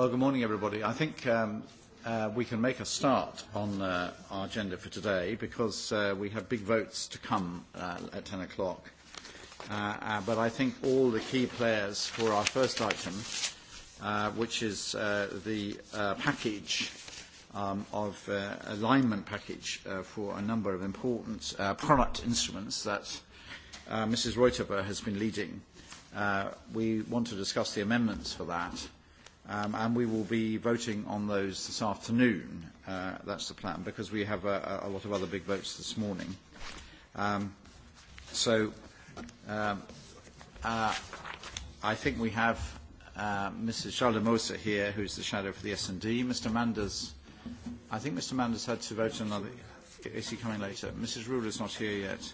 Well, good morning, everybody. I think um, uh, we can make a start on uh, our agenda for today because uh, we have big votes to come uh, at 10 o'clock. Uh, uh, but I think all the key players for our first item, uh, which is uh, the uh, package um, of uh, alignment package uh, for a number of important uh, product instruments that uh, Mrs. Reuterber has been leading. Uh, we want to discuss the amendments for that Um, and we will be voting on those this afternoon. Uh, that's the plan, because we have a, a lot of other big votes this morning. Um, so um, uh, I think we have uh, Mrs. Charlemosa here, who's the shadow for the S&D. Mr. Manders, I think Mr. Manders had to vote another. Is he coming later? Mrs. Ruler is not here yet.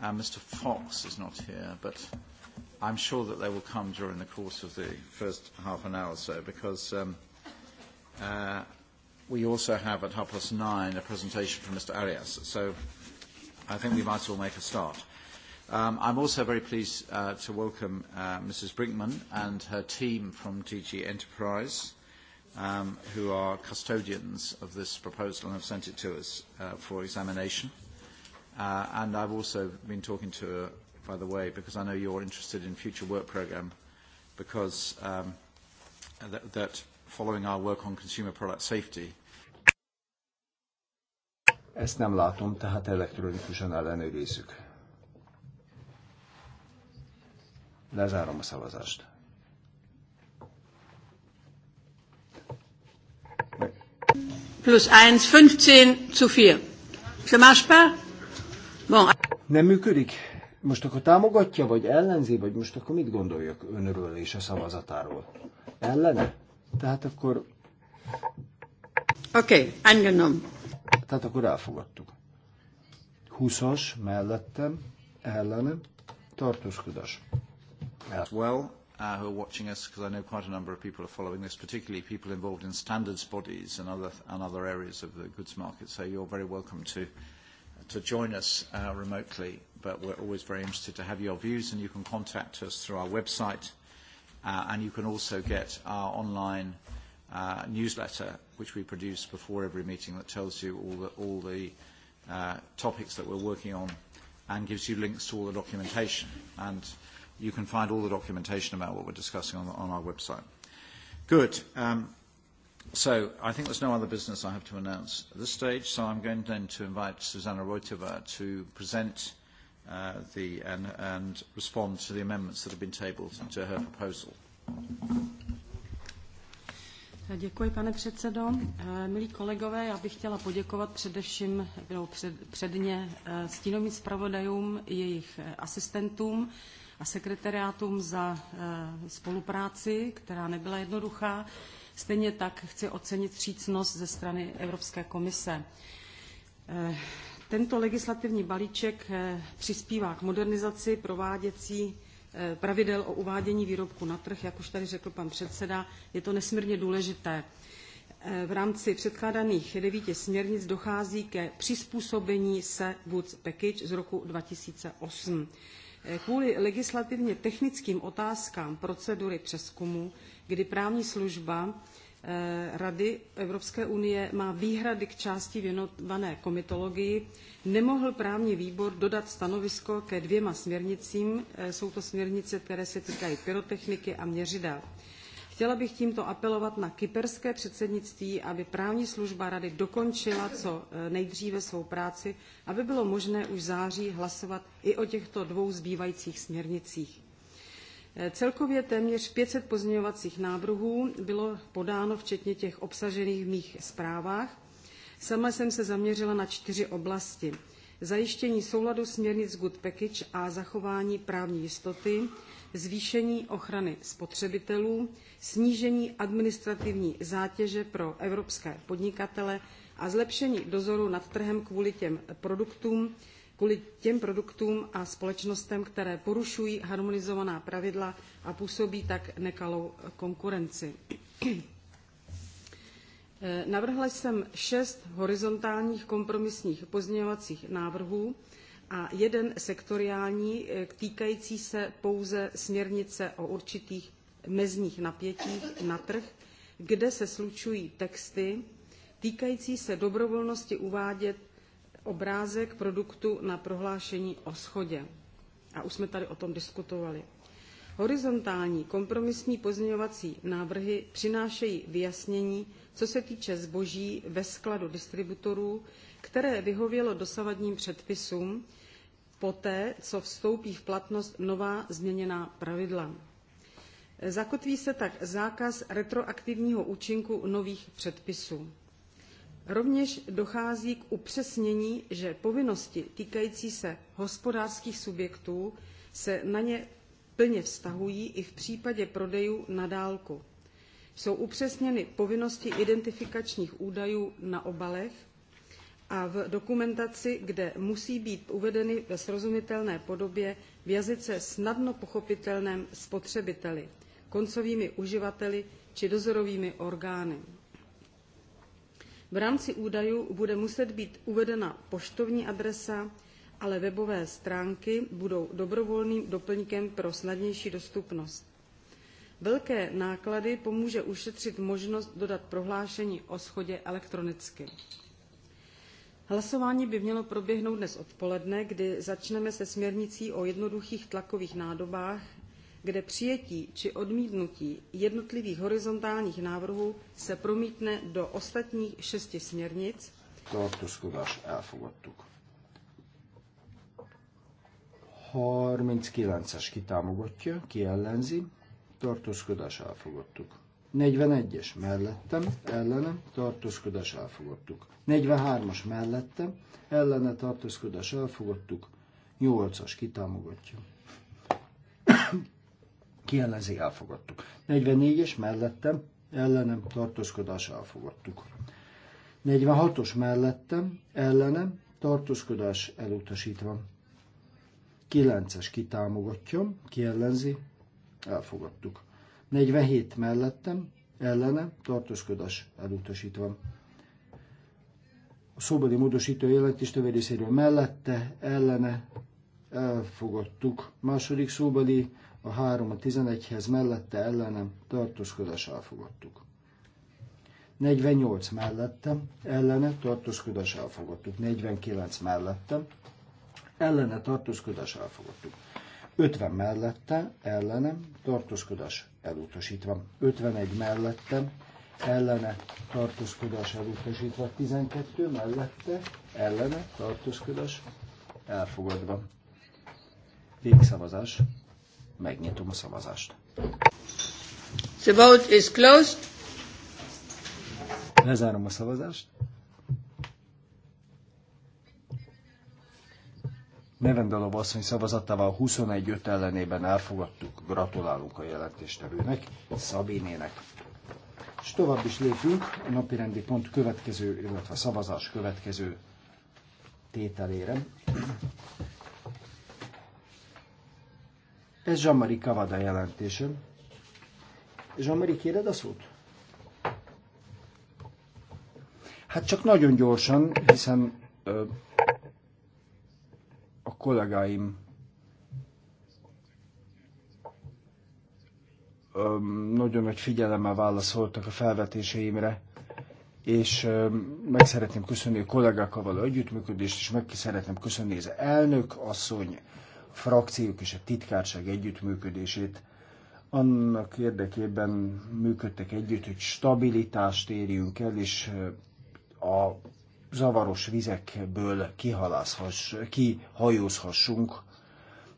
Uh, Mr. Fox is not here, but I'm sure that they will come during the course of the first half an hour or so, because um, uh, we also have at half past nine a presentation from Mr. Arias. So I think we might as well make a start. Um, I'm also very pleased uh, to welcome uh, Mrs. Brinkman and her team from DG Enterprise, um, who are custodians of this proposal and have sent it to us uh, for examination. Uh, and I've also been talking to uh, by the way, because I know you're interested in future work program, because um, that, that following our work on consumer product safety. Ezt nem látom, tehát elektronikusan ellenőrizzük. Lezárom a szavazást. Plus 1, 15 zu 4. Ça marche pas? Bon. Nem működik? Most akkor támogatja, vagy ellenzi, vagy most akkor mit gondoljak önről és a szavazatáról? Ellene? Tehát akkor... Oké, okay, angenom. Tehát akkor elfogadtuk. 20-as mellettem, ellenem, tartózkodás. Well, uh, who are watching us, because I know quite a number of people are following this, particularly people involved in standards bodies and other, and other areas of the goods market. So you're very welcome to to join us uh, remotely, but we're always very interested to have your views, and you can contact us through our website, uh, and you can also get our online uh, newsletter, which we produce before every meeting, that tells you all the, all the uh, topics that we're working on and gives you links to all the documentation. And you can find all the documentation about what we're discussing on, on our website. Good. Um, So I think there's no other business I have to announce at this stage, so I'm going then to invite Susanna Roitova to present uh, the, and, and respond to the amendments that have been tabled to her proposal. Děkuji, pane předsedo. Eh, milí kolegové, já bych chtěla poděkovat především, no, před, předně eh, stínovým zpravodajům, jejich eh, asistentům a sekretariátům za spolupráci, která nebyla jednoduchá. Stejně tak chci ocenit vstřícnost ze strany Evropské komise. Eh, tento legislativní balíček eh, přispívá k modernizaci prováděcí eh, pravidel o uvádění výrobku na trh, jak už tady řekl pan předseda, je to nesmírně důležité. V rámci předkládaných devíti směrnic dochází ke přizpůsobení se Woods Package z roku 2008 kvůli legislativně technickým otázkám procedury přeskumu, kdy právní služba eh, Rady Evropské unie má výhrady k části věnované komitologii, nemohl právní výbor dodat stanovisko ke dvěma směrnicím. Eh, jsou to směrnice, které se týkají pyrotechniky a měřidel. Chtěla bych tímto apelovat na kyperské předsednictví, aby právní služba rady dokončila co e, nejdříve svou práci, aby bylo možné už v září hlasovat i o těchto dvou zbývajících směrnicích. E, celkově téměř 500 pozměňovacích návrhů bylo podáno, včetně těch obsažených v mých zprávách. Sama jsem se zaměřila na čtyři oblasti. Zajištění souladu směrnic Good Package a zachování právní jistoty, zvýšení ochrany spotřebitelů, snížení administrativní zátěže pro evropské podnikatele a zlepšení dozoru nad trhem kvůli těm produktům, kvůli těm produktům a společnostem, které porušují harmonizovaná pravidla a působí tak nekalou konkurenci. Eh, navrhla jsem šest horizontálních kompromisních pozměňovacích návrhů, a jeden sektoriální eh, týkající se pouze směrnice o určitých mezních napětích na trh, kde se slučují texty týkající se dobrovolnosti uvádět obrázek produktu na prohlášení o schodě. A už jsme tady o tom diskutovali. Horizontální kompromisní pozměňovací návrhy přinášejí vyjasnění, co se týče zboží ve skladu distributorů, které vyhovělo dosavadním předpisům poté, co vstoupí v platnost nová změněná pravidla. Zakotví se tak zákaz retroaktivního účinku nových předpisů. Rovněž dochází k upřesnění, že povinnosti týkající se hospodářských subjektů se na ně plně vztahují i v případě prodejů na dálku. Jsou upřesněny povinnosti identifikačních údajů na obalech, a v dokumentaci, kde musí být uvedeny ve srozumitelné podobě v jazyce snadno pochopitelném spotřebiteli, koncovými uživateli či dozorovými orgány. V rámci údajů bude muset být uvedena poštovní adresa, ale webové stránky budou dobrovolným doplňkem pro snadnější dostupnost. Velké náklady pomůže ušetřit možnost dodat prohlášení o schodě elektronicky. Hlasování by mělo proběhnout dnes odpoledne, kdy začneme se směrnicí o jednoduchých tlakových nádobách, kde přijetí či odmítnutí jednotlivých horizontálních návrhů se promítne do ostatních šesti směrnic. Tartózkodás elfogadtuk. 39-es kitámogatja, ki ellenzi, tartózkodás elfogadtuk. 41-es mellettem, ellenem, tartózkodás elfogadtuk. 43-as mellettem, ellene tartózkodás elfogadtuk. 8-as kitámogatja. Kielezi elfogadtuk. 44-es mellettem, ellenem tartózkodás elfogadtuk. 46-os mellettem, ellenem tartózkodás elutasítva. 9-es kitámogatja, kiellenzi, elfogadtuk. 47 mellettem, ellene tartózkodás elutasítva. A szóbeli módosító jelentés részéről mellette, ellene elfogadtuk. Második szóbeli a 3 a 11-hez mellette, ellene tartózkodás elfogadtuk. 48 mellette, ellene tartózkodás elfogadtuk. 49 mellette, ellene tartózkodás elfogadtuk. 50 mellette, ellenem, tartózkodás elutasítva. 51 mellette ellene, tartózkodás elutasítva. 12 mellette, ellene, tartózkodás elfogadva. Végszavazás. Megnyitom a szavazást. The vote is closed. Lezárom a szavazást. Nevendalov asszony szavazatával 21-5 ellenében elfogadtuk. Gratulálunk a jelentéstevőnek, Szabinének. És tovább is lépünk a napirendi pont következő, illetve a szavazás következő tételére. Ez Jean-Marie Cavada jelentése. Jean-Marie, kéred a szót? Hát csak nagyon gyorsan, hiszen kollégáim nagyon nagy figyelemmel válaszoltak a felvetéseimre, és meg szeretném köszönni a kollégákkal való együttműködést, és meg szeretném köszönni az elnök asszony, a frakciók és a titkárság együttműködését. Annak érdekében működtek együtt, hogy stabilitást érjünk el, és a zavaros vizekből kihalászhass, kihajózhassunk.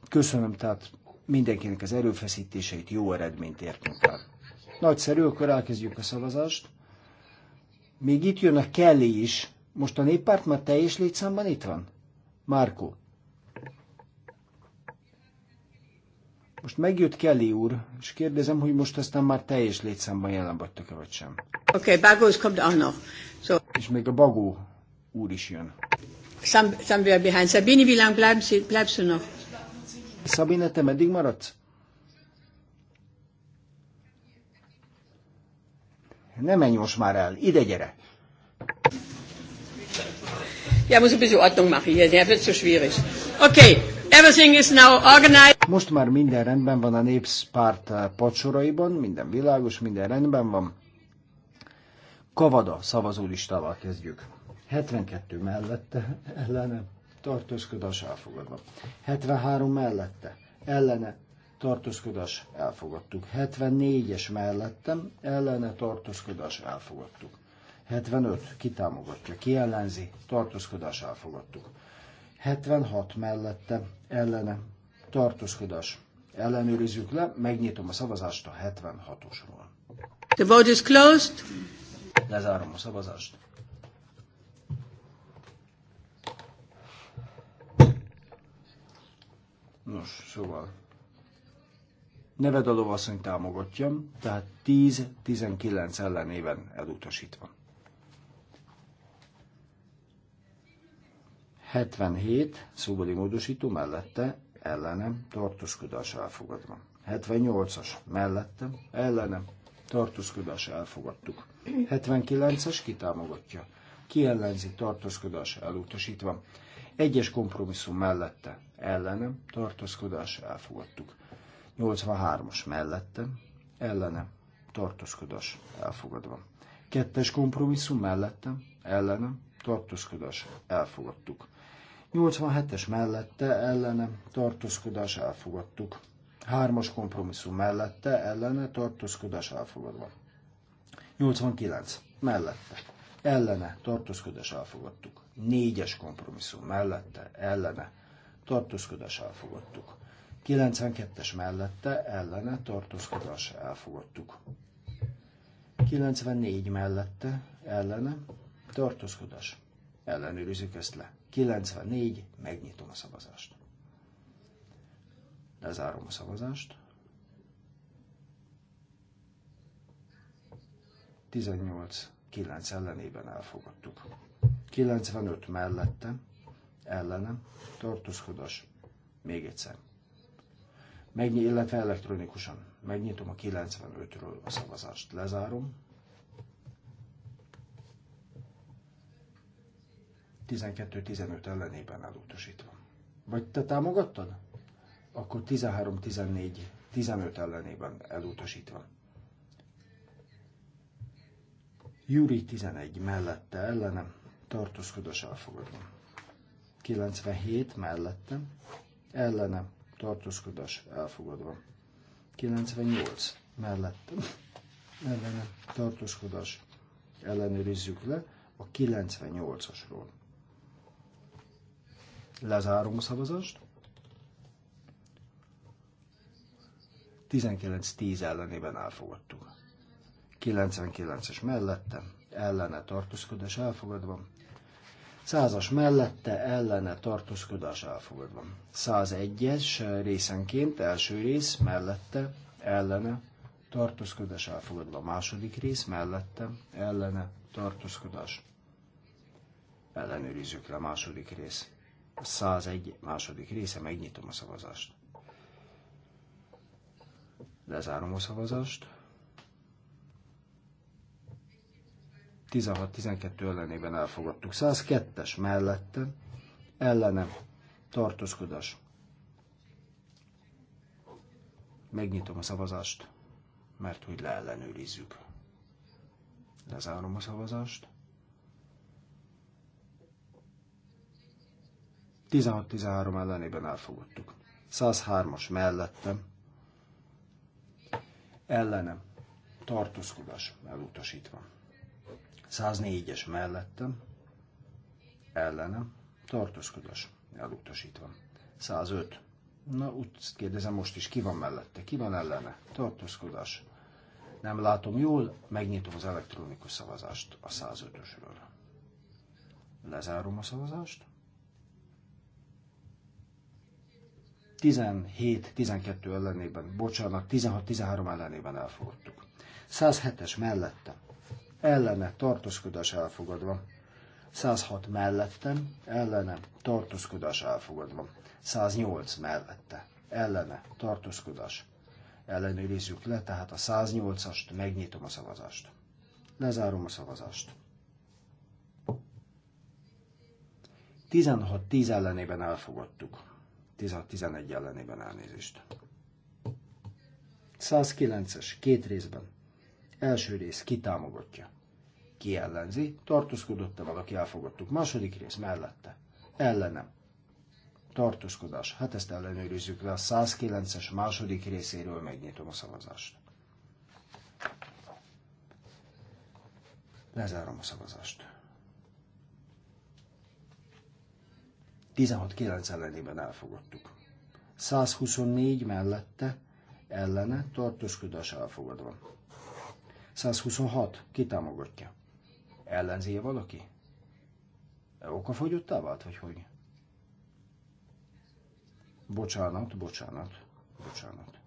Köszönöm tehát mindenkinek az erőfeszítéseit, jó eredményt értünk el. Nagyszerű, akkor elkezdjük a szavazást. Még itt jön a Kelly is. Most a néppárt már teljes létszámban itt van? Márko. Most megjött Kelly úr, és kérdezem, hogy most aztán már teljes létszámban jelen vagytok-e, vagy sem. Oké, okay, Bagó is So. És még a Bagó úr is jön. Somewhere behind. Sabine, wie lang bleibst du noch? Sabine, te meddig maradsz? Ne menj most már el, ide gyere! Ja, muss ein bisschen Ordnung machen hier, der wird zu schwierig. Okay, everything is now organized. Most már minden rendben van a népszpárt eh, pocsoraiban, minden világos, minden rendben van. Kavada szavazólistával kezdjük. 72 mellette, ellene, tartózkodás elfogadva. 73 mellette, ellene, tartózkodás elfogadtuk. 74-es mellettem, ellene tartózkodás elfogadtuk. 75 kitámogatja, ki ellenzi, tartózkodás elfogadtuk. 76 mellette, ellene, tartózkodás. Ellenőrizzük le, megnyitom a szavazást a 76-osról. The vote is closed. Lezárom a szavazást. Nos, szóval a lovasszony támogatja, tehát 10-19 ellenében elutasítva. 77 szóbeli módosító mellette ellenem tartózkodás elfogadva. 78-as mellette ellenem tartózkodás elfogadtuk. 79-es kitámogatja. Ki ellenzi tartózkodás elutasítva. Egyes kompromisszum mellette ellenem, tartózkodás, elfogadtuk. 83-as mellette ellene tartózkodás, elfogadva. Kettes kompromisszum mellette ellenem, tartózkodás, elfogadtuk. 87-es mellette, ellenem, tartózkodás, elfogadtuk. Hármas kompromisszum mellette, ellene, tartózkodás, elfogadva. 89 mellette, ellene, tartózkodás, elfogadtuk. Négyes kompromisszum mellette, ellene, tartózkodás elfogadtuk. 92-es mellette ellene tartózkodás elfogadtuk. 94 mellette ellene tartózkodás. Ellenőrizzük ezt le. 94, megnyitom a szavazást. Lezárom a szavazást. 18-9 ellenében elfogadtuk. 95 mellette ellenem, tartózkodás, még egyszer. Megnyit, illetve elektronikusan. Megnyitom a 95-ről a szavazást. Lezárom. 12-15 ellenében elutasítva. Vagy te támogattad? Akkor 13-14-15 ellenében elutasítva. Júri 11 mellette ellenem tartózkodás elfogadva. 97 mellettem, ellenem, tartózkodás elfogadva. 98 mellettem, ellenem, tartózkodás ellenőrizzük le a 98-asról. Lezárom a szavazást. 19-10 ellenében elfogadtuk. 99-es mellettem, ellene tartózkodás elfogadva, Százas mellette ellene tartózkodás elfogadva. 101-es részenként első rész mellette ellene tartózkodás elfogadva. Második rész mellette ellene tartózkodás. Ellenőrizzük le a második rész. 101 második része, megnyitom a szavazást. Lezárom a szavazást. 16-12 ellenében elfogadtuk. 102-es mellette ellene tartózkodás. Megnyitom a szavazást, mert hogy leellenőrizzük. Lezárom a szavazást. 16-13 ellenében elfogadtuk. 103-as mellettem. Ellenem. Tartózkodás elutasítva. 104-es mellettem, ellenem, tartózkodás elutasítva. 105. Na, úgy kérdezem most is, ki van mellette, ki van ellene, tartózkodás. Nem látom jól, megnyitom az elektronikus szavazást a 105-ösről. Lezárom a szavazást. 17-12 ellenében, bocsánat, 16-13 ellenében elfogadtuk. 107-es mellette, ellene tartózkodás elfogadva. 106 mellettem, ellene tartózkodás elfogadva. 108 mellette, ellene tartózkodás. Ellenőrizzük le, tehát a 108-ast, megnyitom a szavazást. Lezárom a szavazást. 16-10 ellenében elfogadtuk. 16-11 ellenében elnézést. 109-es, két részben. Első rész támogatja. Ki ellenzi? Tartózkodott-e valaki? Elfogadtuk. Második rész mellette. Ellenem. Tartózkodás. Hát ezt ellenőrizzük le. A 109-es második részéről megnyitom a szavazást. Lezárom a szavazást. 16-9 ellenében elfogadtuk. 124 mellette ellene tartózkodás elfogadva. 126. Ki támogatja? Ellenzéje valaki? Okafogyottá vált, vagy hogy? Bocsánat, bocsánat, bocsánat.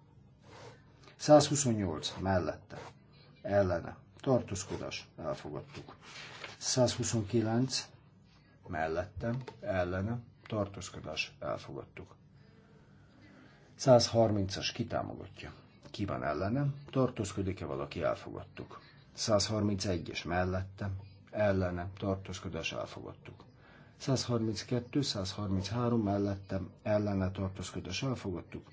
128. Mellette. Ellene. Tartózkodás. Elfogadtuk. 129. Mellette. Ellene. Tartózkodás. Elfogadtuk. 130-as kitámogatja ki van ellenem, tartózkodik-e valaki, elfogadtuk. 131-es mellette, ellenem, tartózkodás, elfogadtuk. 132, 133 mellettem, ellene tartózkodás elfogadtuk.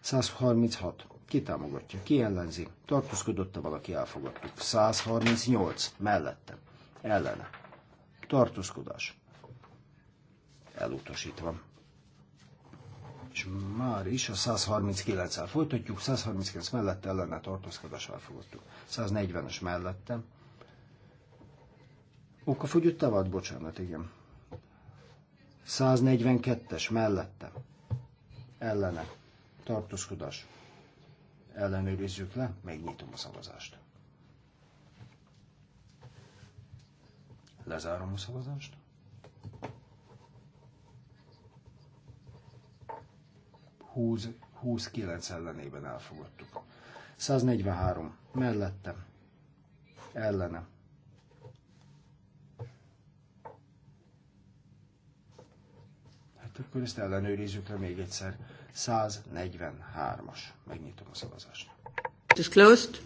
136. Ki támogatja? Ki ellenzi? Tartózkodott-e valaki? Elfogadtuk. 138. Mellettem. Ellene. Tartózkodás. Elutasítva és már is a 139-el folytatjuk, 139 mellette ellene tartózkodás elfogadtuk. 140-es mellette. Oka fogyott -e Bocsánat, igen. 142-es mellette. Ellene. Tartózkodás. Ellenőrizzük le, megnyitom a szavazást. Lezárom a szavazást. 20, 29 ellenében elfogadtuk. 143 mellettem, ellenem. Hát akkor ezt ellenőrizzük le még egyszer. 143-as. Megnyitom a szavazást. It is closed.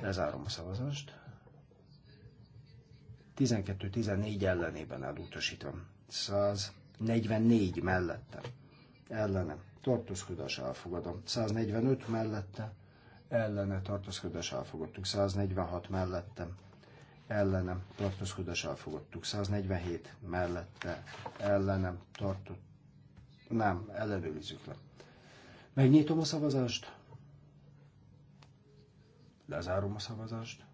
Lezárom a szavazást. 12-14 ellenében elutasítom. 144 mellettem ellene tartózkodás elfogadom. 145 mellette ellene tartózkodás elfogadtuk. 146 mellette ellene tartózkodás elfogadtuk. 147 mellette ellene tartott. Nem, ellenőrizzük le. Megnyitom a szavazást. Lezárom a szavazást.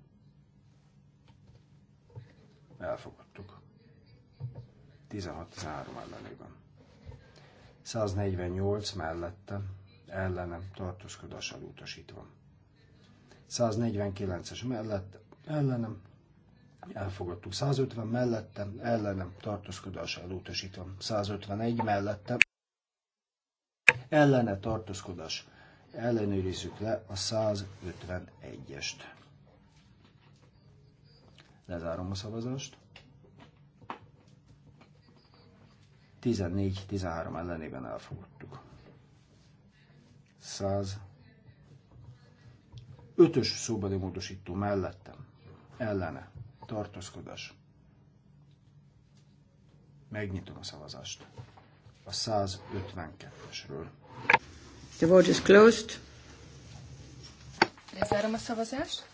Elfogadtuk. 16-13 ellenében. 148 mellette ellenem tartózkodással utasítva. 149-es mellett ellenem elfogadtuk. 150 mellettem ellenem tartózkodással utasítva. 151 mellettem ellene tartózkodás. Ellenőrizzük le a 151-est. Lezárom a szavazást. 14-13 ellenében elfogadtuk. 100. Ötös szóbeli módosító mellettem. Ellene. Tartózkodás. Megnyitom a szavazást. A 152-esről. The vote is closed. Lezárom a szavazást.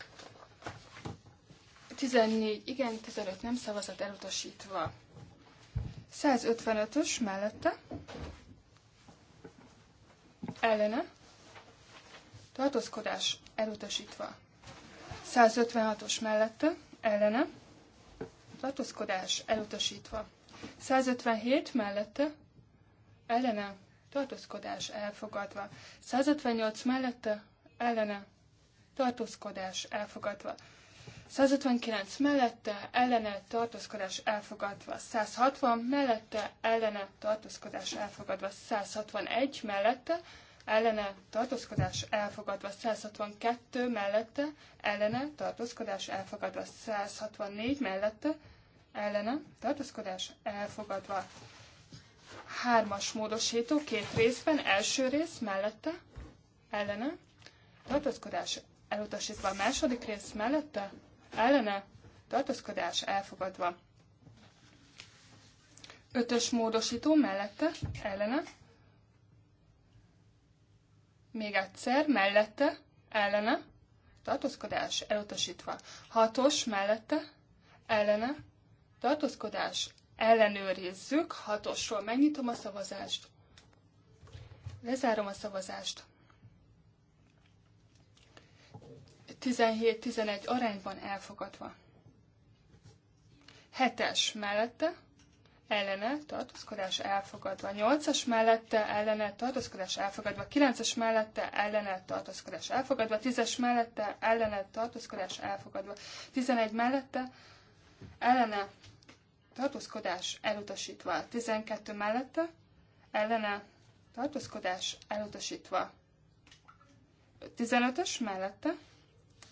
14 igen, 15 nem szavazat elutasítva. 155-ös mellette ellene tartózkodás elutasítva. 156-os mellette ellene tartózkodás elutasítva. 157 mellette ellene tartózkodás elfogadva. 158 mellette ellene tartózkodás elfogadva. 159 mellette ellene tartózkodás elfogadva 160, mellette ellene tartózkodás elfogadva 161, mellette ellene tartózkodás elfogadva 162, mellette ellene tartózkodás elfogadva 164, mellette ellene tartózkodás elfogadva. Hármas módosító két részben, első rész mellette ellene tartózkodás elutasítva a második rész mellette ellene tartózkodás elfogadva. Ötös módosító mellette, ellene. Még egyszer, mellette, ellene. Tartózkodás elutasítva. Hatos mellette, ellene. Tartózkodás ellenőrizzük. Hatosról megnyitom a szavazást. Lezárom a szavazást. 17-11 arányban elfogadva. Hetes mellette ellene tartózkodás elfogadva. Nyolcas mellette ellene tartózkodás elfogadva. Kilences mellette ellene tartózkodás elfogadva. Tízes mellette ellene tartózkodás elfogadva. Tizenegy mellette ellene tartózkodás elutasítva. Tizenkettő mellette ellene tartózkodás elutasítva. Tizenötös mellette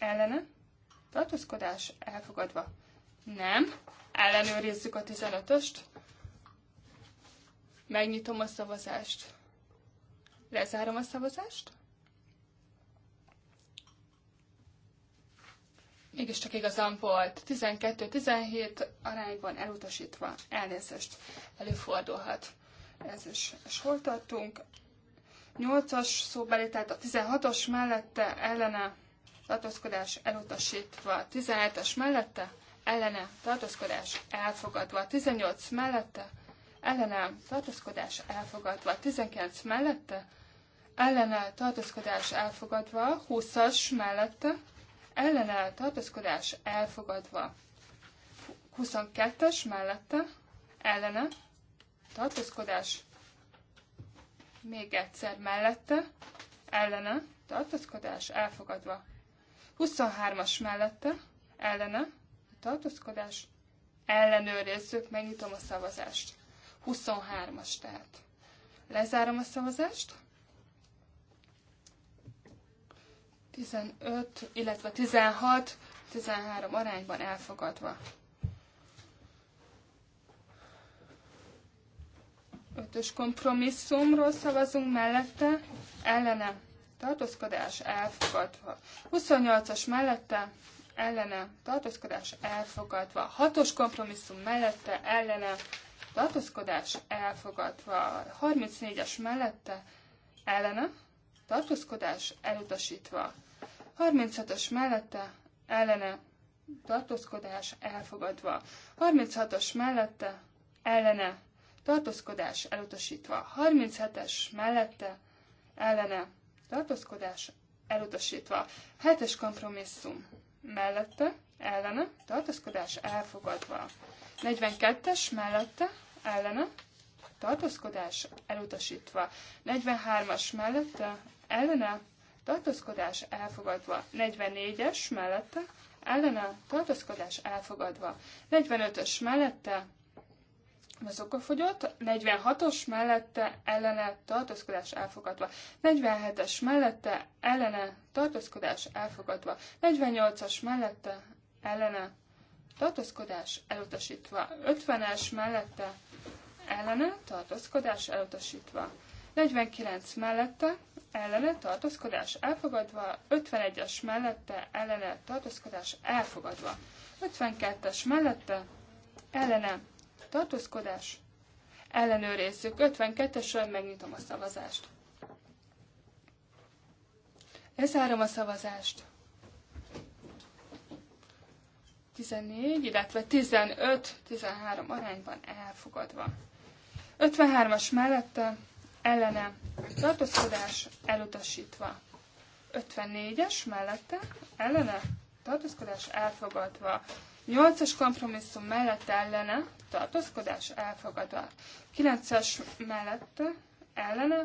ellene, tartózkodás elfogadva. Nem, ellenőrizzük a 15-öst. Megnyitom a szavazást. Lezárom a szavazást. mégiscsak igazam volt. 12-17 arányban elutasítva elnézést előfordulhat. Ez is, és hol tartunk? 8-as szóbeli, tehát a 16-os mellette ellene tartózkodás elutasítva, 17-es mellette, ellene tartózkodás elfogadva, 18 mellette, ellene tartózkodás elfogadva, 19 mellette, ellene tartózkodás elfogadva, 20-as mellette, ellene tartózkodás elfogadva, 22-es mellette, ellene tartózkodás még egyszer mellette, ellene tartózkodás elfogadva, 23-as mellette, ellene, tartózkodás, ellenőrizzük, megnyitom a szavazást. 23-as tehát. Lezárom a szavazást. 15, illetve 16, 13 arányban elfogadva. Ötös kompromisszumról szavazunk mellette, ellene tartózkodás elfogadva. 28-as mellette ellene tartózkodás elfogadva. 6-os kompromisszum mellette ellene tartózkodás elfogadva. 34-es mellette ellene tartózkodás elutasítva. 36-os mellette ellene tartózkodás elfogadva. 36-os mellette ellene tartózkodás elutasítva. 37-es mellette ellene tartózkodás elutasítva. Hetes kompromisszum mellette, ellene, tartózkodás elfogadva. 42-es mellette, ellene, tartózkodás elutasítva. 43-as mellette, ellene, tartózkodás elfogadva. 44-es mellette, ellene, tartózkodás elfogadva. 45-ös mellette, az fogyott, 46-os mellette ellene tartózkodás elfogadva, 47-es mellette ellene tartózkodás elfogadva, 48-as mellette ellene tartózkodás elutasítva, 50-es mellette ellene tartózkodás elutasítva, 49 mellette ellene tartózkodás elfogadva, 51-es mellette ellene tartózkodás elfogadva, 52-es mellette ellene tartózkodás, ellenőrizzük. 52-esről megnyitom a szavazást. Lezárom a szavazást. 14, illetve 15-13 arányban elfogadva. 53-as mellette ellene tartózkodás elutasítva. 54-es mellette ellene tartózkodás elfogadva. Nyolcas kompromisszum mellett ellene tartózkodás elfogadva. Kilences mellett ellene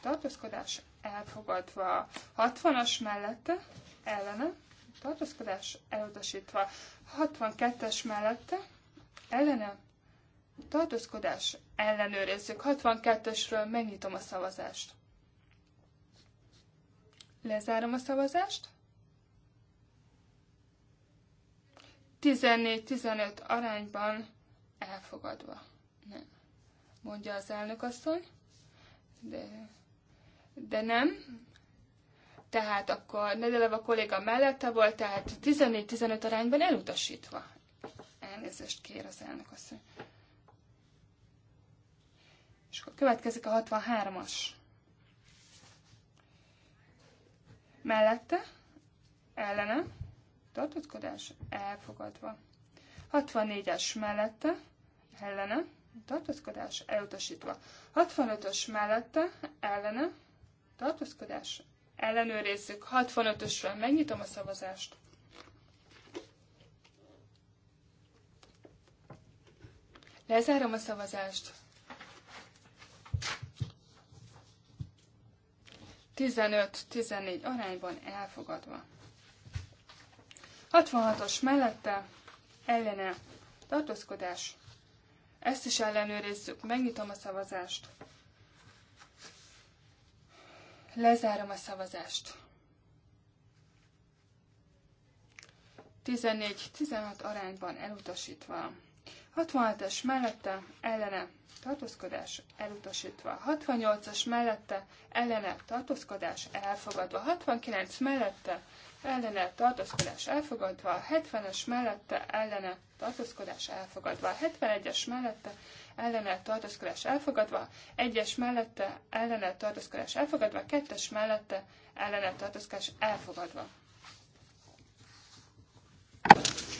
tartózkodás elfogadva. Hatvanas mellett mellette ellene tartózkodás elutasítva. 62-es mellette ellene tartózkodás ellenőrizzük. 62-esről megnyitom a szavazást. Lezárom a szavazást. 14-15 arányban elfogadva. Nem. Mondja az elnök asszony. De, de nem. Tehát akkor Nedelev a kolléga mellette volt, tehát 14-15 arányban elutasítva. Elnézést kér az elnök asszony. És akkor következik a 63-as. Mellette, ellene, tartózkodás elfogadva. 64-es mellette, ellene, tartózkodás elutasítva. 65-ös mellette, ellene, tartózkodás ellenőrizzük. 65 ösre megnyitom a szavazást. Lezárom a szavazást. 15-14 arányban elfogadva. 66-os mellette ellene tartózkodás. Ezt is ellenőrizzük. Megnyitom a szavazást. Lezárom a szavazást. 14-16 arányban elutasítva. 66 as mellette ellene tartózkodás elutasítva. 68-as mellette ellene tartózkodás elfogadva. 69 mellette ellene tartózkodás elfogadva, a 70-es mellette ellene tartózkodás elfogadva, a 71-es mellette ellene tartózkodás elfogadva, 1-es mellette ellene tartózkodás elfogadva, 2-es mellette ellene tartózkodás elfogadva.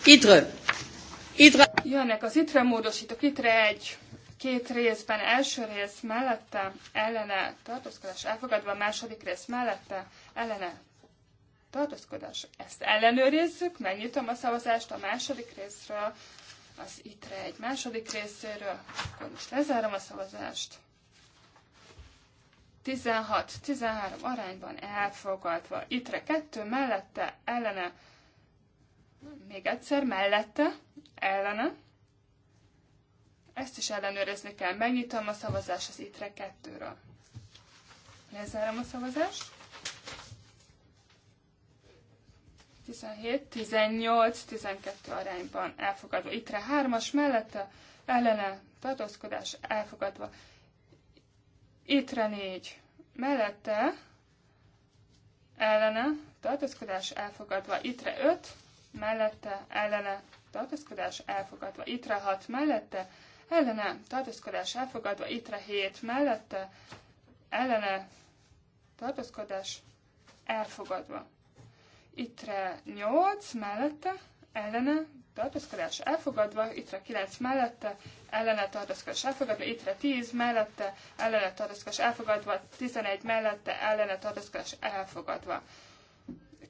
Itre. Itre. Jönnek az itre módosítók, itre egy két részben, első rész mellette, ellene tartózkodás elfogadva, második rész mellette, ellene tartózkodás. Ezt ellenőrizzük, megnyitom a szavazást a második részről, az ITRE egy második részéről, akkor most lezárom a szavazást. 16-13 arányban elfogadva. Itre 2 mellette, ellene, még egyszer mellette, ellene. Ezt is ellenőrizni kell. Megnyitom a szavazást az ITRE 2 Lezárom a szavazást. 17-18-12 arányban elfogadva. Itre 3-as mellette ellene tartózkodás elfogadva. Itre 4 mellette ellene tartózkodás elfogadva. Itre 5 mellette ellene tartózkodás elfogadva. Itre 6 mellette ellene tartózkodás elfogadva. Itre 7 mellette ellene tartózkodás elfogadva. Ittre 8 mellette, ellene, tartózkodás elfogadva, ittre 9 mellette, ellene tartózkodás elfogadva, ittre 10 mellette, ellene tartózkodás elfogadva, 11 mellette, ellene tartózkodás elfogadva.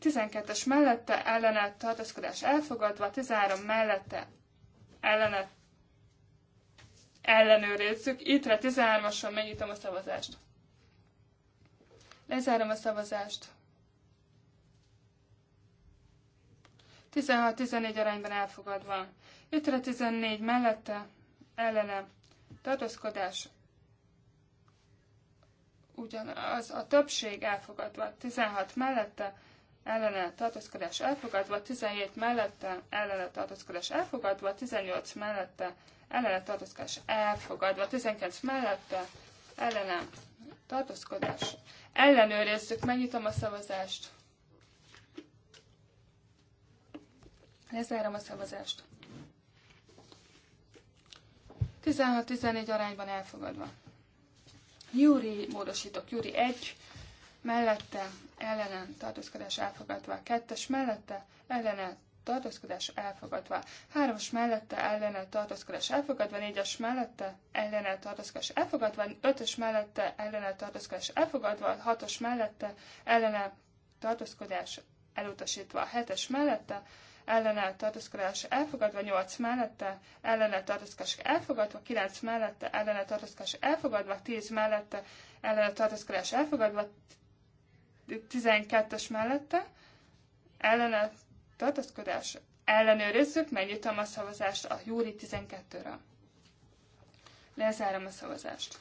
12-es mellette, ellene tartózkodás elfogadva, 13 mellette, ellene ellenőrizzük. Ittre 13-ason megnyitom a szavazást. Lezárom a szavazást. 16-14 arányban elfogadva. 5 14 mellette ellene tartózkodás ugyanaz a többség elfogadva, 16 mellette ellene tartózkodás elfogadva, 17 mellette ellene tartózkodás elfogadva, 18 mellette ellene tartózkodás elfogadva, 19 mellette ellene tartózkodás. Ellenőrizzük, megnyitom a szavazást. Lezárom a szavazást. 16-14 arányban elfogadva. Júri módosítok. Júri 1 mellette ellenen tartózkodás elfogadva. 2 mellette ellenen tartózkodás elfogadva. 3 mellette ellene tartózkodás elfogadva. 4 mellette ellene tartózkodás elfogadva. 5 mellette ellene tartózkodás elfogadva. 6 mellette ellene tartózkodás elutasítva. 7-es mellette ellenáll tartózkodás elfogadva, 8 mellette ellenáll tartózkodás elfogadva, 9 mellette ellenáll tartózkodás elfogadva, 10 mellette ellenáll tartózkodás elfogadva, 12-es mellette ellenáll tartózkodás ellenőrizzük, megnyitom a szavazást a júli 12 ra Lezárom a szavazást.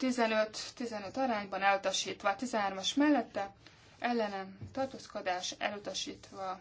15-15 arányban elutasítva, 13-as mellette, ellenem tartózkodás elutasítva.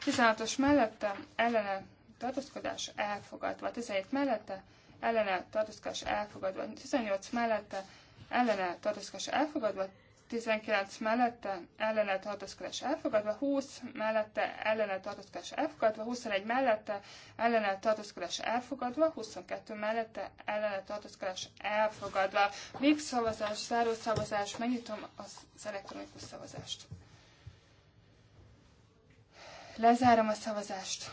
16-os mellette ellenem tartózkodás elfogadva. 17 mellette ellene tartózkodás elfogadva. 18 mellette ellene tartózkodás elfogadva. 19 mellette ellene tartózkodás elfogadva, 20 mellette ellene tartózkodás elfogadva, 21 mellette ellene tartózkodás elfogadva, 22 mellette ellene tartózkodás elfogadva. Még szavazás, záró szavazás, megnyitom az elektronikus szavazást. Lezárom a szavazást.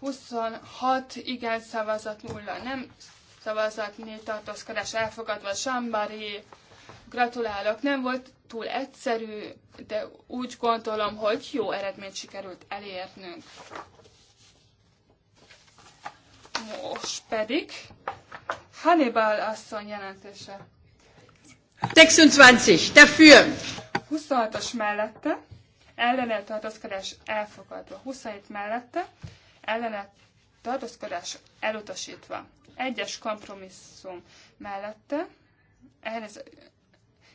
26 igen szavazat, nulla nem szavazat, négy tartózkodás elfogadva, Sambari, gratulálok, nem volt túl egyszerű, de úgy gondolom, hogy jó eredményt sikerült elérnünk. Most pedig Hannibal asszony jelentése. 26, dafür. 26-as mellette, ellene tartózkodás elfogadva, 27 mellette, ellene tartózkodás elutasítva. Egyes kompromisszum mellette, ehhez,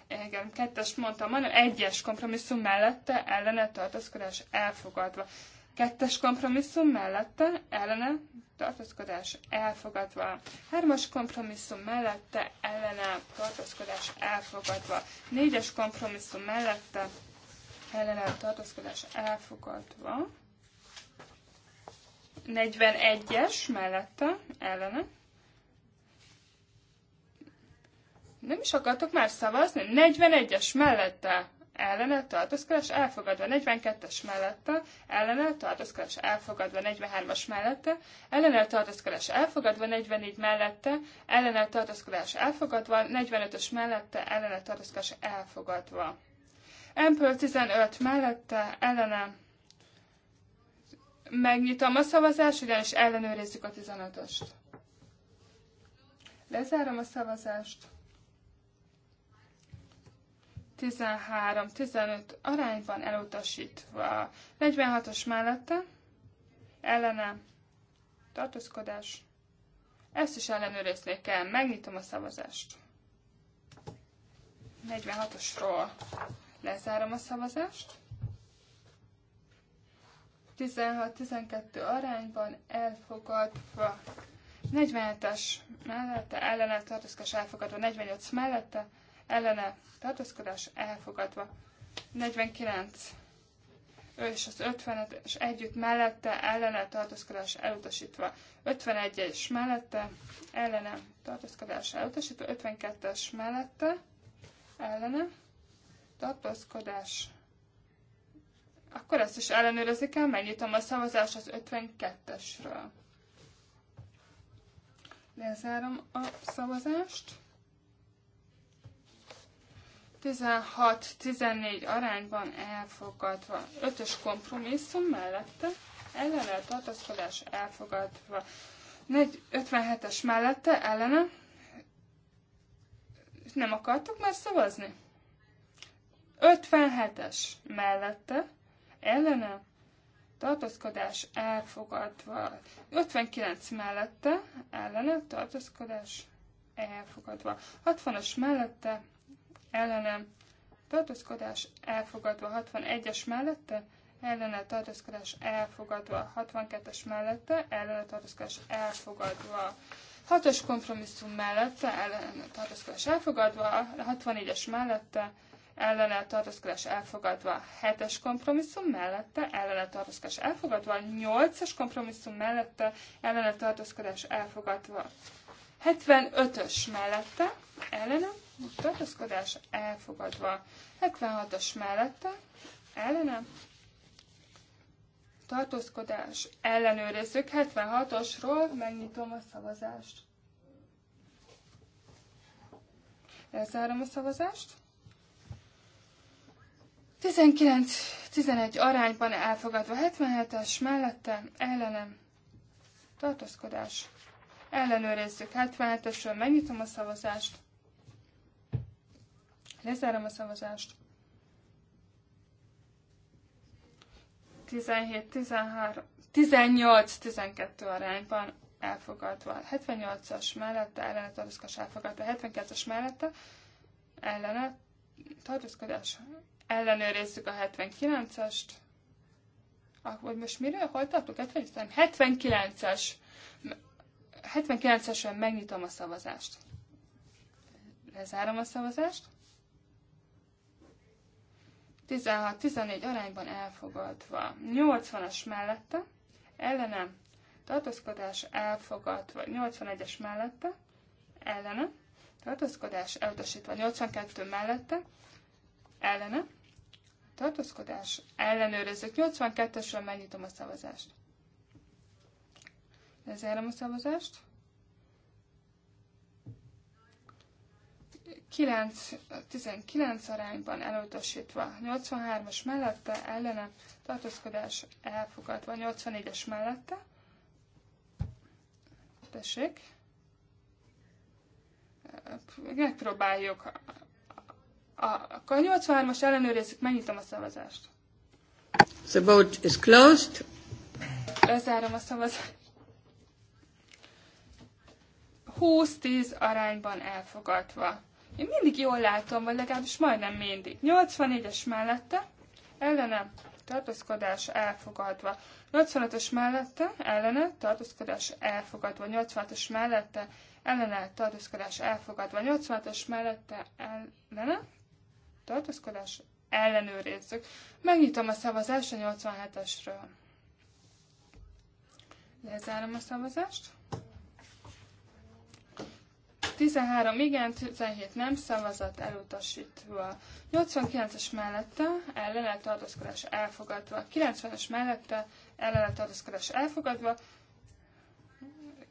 igen, kettes mondtam, hanem egyes kompromisszum mellette ellene tartózkodás elfogadva. Kettes kompromisszum mellette ellene tartózkodás elfogadva. Hármas kompromisszum mellette ellene tartózkodás elfogadva. Négyes kompromisszum mellette ellene tartózkodás elfogadva. 41-es mellette ellene Nem is akartok már szavazni? 41-es mellette ellene tartózkodás elfogadva, 42-es mellette ellene tartózkodás elfogadva, 43-as mellette ellene tartózkodás elfogadva, 44 mellette ellene tartózkodás elfogadva, 45-ös mellette ellene tartózkodás elfogadva. Empől 15 mellette ellene megnyitom a szavazást, ugyanis ellenőrizzük a 15-öst. Lezárom a szavazást. 13-15 arányban elutasítva. 46-os mellette ellene tartózkodás. Ezt is ellenőrizni kell. Megnyitom a szavazást. 46-osról lezárom a szavazást. 16-12 arányban elfogadva. 47-es mellette ellene tartózkodás elfogadva. 48 mellette ellene tartózkodás elfogadva. 49 ő és az 55 és együtt mellette ellene tartózkodás elutasítva. 51-es mellette ellene tartózkodás elutasítva. 52-es mellette ellene tartózkodás. Akkor ezt is ellenőrizni el, megnyitom a szavazás az 52-esről. Lezárom a szavazást. 16-14 arányban elfogadva. ötös kompromisszum mellette ellene tartaszkodás elfogadva. 57-es mellette ellene nem akartok már szavazni? 57-es mellette ellene tartózkodás elfogadva. 59 mellette ellene tartózkodás elfogadva. 60-as mellette ellenem tartózkodás elfogadva 61-es mellette, ellene tartózkodás elfogadva 62-es mellette, ellene tartózkodás elfogadva 6-os kompromisszum mellette, ellene tartózkodás elfogadva 64-es mellette, ellene tartózkodás elfogadva 7-es kompromisszum mellette, ellene tartózkodás elfogadva 8-es kompromisszum mellette, ellene tartózkodás elfogadva 75-ös mellette, ellene tartózkodás elfogadva. 76 as mellette ellene tartózkodás ellenőrizzük. 76-osról megnyitom a szavazást. Lezárom a szavazást. 19-11 arányban elfogadva 77-es, mellette ellenem tartózkodás. Ellenőrizzük 77-esről, megnyitom a szavazást. Lezárom a szavazást. 17-13, 18-12 arányban elfogadva. 78-as mellette ellene tartózkodás elfogadva. 72-es mellette ellene tartózkodás. Ellenőrizzük a 79-est. Akkor ah, most miről? Hol tartunk? 79-es. 79-esen megnyitom a szavazást. Lezárom a szavazást. 16-14 arányban elfogadva. 80-as mellette, ellene, tartózkodás elfogadva. 81-es mellette, ellene, tartózkodás elutasítva. 82 mellette, ellene, tartózkodás ellenőrizzük. 82-esről megnyitom a szavazást. Lezárom a szavazást. 9-19 arányban elutasítva. 83-as mellette ellene tartózkodás elfogadva. 84-es mellette. Tessék. Megpróbáljuk. A, a, a 83-as ellenőrizzük, megnyitom a szavazást. The vote is closed. Lezárom a szavazást. 20-10 arányban elfogadva. Én mindig jól látom, vagy legalábbis majdnem mindig. 84-es mellette, ellene, tartózkodás elfogadva. 85-ös mellette, ellene, tartózkodás elfogadva. 86-os mellette, ellene, tartózkodás elfogadva. 86-os mellette, ellene, tartózkodás ellenőrizzük. Megnyitom a szavazást a 87-esről. Lezárom a szavazást. 13 igen, 17 nem szavazat elutasítva. 89-es mellette ellene tartózkodás elfogadva. 90-es mellette ellene tartózkodás elfogadva.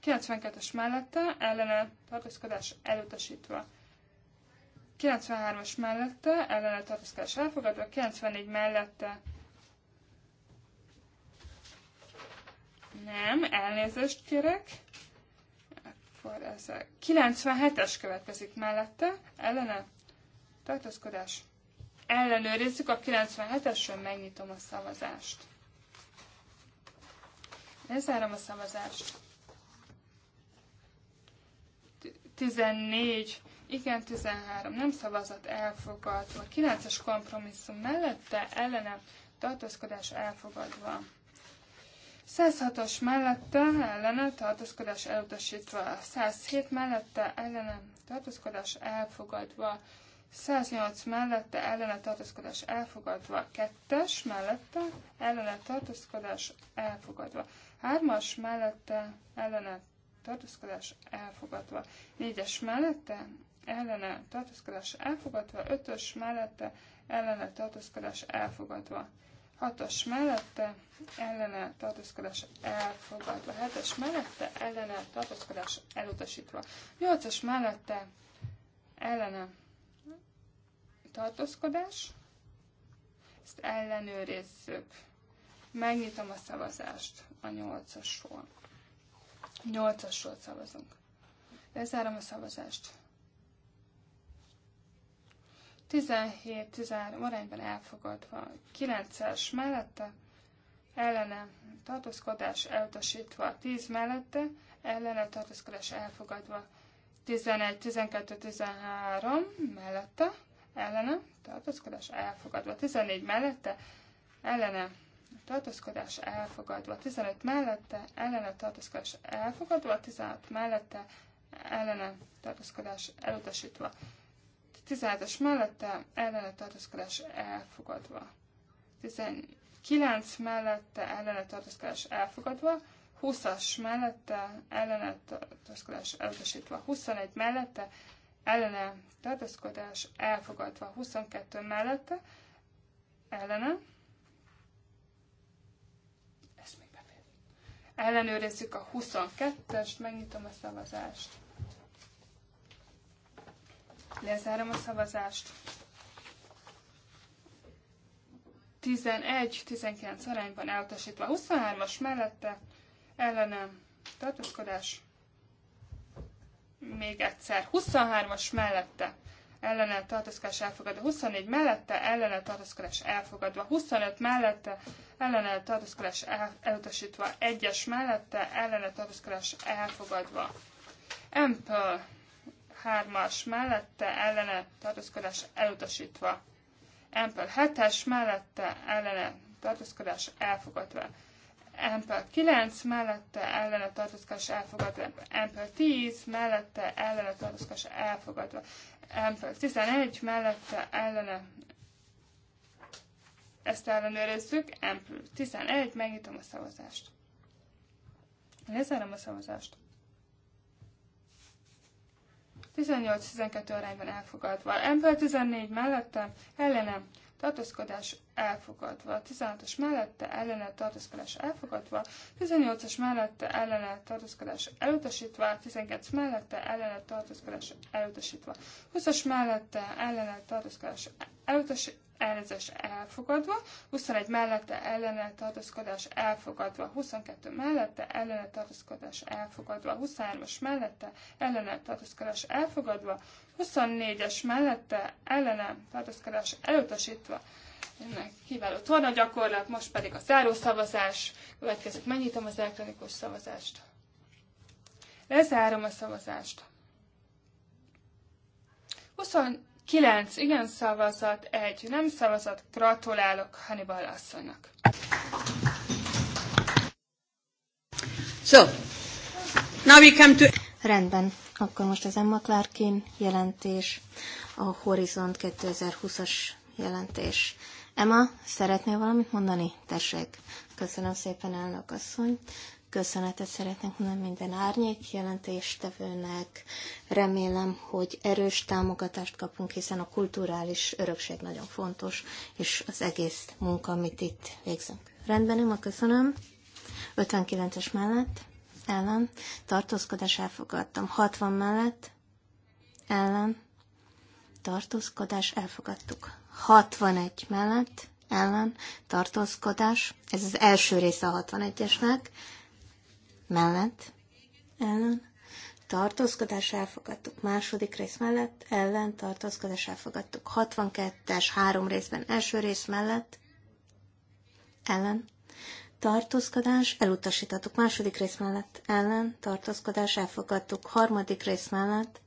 92-es mellette ellene tartózkodás elutasítva. 93-as mellette ellene tartózkodás elfogadva. 94 mellette nem, elnézést kérek forrása. 97-es következik mellette, ellene tartózkodás. Ellenőrizzük a 97-esről, megnyitom a szavazást. Lezárom a szavazást. 14, igen, 13, nem szavazat elfogadva. 9-es kompromisszum mellette, ellene tartózkodás elfogadva. 106-os mellette ellene tartózkodás elutasítva, 107 mellette ellene tartózkodás elfogadva, 108 mellette ellene tartózkodás elfogadva, 2-es mellette ellene tartózkodás elfogadva, 3-as mellette ellene tartózkodás elfogadva, 4-es mellette ellene tartózkodás elfogadva, 5-ös mellette ellene tartózkodás elfogadva. Hatos mellette ellene tartózkodás elfogadva. Hetes mellette ellene tartózkodás elutasítva. Nyolcas mellette ellene tartózkodás. Ezt ellenőrizzük. Megnyitom a szavazást a nyolcasról. Nyolcasról szavazunk. Lezárom a szavazást. 17-13 arányban elfogadva. 9-es mellette ellene tartózkodás elutasítva. 10 mellette ellene tartózkodás elfogadva. 11-12-13 mellette ellene tartózkodás elfogadva. 14 mellette ellene tartózkodás elfogadva, 15 mellette, ellene tartózkodás elfogadva, 16 mellette, ellene tartózkodás elutasítva, 17-es mellette ellene tartózkodás elfogadva. 19 mellette ellene tartózkodás elfogadva. 20-as mellette ellene tartózkodás elutasítva. 21 mellette ellene tartózkodás elfogadva. 22 mellette ellene. még Ellenőrizzük a 22-est, megnyitom a szavazást. Lezárom a szavazást. 11-19 arányban elutasítva. 23-as mellette ellenem tartózkodás. Még egyszer. 23-as mellette ellene tartózkodás elfogadva. 24 mellette ellene tartózkodás elfogadva. 25 mellette ellene tartózkodás el, elutasítva. 1-es mellette ellene tartózkodás elfogadva. Empel 3-as mellette ellene tartózkodás elutasítva. Empel 7-es mellette ellene tartózkodás elfogadva. Empel 9 mellette ellene tartózkodás elfogadva. Empel 10 mellette ellene tartózkodás elfogadva. Empel 11 mellette ellene ezt ellenőrizzük. Empel 11, megnyitom a szavazást. Lezárom a szavazást. 18-12 arányban elfogadva. Ember 14 mellette ellenem tartózkodás elfogadva, 16-os mellette ellene tartózkodás elfogadva, 18-as mellette ellene tartózkodás elutasítva, 19 mellette ellene tartózkodás elutasítva, 20-as mellette ellene tartózkodás elutasítva, elnézést elfogadva, 21 mellette ellene tartózkodás elfogadva, 22 mellette ellene tartózkodás elfogadva, 23-as mellette ellene tartózkodás elfogadva, 24-es mellette ellenem tartózkodás elutasítva. Ennek kiváló torna gyakorlat, most pedig a záró szavazás. Következik, megnyitom az elektronikus szavazást. Lezárom a szavazást. 29 igen szavazat, egy nem szavazat. Gratulálok Hannibal asszonynak. So, now we come to... Rendben, akkor most az Emma Clarkin jelentés, a Horizont 2020-as jelentés. Emma, szeretnél valamit mondani? Tessék. Köszönöm szépen, elnök asszony. Köszönetet szeretnék mondani minden árnyék jelentéstevőnek. Remélem, hogy erős támogatást kapunk, hiszen a kulturális örökség nagyon fontos, és az egész munka, amit itt végzünk. Rendben, Emma, köszönöm. 59-es mellett ellen, tartózkodás elfogadtam. 60 mellett, ellen, tartózkodás elfogadtuk. 61 mellett, ellen, tartózkodás, ez az első része a 61-esnek, mellett, ellen, tartózkodás elfogadtuk. Második rész mellett, ellen, tartózkodás elfogadtuk. 62-es, három részben, első rész mellett, ellen, tartózkodás, elutasítottuk. Második rész mellett ellen, tartózkodás, elfogadtuk. Harmadik rész mellett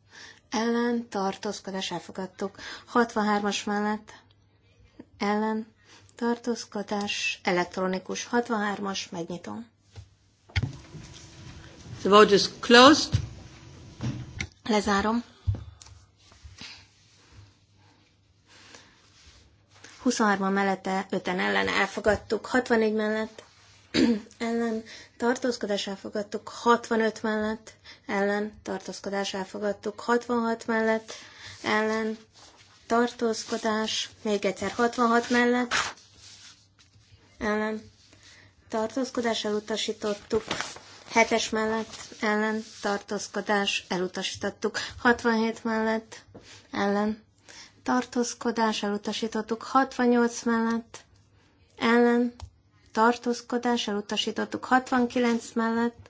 ellen, tartózkodás, elfogadtuk. 63-as mellett ellen, tartózkodás, elektronikus. 63-as, megnyitom. The vote is closed. Lezárom. 23 mellette, 5-en ellen elfogadtuk, 64 mellett ellen tartózkodás elfogadtuk 65 mellett, ellen tartózkodás elfogadtuk 66 mellett, ellen tartózkodás, még egyszer 66 mellett, ellen tartózkodás elutasítottuk, 7-es mellett ellen tartózkodás elutasítottuk, 67 mellett ellen tartózkodás elutasítottuk, 68 mellett ellen tartózkodással elutasítottuk 69 mellett,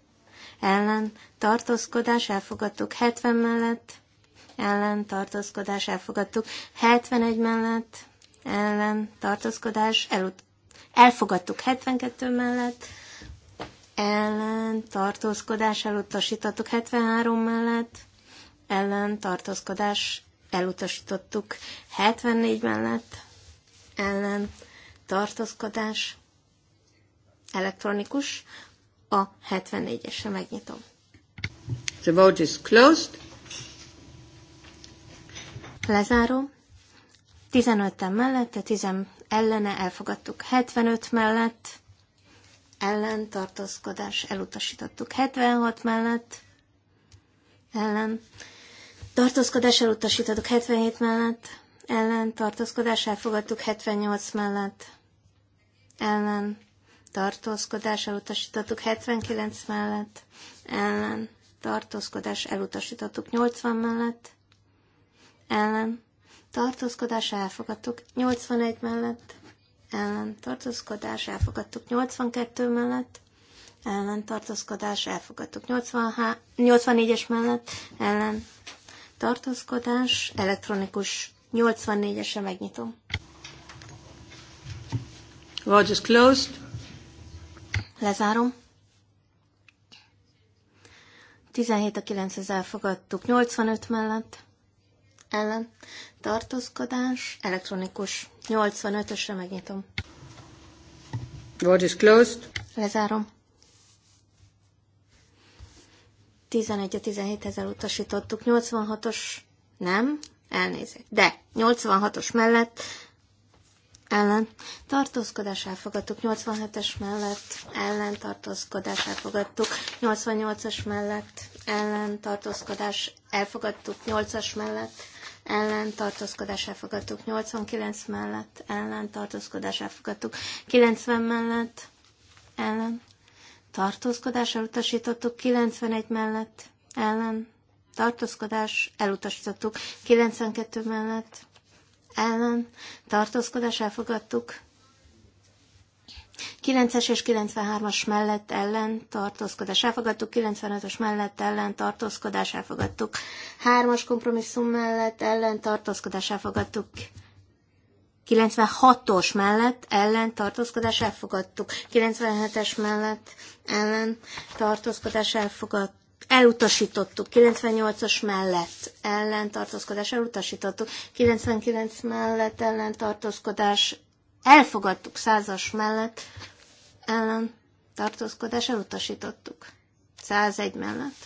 ellen tartózkodás, elfogadtuk 70 mellett, ellen tartózkodás, elfogadtuk 71 mellett, ellen tartózkodás, elut- elfogadtuk 72 mellett, ellen tartózkodás, elutasítottuk 73 mellett, ellen tartózkodás, elutasítottuk 74 mellett, ellen tartózkodás, elektronikus, a 74-esre megnyitom. The vote is closed. Lezárom. 15 mellett, mellette, 10 ellene elfogadtuk 75 mellett, ellen tartózkodás elutasítottuk 76 mellett, ellen tartózkodás elutasítottuk 77 mellett, ellen tartózkodás elfogadtuk 78 mellett, ellen tartózkodás elutasítottuk 79 mellett, ellen tartózkodás elutasítottuk 80 mellett, ellen tartózkodás elfogadtuk 81 mellett, ellen tartózkodás elfogadtuk 82 mellett, ellen tartózkodás elfogadtuk 84-es mellett, ellen tartózkodás elektronikus 84-esre megnyitom. is closed. Lezárom. 17 a 9-hez elfogadtuk. 85 mellett ellen tartózkodás, elektronikus. 85-ösre megnyitom. Vote is closed. Lezárom. 11 a 17 ezer utasítottuk. 86-os nem, elnézést. De 86-os mellett ellen tartózkodás elfogadtuk, 87-es mellett ellen tartózkodás elfogadtuk, 88-as mellett ellen tartózkodás elfogadtuk, 8-as mellett ellen tartózkodás elfogadtuk, 89 mellett ellen tartózkodás elfogadtuk, 90 mellett ellen tartózkodás elutasítottuk, 91 mellett ellen tartózkodás elutasítottuk, 92 mellett ellen tartózkodás elfogadtuk. 9-es és 93-as mellett ellen tartózkodás elfogadtuk, 95-ös mellett ellen tartózkodás elfogadtuk, 3-as kompromisszum mellett ellen tartózkodás elfogadtuk, 96-os mellett ellen tartózkodás elfogadtuk, 97-es mellett ellen tartózkodás elfogadtuk elutasítottuk, 98-as mellett ellentartózkodás elutasítottuk, 99 mellett ellentartózkodás elfogadtuk, 100-as mellett ellentartózkodás elutasítottuk, 101 mellett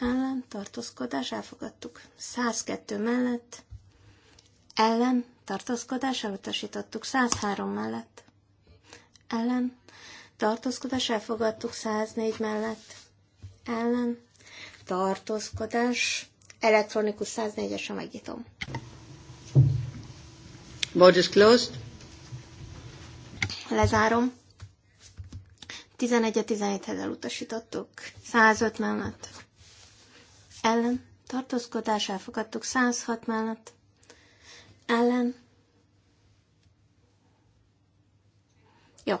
ellentartózkodás elfogadtuk, 102 mellett ellen tartózkodás elutasítottuk, 103 mellett ellen tartózkodás elfogadtuk, 104 mellett ellen tartózkodás. Elektronikus 104-esre megnyitom. Board is closed. Lezárom. 11-17-hez elutasítottuk. 105 mellett. Ellen tartózkodás elfogadtuk 106 mellett. Ellen. Jó.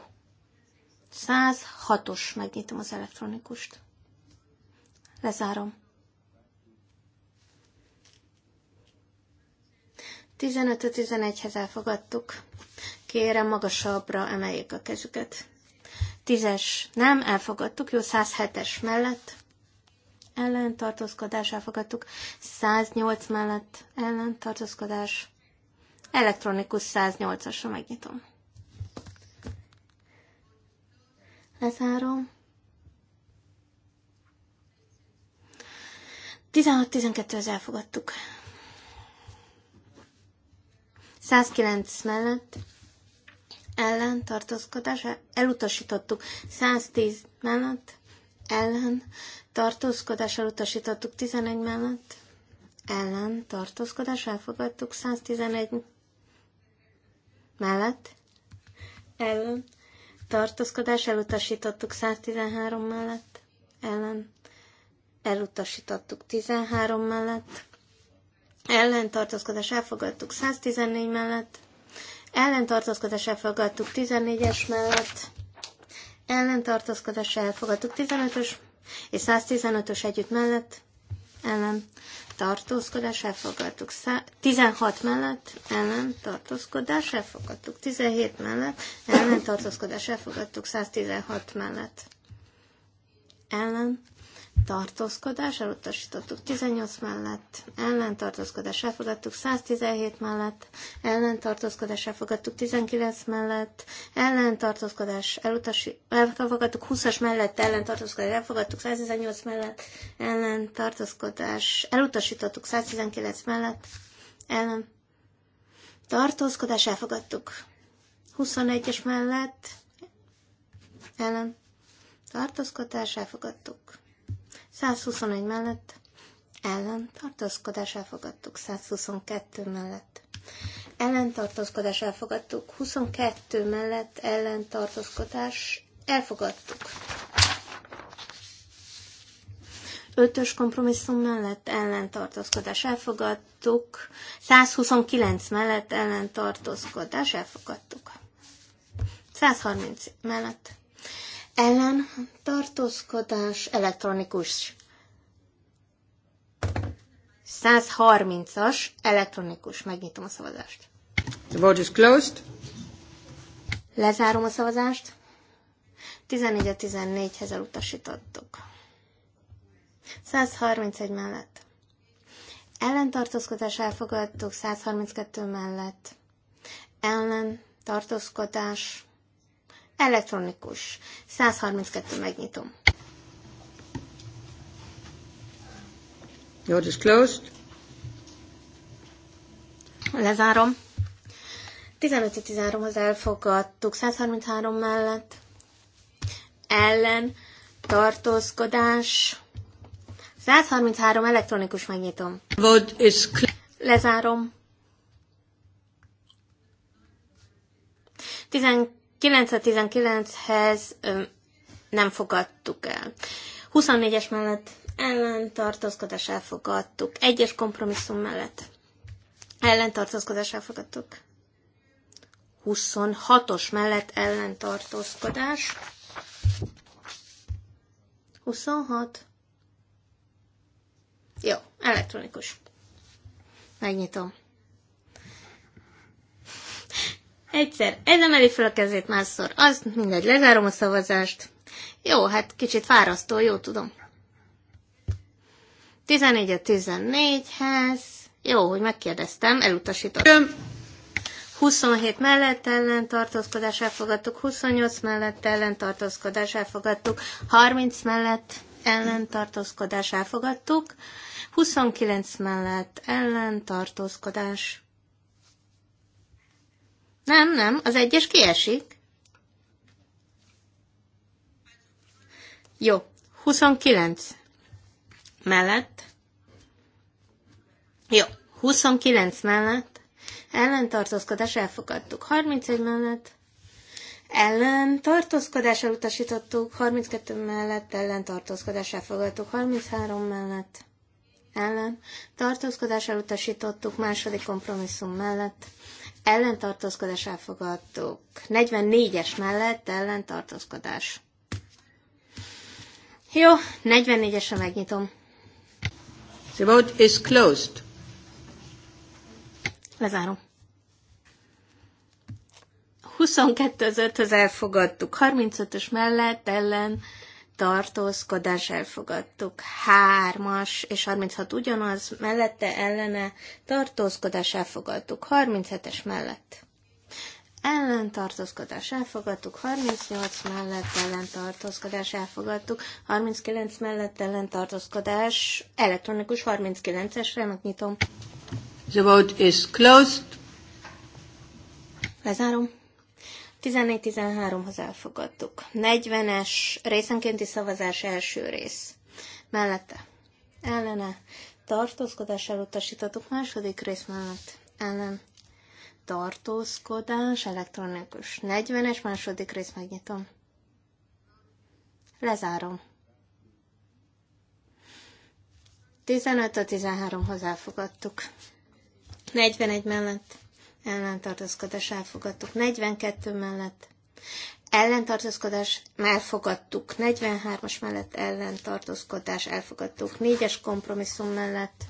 106-os megnyitom az elektronikust. Lezárom. 15-11-hez elfogadtuk. Kérem, magasabbra emeljék a kezüket. 10-es nem, elfogadtuk. Jó, 107-es mellett ellentartózkodás, elfogadtuk. 108 mellett ellentartózkodás. Elektronikus 108-asra megnyitom. Lezárom. 16-12 az elfogadtuk. 109 mellett ellen tartózkodás elutasítottuk. 110 mellett ellen tartózkodás elutasítottuk. 11 mellett ellen tartózkodás elfogadtuk. 111 mellett ellen tartózkodás elutasítottuk. 113 mellett ellen elutasítottuk 13 mellett, ellentartózkodás elfogadtuk 114 mellett, ellentartózkodás elfogadtuk 14-es mellett, ellentartózkodás elfogadtuk 15-ös és 115-ös együtt mellett, ellen tartózkodás elfogadtuk 16 mellett, ellen tartózkodás elfogadtuk 17 mellett, ellen tartózkodás elfogadtuk 116 mellett, ellen tartózkodás, elutasítottuk 18 mellett, ellentartózkodás elfogadtuk 117 mellett, ellentartózkodás elfogadtuk 19 mellett, ellentartózkodás elfogadtuk 20-as mellett, ellentartózkodás elfogadtuk 118 mellett, ellentartózkodás elutasítottuk 119 mellett, ellen elfogadtuk 21-es mellett, ellen tartózkodás elfogadtuk 121 mellett ellen tartózkodás elfogadtuk. 122 mellett ellen tartózkodás elfogadtuk. 22 mellett ellen tartózkodás elfogadtuk. Ötös kompromisszum mellett ellentartózkodás elfogadtuk, 129 mellett ellentartózkodás elfogadtuk. 130 mellett ellen tartózkodás elektronikus. 130-as elektronikus. Megnyitom a szavazást. The vote is closed. Lezárom a szavazást. 14 a 14-hez elutasítottuk. 131 mellett. Ellentartózkodás elfogadtuk 132 mellett. Ellen tartózkodás Elektronikus. 132 megnyitom. Jó, is closed. Lezárom. 15 13 az elfogadtuk, 133 mellett ellen tartózkodás. 133 elektronikus megnyitom. Vote is Lezárom. 12 919-hez nem fogadtuk el. 24-es mellett ellentartózkodás elfogadtuk. Egyes kompromisszum mellett ellentartózkodás elfogadtuk. 26-os mellett ellentartózkodás. 26. Jó, elektronikus. Megnyitom. Egyszer ez emeli fel a kezét, másszor az, mindegy, lezárom a szavazást. Jó, hát kicsit fárasztó, jó tudom. 14 a 14-hez. Jó, hogy megkérdeztem, elutasítottam. 27 mellett ellen tartózkodás elfogadtuk, 28 mellett ellen tartózkodás elfogadtuk, 30 mellett ellen tartózkodás elfogadtuk, 29 mellett ellen tartózkodás nem, nem, az egyes kiesik. Jó, 29 mellett. Jó, 29 mellett. Ellentartózkodás elfogadtuk. 31 mellett. Ellentartózkodás elutasítottuk. 32 mellett ellentartózkodás elfogadtuk. 33 mellett ellen. Tartózkodás elutasítottuk második kompromisszum mellett ellentartózkodás elfogadtuk. 44-es mellett ellentartózkodás. Jó, 44-esre megnyitom. The vote is closed. Lezárom. 22 az 5 az elfogadtuk. 35-ös mellett ellen tartózkodás elfogadtuk. Hármas és 36 ugyanaz, mellette ellene tartózkodás elfogadtuk. 37-es mellett. Ellen tartózkodás elfogadtuk, 38 mellett ellen tartózkodás elfogadtuk, 39 mellett ellen tartózkodás, elektronikus 39-esre megnyitom. The vote is closed. Lezárom. 14-13-hoz elfogadtuk. 40-es részenkénti szavazás első rész. Mellette. Ellene. Tartózkodás elutasítottuk második rész mellett. Ellen. Tartózkodás elektronikus. 40-es második rész megnyitom. Lezárom. 15-13-hoz elfogadtuk. 41 mellett ellentartozkodás elfogadtuk. 42 mellett ellentartozkodás elfogadtuk. 43-as mellett ellentartozkodás elfogadtuk. 4-es kompromisszum mellett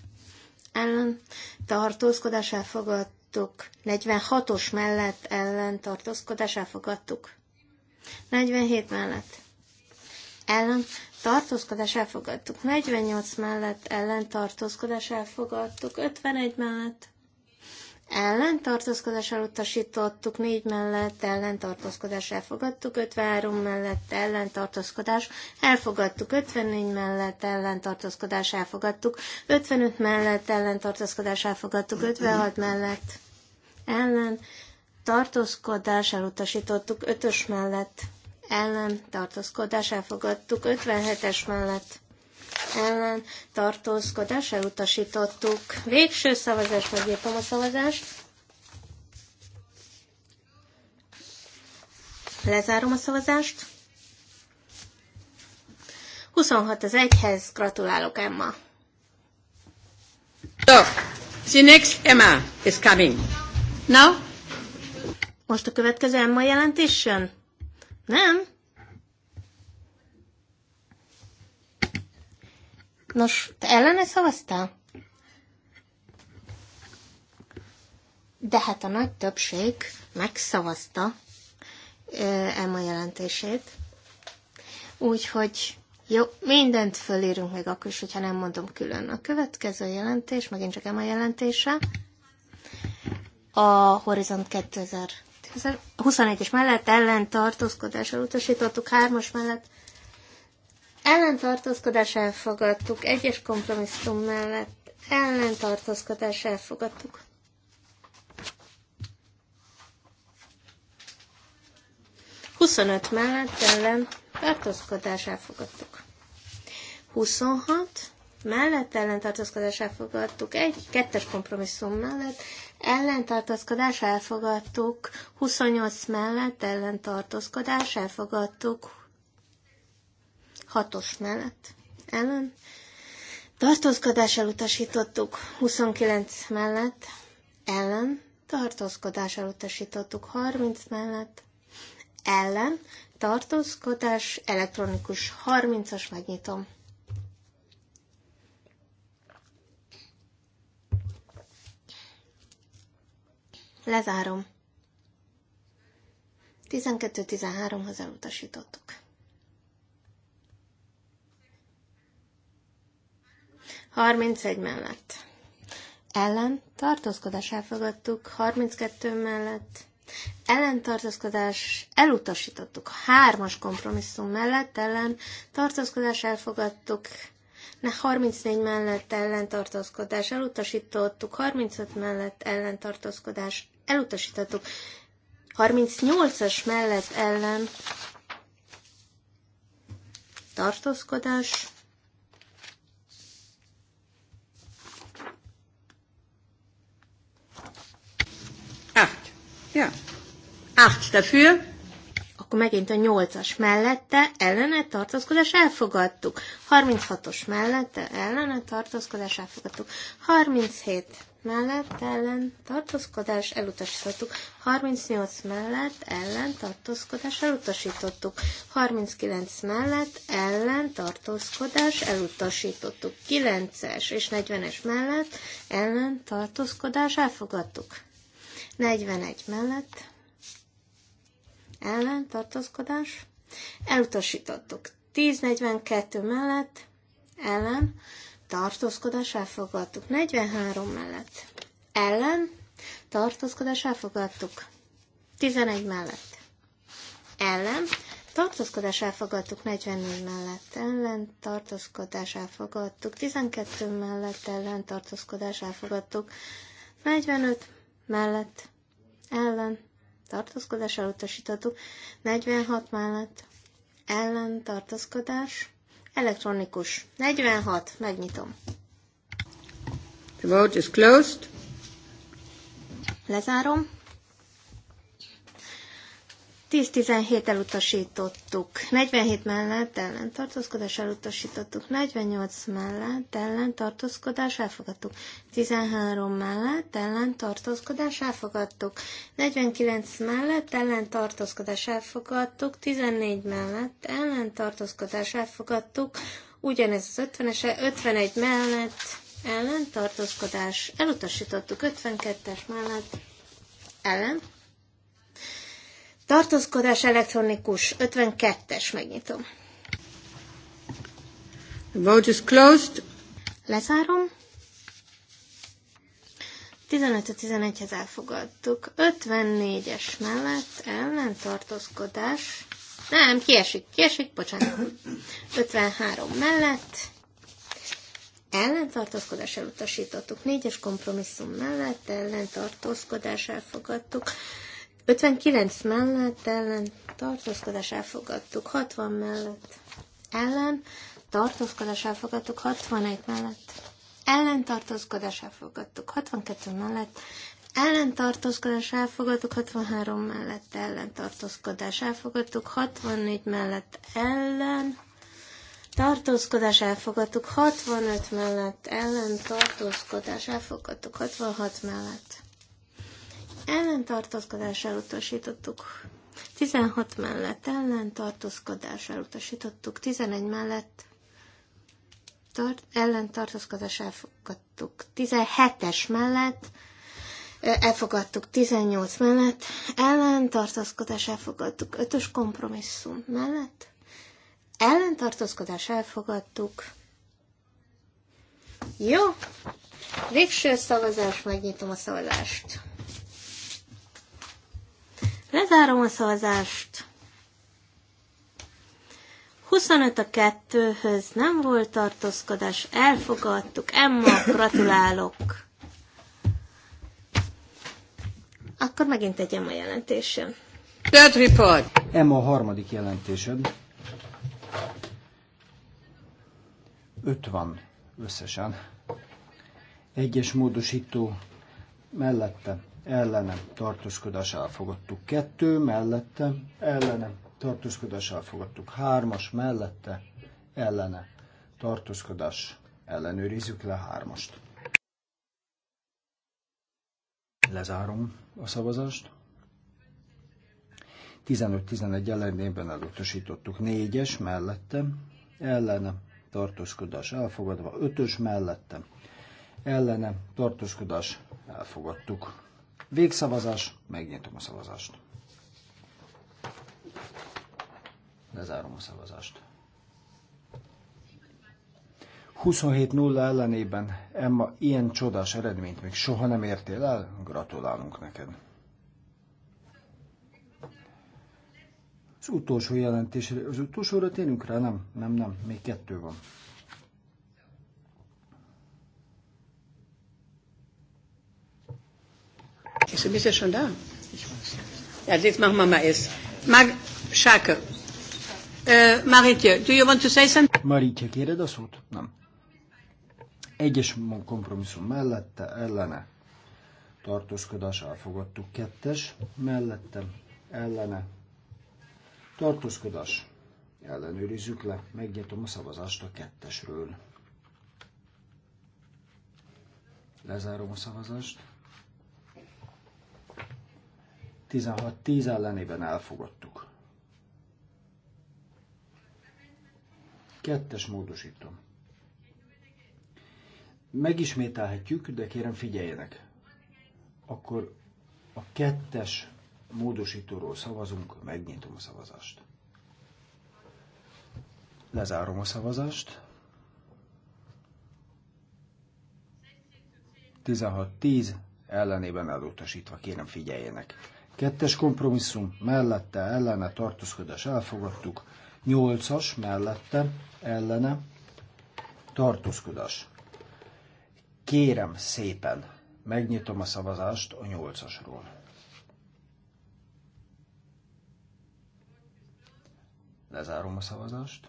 ellentartózkodás elfogadtuk. 46-os mellett ellentartózkodás elfogadtuk. 47 mellett ellen tartózkodás elfogadtuk. 48 mellett ellen tartózkodás elfogadtuk. 51 mellett ellentartózkodással utasítottuk, négy mellett ellentartózkodás elfogadtuk, 53 mellett ellentartózkodás elfogadtuk, 54 mellett ellentartózkodás elfogadtuk, 55 mellett ellentartózkodás elfogadtuk, 56 mellett ellen tartózkodás elutasítottuk, 5-ös mellett ellen tartózkodás elfogadtuk, 57-es mellett ellen tartózkodás elutasítottuk. Végső szavazás, megnyitom a szavazást. Lezárom a szavazást. 26 az egyhez, gratulálok Emma. So, the next Emma is coming. Now? Most a következő Emma jelentés jön? Nem? Nos, te ellene szavaztál? De hát a nagy többség megszavazta Emma jelentését. Úgyhogy jó, mindent fölírunk meg akkor is, hogyha nem mondom külön. A következő jelentés, megint csak Emma jelentése, a Horizont 2021-es mellett ellen tartózkodással utasítottuk hármas mellett ellentartózkodás elfogadtuk, egyes kompromisszum mellett ellentartózkodás elfogadtuk. Huszonöt mellett ellen tartózkodás elfogadtuk. 26 mellett ellentartózkodás elfogadtuk, egy kettes kompromisszum mellett ellentartózkodás elfogadtuk, 28 mellett ellentartózkodás elfogadtuk, hatos mellett ellen. Tartózkodás elutasítottuk 29 mellett ellen. Tartózkodás elutasítottuk 30 mellett ellen. Tartózkodás elektronikus 30-as megnyitom. Lezárom. 12-13-hoz elutasítottuk. 31 mellett. Ellen tartózkodás elfogadtuk, 32 mellett. Ellen tartózkodás elutasítottuk, 3-as kompromisszum mellett ellen tartózkodás elfogadtuk, ne 34 mellett ellentartózkodás elutasítottuk, 35 mellett ellentartózkodás elutasítottuk, 38-as mellett ellen tartózkodás Ja. Acht dafür. Akkor megint a nyolcas mellette ellene tartózkodás elfogadtuk. 36-os mellette ellene tartózkodás elfogadtuk. 37 mellett ellen tartózkodás elutasítottuk, 38 mellett ellen tartózkodás elutasítottuk, 39 mellett ellen tartózkodás elutasítottuk, 9-es és 40-es mellett ellen tartózkodás elfogadtuk. 41 mellett ellen tartózkodás. Elutasítottuk. 10.42 mellett ellen tartózkodás elfogadtuk. 43 mellett ellen tartózkodás elfogadtuk. 11 mellett ellen tartózkodás elfogadtuk. 44 mellett ellen tartózkodás elfogadtuk. 12 mellett ellen tartózkodás elfogadtuk. 45 mellett, ellen, tartózkodás elutasítható, 46 mellett, ellen, tartózkodás, elektronikus, 46, megnyitom. The vote is closed. Lezárom. 10-17 elutasítottuk, 47 mellett ellen tartózkodás elutasítottuk, 48 mellett ellen tartózkodás elfogadtuk, 13 mellett ellen tartózkodás elfogadtuk, 49 mellett ellen tartózkodás elfogadtuk, 14 mellett ellen tartózkodás elfogadtuk, ugyanez az 50 es 51 mellett ellen tartózkodás elutasítottuk, 52-es mellett ellen Tartózkodás elektronikus 52-es, megnyitom. The vote is closed. Lezárom. 15-11-hez elfogadtuk. 54-es mellett ellen tartózkodás. Nem, kiesik, kiesik, bocsánat. 53 mellett Ellen tartózkodás elutasítottuk. 4-es kompromisszum mellett Ellen tartózkodás elfogadtuk. 59 mellett ellen tartózkodás elfogadtuk, 60 mellett ellen tartózkodás elfogadtuk, 61 mellett ellen tartózkodás elfogadtuk, 62 mellett ellen tartózkodás elfogadtuk, 63 mellett ellen tartózkodás elfogadtuk, 64 mellett ellen tartózkodás elfogadtuk, 65 mellett ellen tartózkodás elfogadtuk, 66 mellett ellen elutasítottuk. 16 mellett ellen elutasítottuk. 11 mellett tart, ellen elfogadtuk. 17-es mellett elfogadtuk 18 mellett, ellentartózkodás elfogadtuk 5-ös kompromisszum mellett, ellentartózkodás elfogadtuk. Jó, végső szavazás, megnyitom a szavazást. Lezárom a szavazást. 25 a 2 nem volt tartózkodás, elfogadtuk. Emma, gratulálok! Akkor megint egy Emma jelentésem. Third report. Emma a harmadik jelentésed. 50 összesen. Egyes módosító mellette ellenem tartózkodás elfogadtuk. Kettő mellette ellenem tartózkodás elfogadtuk. Hármas mellette ellene tartózkodás ellenőrizzük le hármast. Lezárom a szavazást. 15-11 ellenében elutasítottuk. 4-es mellette ellene tartózkodás elfogadva. 5-ös mellette ellene tartózkodás elfogadtuk. Végszavazás, megnyitom a szavazást. Lezárom a szavazást. 27-0 ellenében, Emma, ilyen csodás eredményt még soha nem értél el? Gratulálunk neked! Az utolsó jelentésre, az utolsóra térünk rá? Nem, nem, nem, még kettő van. Ist, bist ja schon da? Ja, jetzt machen wir mal es. Mag Schake. Uh, Maritje, do you want to say something? Maritje, kérde das Wort? Nem. Egyes kompromisszum mellette, ellene. Tartózkodás elfogadtuk. Kettes, mellette, ellene. Tartózkodás. Ellenőrizzük le. Megnyitom a szavazást a kettesről. Lezárom a szavazást. 16-10 ellenében elfogadtuk. Kettes módosítom. Megismételhetjük, de kérem figyeljenek. Akkor a kettes módosítóról szavazunk, megnyitom a szavazást. Lezárom a szavazást. 16-10 ellenében elutasítva, kérem figyeljenek. Kettes kompromisszum mellette ellene tartózkodás elfogadtuk. Nyolcas mellette ellene tartózkodás. Kérem szépen, megnyitom a szavazást a nyolcasról. Lezárom a szavazást.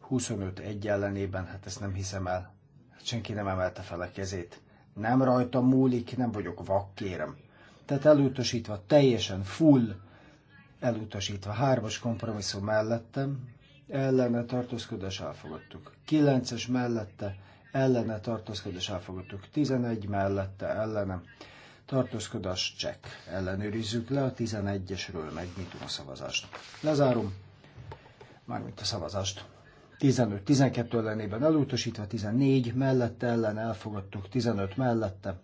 25 egy ellenében, hát ezt nem hiszem el. Senki nem emelte fel a kezét. Nem rajtam múlik, nem vagyok vak, kérem. Tehát elutasítva, teljesen full elutasítva. Hármas kompromisszum mellettem, ellene tartózkodás elfogadtuk. Kilences mellette, ellene tartózkodás elfogadtuk. Tizenegy mellette, ellene tartózkodás csekk. Ellenőrizzük le a tizenegyesről megnyitom a szavazást. Lezárom, mármint a szavazást. 15-12 ellenében elutasítva, 14 mellette ellen elfogadtuk, 15 mellette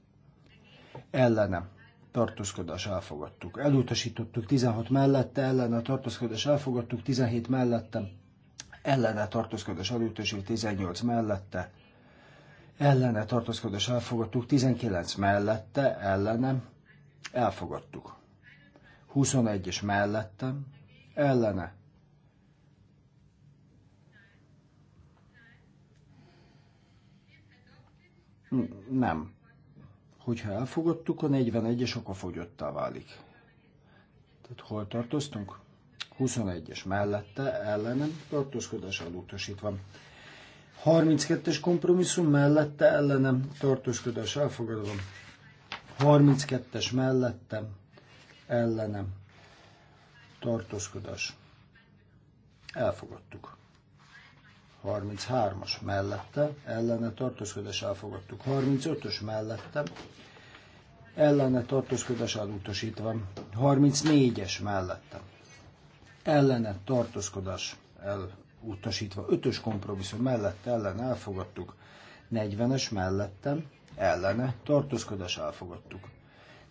ellenem tartózkodás elfogadtuk. Elutasítottuk 16 mellette, ellen a tartózkodás elfogadtuk, 17 mellette, ellene tartózkodás elutasítottuk, 18 mellette, ellene tartózkodás elfogadtuk, 19 mellette, ellene elfogadtuk. 21 és mellettem ellene Nem. Hogyha elfogadtuk, a 41-es fogyottá válik. Tehát hol tartoztunk? 21-es mellette, ellenem, tartózkodás elutasítva. 32-es kompromisszum mellette, ellenem, tartózkodás elfogadva. 32-es mellette, ellenem, tartózkodás. Elfogadtuk. 33-as mellette, ellene tartózkodás elfogadtuk. 35-ös mellette, ellene tartózkodás elutasítva. 34-es mellette, ellene tartózkodás elutasítva. 5-ös kompromisszum mellette, ellen elfogadtuk. 40-es mellette, ellene tartózkodás elfogadtuk.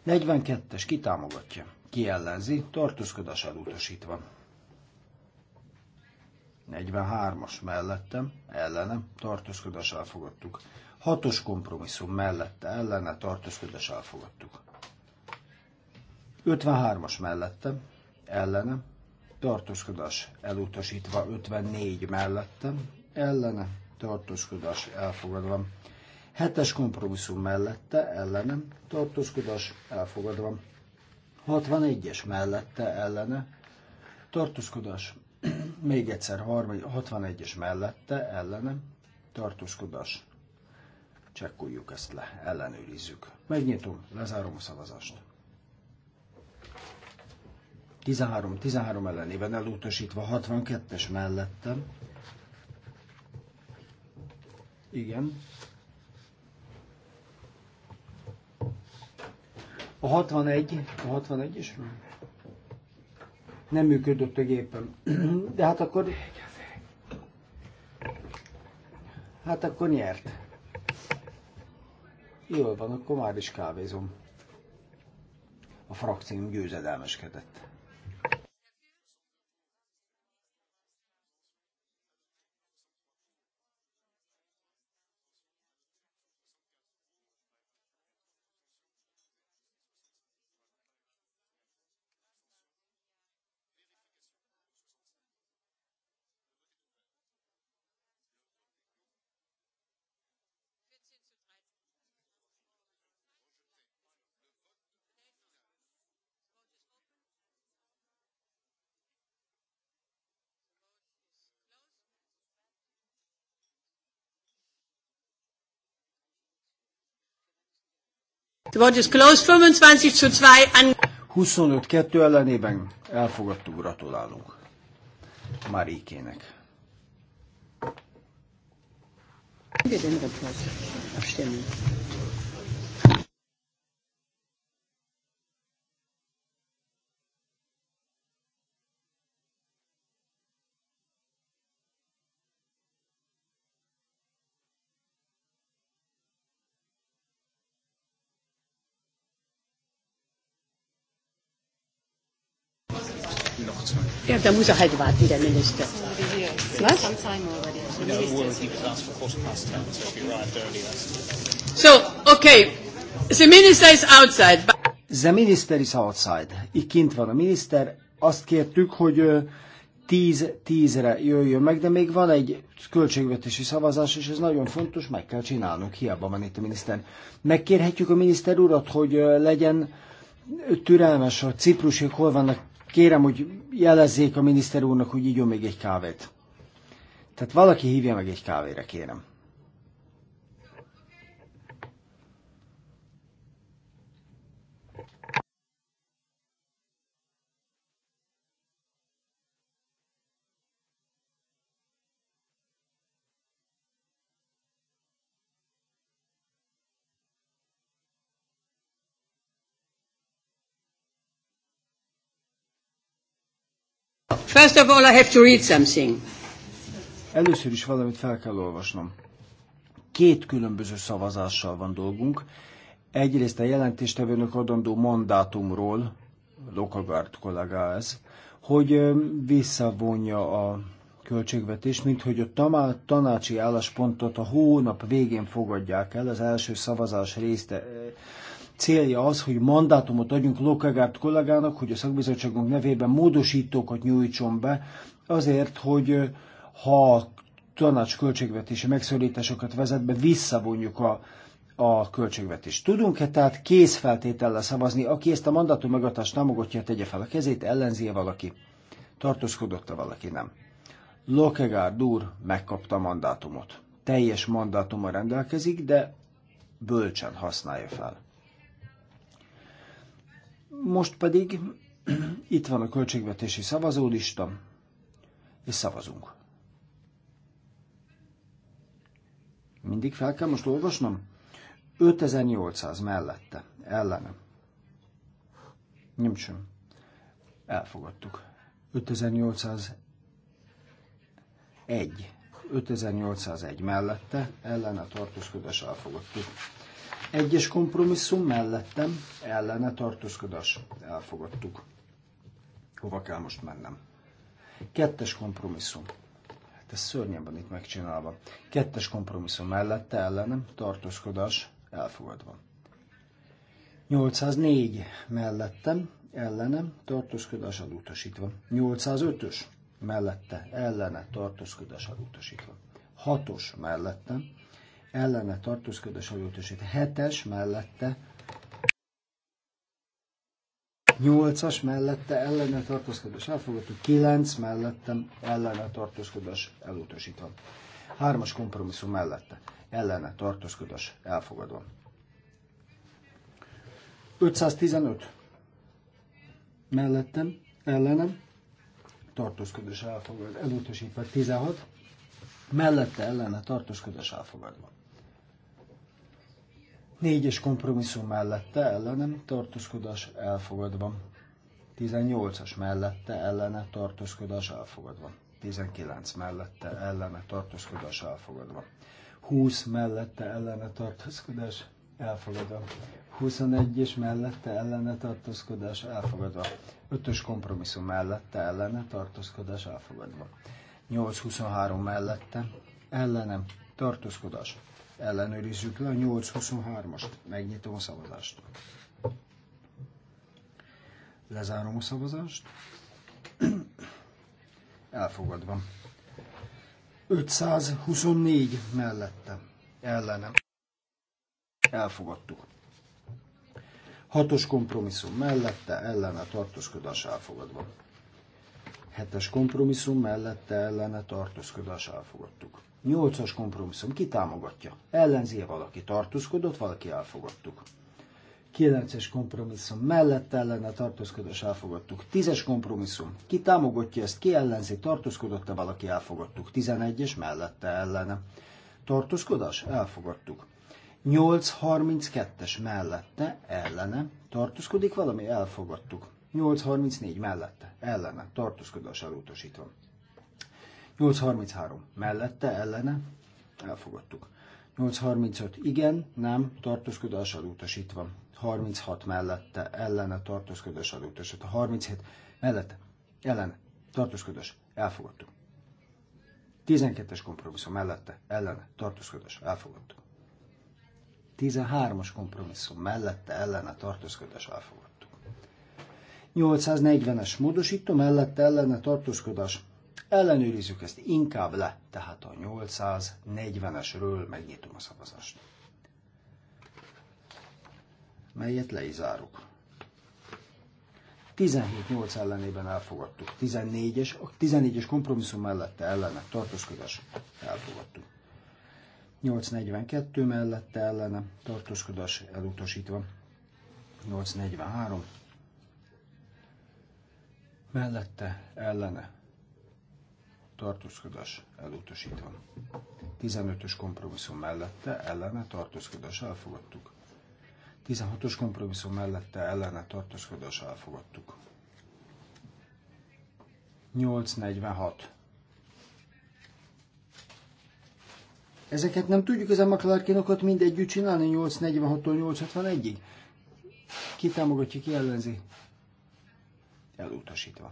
42-es kitámogatja, kiellenzi, tartózkodás elutasítva. 43-as mellettem, ellenem, tartózkodás elfogadtuk. 6-os kompromisszum mellette, ellene, tartózkodás elfogadtuk. 53-as mellettem, ellenem, tartózkodás elutasítva, 54 mellettem, ellene, tartózkodás elfogadva. 7-es kompromisszum mellette, ellenem, tartózkodás elfogadva. 61-es mellette, ellene, tartózkodás még egyszer 61-es mellette, ellenem, tartózkodás. Csekkoljuk ezt le, ellenőrizzük. Megnyitom, lezárom a szavazást. 13-13 ellenében elutasítva 62-es mellettem. Igen. A 61, a 61 is? Hmm nem működött a gépem. De hát akkor... Hát akkor nyert. Jól van, akkor már is kávézom. A frakcióm győzedelmeskedett. The vote is 25 zu 2 an... 25-2 ellenében elfogadtuk, gratulálunk Marikének. Wir den Report abstimmen. Yeah, da muss er halt warten, der Was? So, okay. The minister is outside. The minister is outside. Így kint van a miniszter. Azt kértük, hogy 10-10-re jöjjön meg, de még van egy költségvetési szavazás, és ez nagyon fontos, meg kell csinálnunk, hiába van itt a miniszter. Megkérhetjük a miniszter urat, hogy legyen türelmes, a ciprusiak hol vannak kérem, hogy jelezzék a miniszter úrnak, hogy igyon még egy kávét. Tehát valaki hívja meg egy kávére kérem. First of all, I have to read something. Először is valamit fel kell olvasnom. Két különböző szavazással van dolgunk. Egyrészt a jelentéstevőnök adandó mandátumról, Lokagard kollégá ez, hogy visszavonja a költségvetést, mint hogy a tanácsi álláspontot a hónap végén fogadják el, az első szavazás részt célja az, hogy mandátumot adjunk Lokagárt kollégának, hogy a szakbizottságunk nevében módosítókat nyújtson be, azért, hogy ha a tanács költségvetési megszorításokat vezet be, visszavonjuk a, a költségvetést. Tudunk-e tehát készfeltétellel szavazni, aki ezt a mandátum megadást támogatja, tegye fel a kezét, ellenzi -e valaki? Tartózkodott-e valaki? Nem. Lokegárd úr megkapta a mandátumot. Teljes mandátuma rendelkezik, de bölcsen használja fel. Most pedig itt van a költségvetési szavazólista, és szavazunk. Mindig fel kell most olvasnom? 5800 mellette, ellenem. Nyomcsön. Elfogadtuk. 5801. 5801 mellette, ellene tartózkodás elfogadtuk. Egyes kompromisszum mellettem ellene tartózkodás. Elfogadtuk. Hova kell most mennem? Kettes kompromisszum. Hát ez szörnyen van itt megcsinálva. Kettes kompromisszum mellette ellenem tartózkodás elfogadva. 804 mellettem ellenem tartózkodás elutasítva. 805-ös mellette ellene tartózkodás elutasítva. 6-os mellettem ellene tartózkodás elutasít. 7-es mellette 8-as mellette ellene tartózkodás elfogadható, 9 mellette ellene tartózkodás elutasítva. 3-as kompromisszum mellette ellene tartózkodás elfogadva. 515 mellettem ellenem tartózkodás elfogadva, elutasítva 16, mellette ellene tartózkodás elfogadva és kompromisszum mellette ellenem tartózkodás elfogadva. 18-as mellette ellene tartózkodás elfogadva. 19 mellette ellene tartózkodás elfogadva. 20 mellette ellene tartózkodás elfogadva. 21 és mellette ellene tartózkodás elfogadva. 5-ös kompromisszum mellette ellene tartózkodás elfogadva. 8-23 mellette ellenem tartózkodás Ellenőrizzük le a 823-ast. Megnyitom a szavazást. Lezárom a szavazást. Elfogadva. 524 mellette. Ellenem. Elfogadtuk. Hatos kompromisszum mellette, ellene tartózkodás elfogadva. Hetes kompromisszum mellette ellene tartózkodás elfogadtuk. Nyolcas kompromisszum ki támogatja? Ellenzi valaki tartózkodott, valaki elfogadtuk. 9-es kompromisszum mellett ellene tartózkodás elfogadtuk. 10-es kompromisszum. Ki támogatja ezt, ki ellenzi, tartózkodott-e valaki, elfogadtuk. 11-es mellette ellene. Tartózkodás? Elfogadtuk. 8-32-es mellette ellene. Tartózkodik valami, elfogadtuk. 834 mellette, ellene, tartózkodás elutasítva. 833 mellette, ellene, elfogadtuk. 835 igen, nem, tartózkodás elutasítva. 36 mellette, ellene, tartózkodás elutasítva. 37 mellette, ellene, tartózkodás, elfogadtuk. 12-es kompromisszum mellette, ellene, tartózkodás, elfogadtuk. 13-as kompromisszum mellette, ellene, tartózkodás, elfogadtuk. 840-es módosító mellette ellene tartózkodás. Ellenőrizzük ezt inkább le, tehát a 840-esről megnyitom a szavazást. Melyet le is zárok. 17-8 ellenében elfogadtuk. 14-es, a 14-es kompromisszum mellette ellene tartózkodás elfogadtuk. 842 mellette ellene tartózkodás elutasítva. 843 mellette ellene tartózkodás elutasítva. 15-ös kompromisszum mellette ellene tartózkodás elfogadtuk. 16-os kompromisszum mellette ellene tartózkodás elfogadtuk. 846. Ezeket nem tudjuk az Emma Clarkinokat mindegyütt csinálni 846-tól 871-ig. Ki támogatja, ki ellenzi? elutasítva.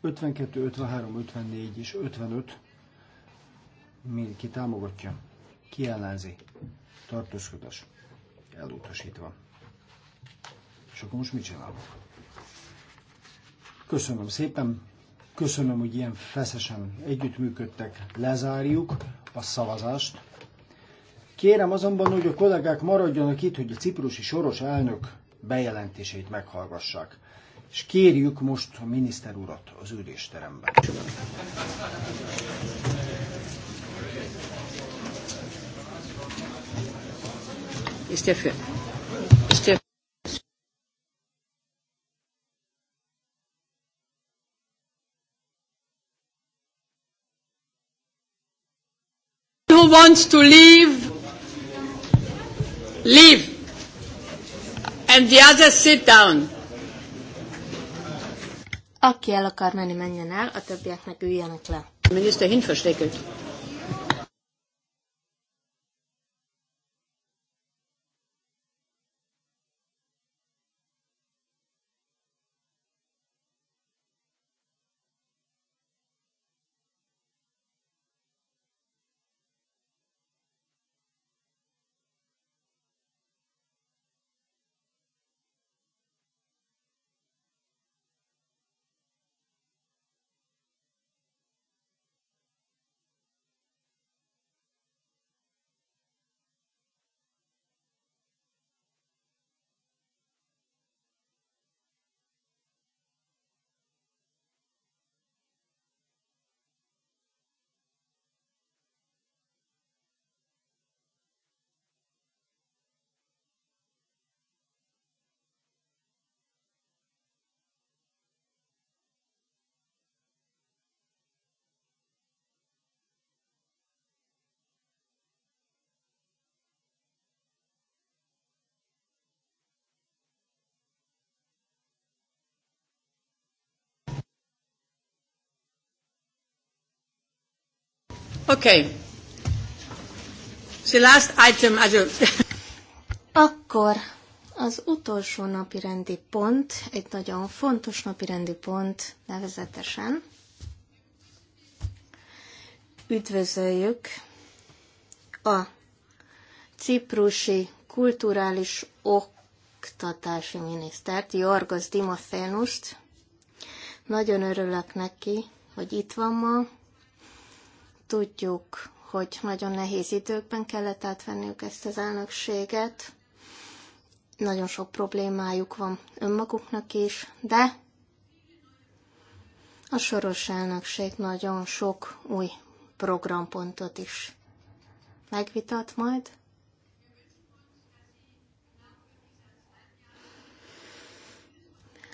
52, 53, 54 és 55 mindenki támogatja, kiellenzi, tartózkodás elutasítva. És akkor most mit csinálok? Köszönöm szépen, köszönöm, hogy ilyen feszesen együttműködtek, lezárjuk a szavazást. Kérem azonban, hogy a kollégák maradjanak itt, hogy a ciprusi soros elnök bejelentéseit meghallgassák. És kérjük most a miniszter urat az ülésterembe. who wants to leave, leave. And the others sit down. Aki el akar menni, menjen el, a többiek meg üljenek le. Minister miniszter Okay. The last item as a... Akkor az utolsó napi rendi pont, egy nagyon fontos napi rendi pont, nevezetesen üdvözöljük a ciprusi kulturális oktatási minisztert, Jorgos Dimafénust. Nagyon örülök neki, hogy itt van ma, Tudjuk, hogy nagyon nehéz időkben kellett átvenniük ezt az elnökséget. Nagyon sok problémájuk van önmaguknak is, de a soros elnökség nagyon sok új programpontot is megvitat majd.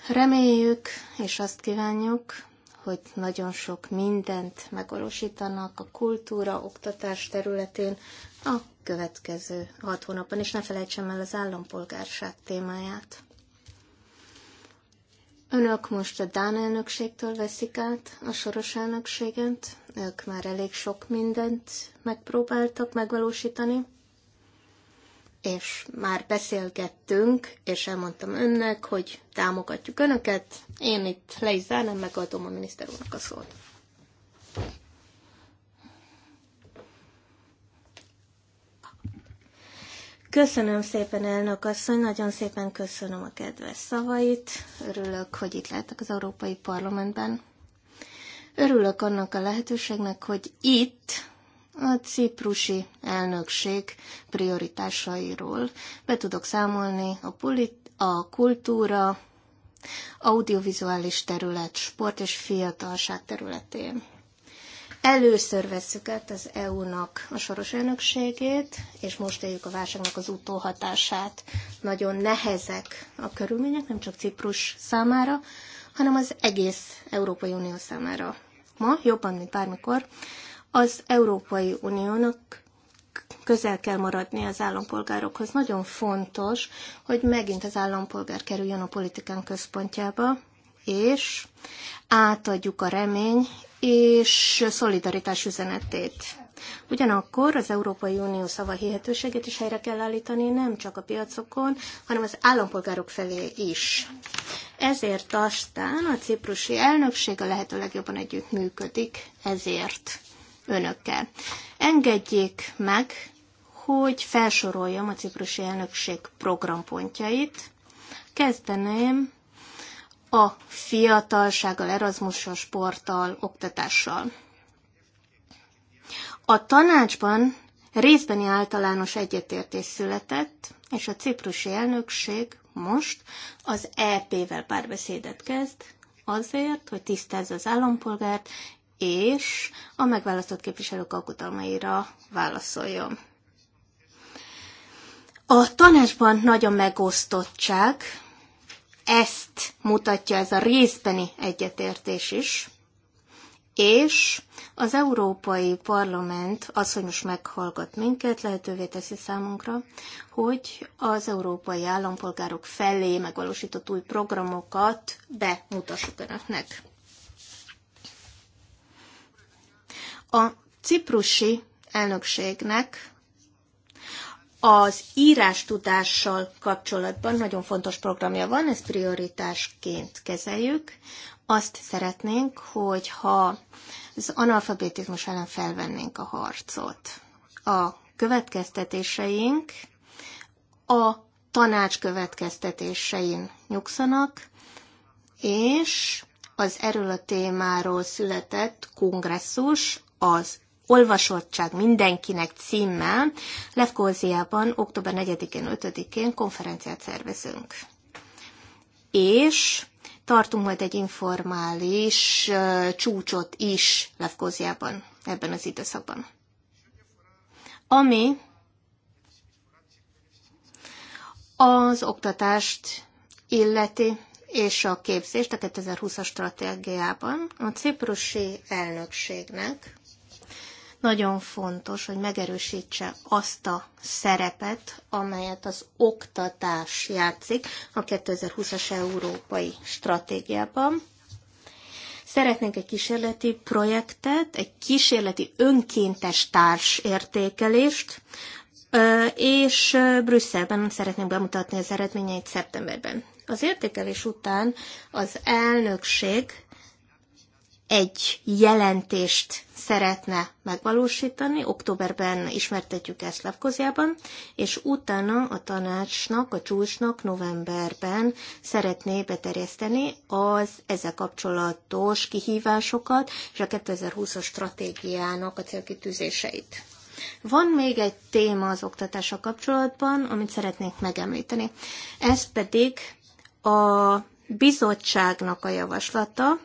Reméljük és azt kívánjuk, hogy nagyon sok mindent megorosítanak a kultúra, oktatás területén a következő hat hónapban, és ne felejtsem el az állampolgárság témáját. Önök most a Dán elnökségtől veszik át a soros elnökséget, ők már elég sok mindent megpróbáltak megvalósítani és már beszélgettünk, és elmondtam önnek, hogy támogatjuk önöket. Én itt le is zárnám, megadom a miniszter úrnak a szót. Köszönöm szépen, elnök asszony, nagyon szépen köszönöm a kedves szavait. Örülök, hogy itt lehetek az Európai Parlamentben. Örülök annak a lehetőségnek, hogy itt a ciprusi elnökség prioritásairól. Be tudok számolni a, polit- a kultúra, audiovizuális terület, sport és fiatalság területén. Először vesszük át az EU-nak a soros elnökségét, és most éljük a válságnak az utóhatását. Nagyon nehezek a körülmények, nem csak Ciprus számára, hanem az egész Európai Unió számára. Ma, jobban, mint bármikor, az Európai Uniónak közel kell maradni az állampolgárokhoz. Nagyon fontos, hogy megint az állampolgár kerüljön a politikán központjába, és átadjuk a remény és szolidaritás üzenetét. Ugyanakkor az Európai Unió szava hihetőséget is helyre kell állítani, nem csak a piacokon, hanem az állampolgárok felé is. Ezért aztán a ciprusi elnökség a lehető legjobban együtt működik, ezért önökkel. Engedjék meg, hogy felsoroljam a ciprusi elnökség programpontjait. Kezdeném a fiatalsággal, Erasmussal, sporttal, oktatással. A tanácsban részbeni általános egyetértés született, és a ciprusi elnökség most az EP-vel párbeszédet kezd, azért, hogy tisztázza az állampolgárt, és a megválasztott képviselők aggodalmaira válaszoljon. A tanácsban nagy a megosztottság, ezt mutatja ez a részbeni egyetértés is, és az Európai Parlament az, hogy most meghallgat minket, lehetővé teszi számunkra, hogy az európai állampolgárok felé megvalósított új programokat bemutassuk önöknek. A ciprusi elnökségnek az írás tudással kapcsolatban nagyon fontos programja van, ezt prioritásként kezeljük. Azt szeretnénk, hogyha az analfabetizmus ellen felvennénk a harcot. A következtetéseink a tanács következtetésein nyugszanak, és az erről a témáról született kongresszus az olvasottság mindenkinek címmel Levkóziában október 4-én, 5-én konferenciát szervezünk. És tartunk majd egy informális uh, csúcsot is Levkóziában ebben az időszakban. Ami az oktatást illeti és a képzést a 2020-as stratégiában a ciprusi elnökségnek nagyon fontos, hogy megerősítse azt a szerepet, amelyet az oktatás játszik a 2020-as európai stratégiában. Szeretnénk egy kísérleti projektet, egy kísérleti önkéntes társértékelést, és Brüsszelben szeretnénk bemutatni az eredményeit szeptemberben. Az értékelés után az elnökség egy jelentést szeretne megvalósítani. Októberben ismertetjük ezt Levkoziában, és utána a tanácsnak, a csúcsnak novemberben szeretné beterjeszteni az ezzel kapcsolatos kihívásokat és a 2020-as stratégiának a célkitűzéseit. Van még egy téma az oktatása kapcsolatban, amit szeretnék megemlíteni. Ez pedig a bizottságnak a javaslata,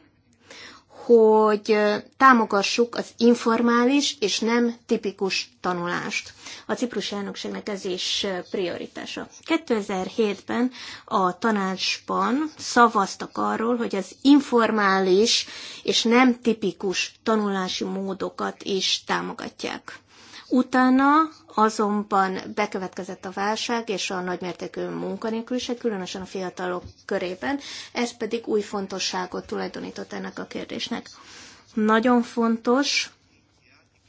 hogy támogassuk az informális és nem tipikus tanulást. A ciprus elnökségnek ez is prioritása. 2007-ben a tanácsban szavaztak arról, hogy az informális és nem tipikus tanulási módokat is támogatják. Utána azonban bekövetkezett a válság és a nagymértékű munkanélküliség, különösen a fiatalok körében, ez pedig új fontosságot tulajdonított ennek a kérdésnek. Nagyon fontos,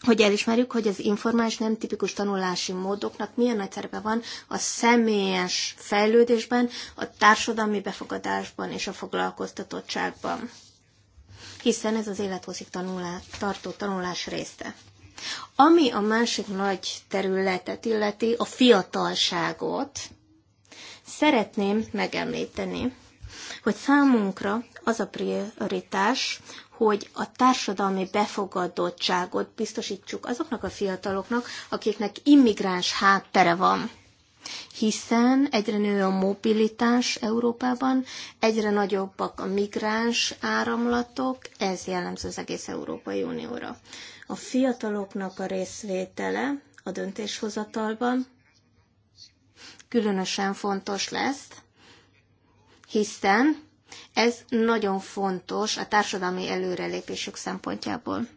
hogy elismerjük, hogy az informális nem tipikus tanulási módoknak milyen nagy szerepe van a személyes fejlődésben, a társadalmi befogadásban és a foglalkoztatottságban. Hiszen ez az élethosszig tanulá- tartó tanulás része. Ami a másik nagy területet illeti, a fiatalságot, szeretném megemlíteni, hogy számunkra az a prioritás, hogy a társadalmi befogadottságot biztosítsuk azoknak a fiataloknak, akiknek immigráns háttere van. Hiszen egyre nő a mobilitás Európában, egyre nagyobbak a migráns áramlatok, ez jellemző az egész Európai Unióra. A fiataloknak a részvétele a döntéshozatalban különösen fontos lesz, hiszen ez nagyon fontos a társadalmi előrelépésük szempontjából.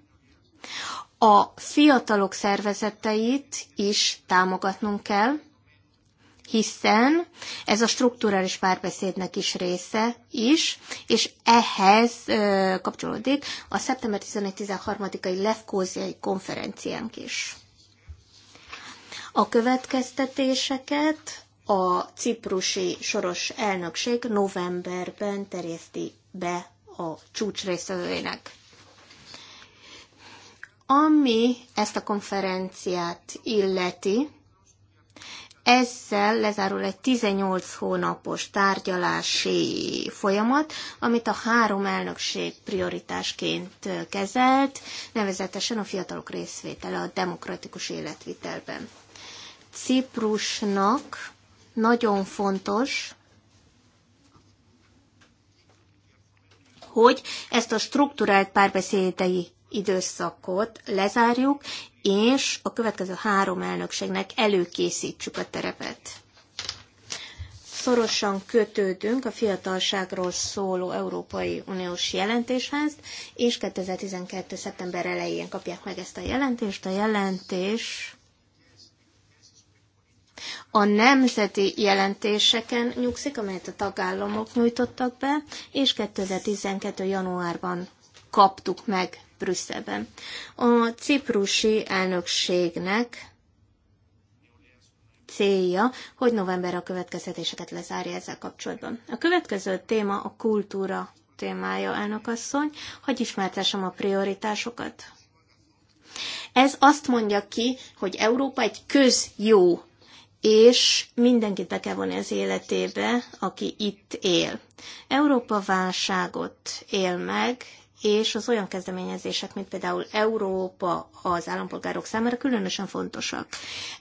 A fiatalok szervezeteit is támogatnunk kell, hiszen ez a strukturális párbeszédnek is része is, és ehhez ö, kapcsolódik a szeptember 11-13-ai Lefkóziai konferenciánk is. A következtetéseket a ciprusi soros elnökség novemberben terjeszti be a csúcs részvevőinek. Ami ezt a konferenciát illeti, ezzel lezárul egy 18 hónapos tárgyalási folyamat, amit a három elnökség prioritásként kezelt, nevezetesen a fiatalok részvétele a demokratikus életvitelben. Ciprusnak nagyon fontos, hogy ezt a struktúrált párbeszédei időszakot lezárjuk, és a következő három elnökségnek előkészítsük a terepet. Szorosan kötődünk a fiatalságról szóló Európai Uniós jelentéshez, és 2012. szeptember elején kapják meg ezt a jelentést. A jelentés a nemzeti jelentéseken nyugszik, amelyet a tagállamok nyújtottak be, és 2012. januárban kaptuk meg Brüsszelben. A ciprusi elnökségnek célja, hogy november a következtetéseket lezárja ezzel kapcsolatban. A következő téma a kultúra témája, elnökasszony, hogy ismertessem a prioritásokat. Ez azt mondja ki, hogy Európa egy közjó, és mindenkit be kell vonni az életébe, aki itt él. Európa válságot él meg, és az olyan kezdeményezések, mint például Európa az állampolgárok számára különösen fontosak.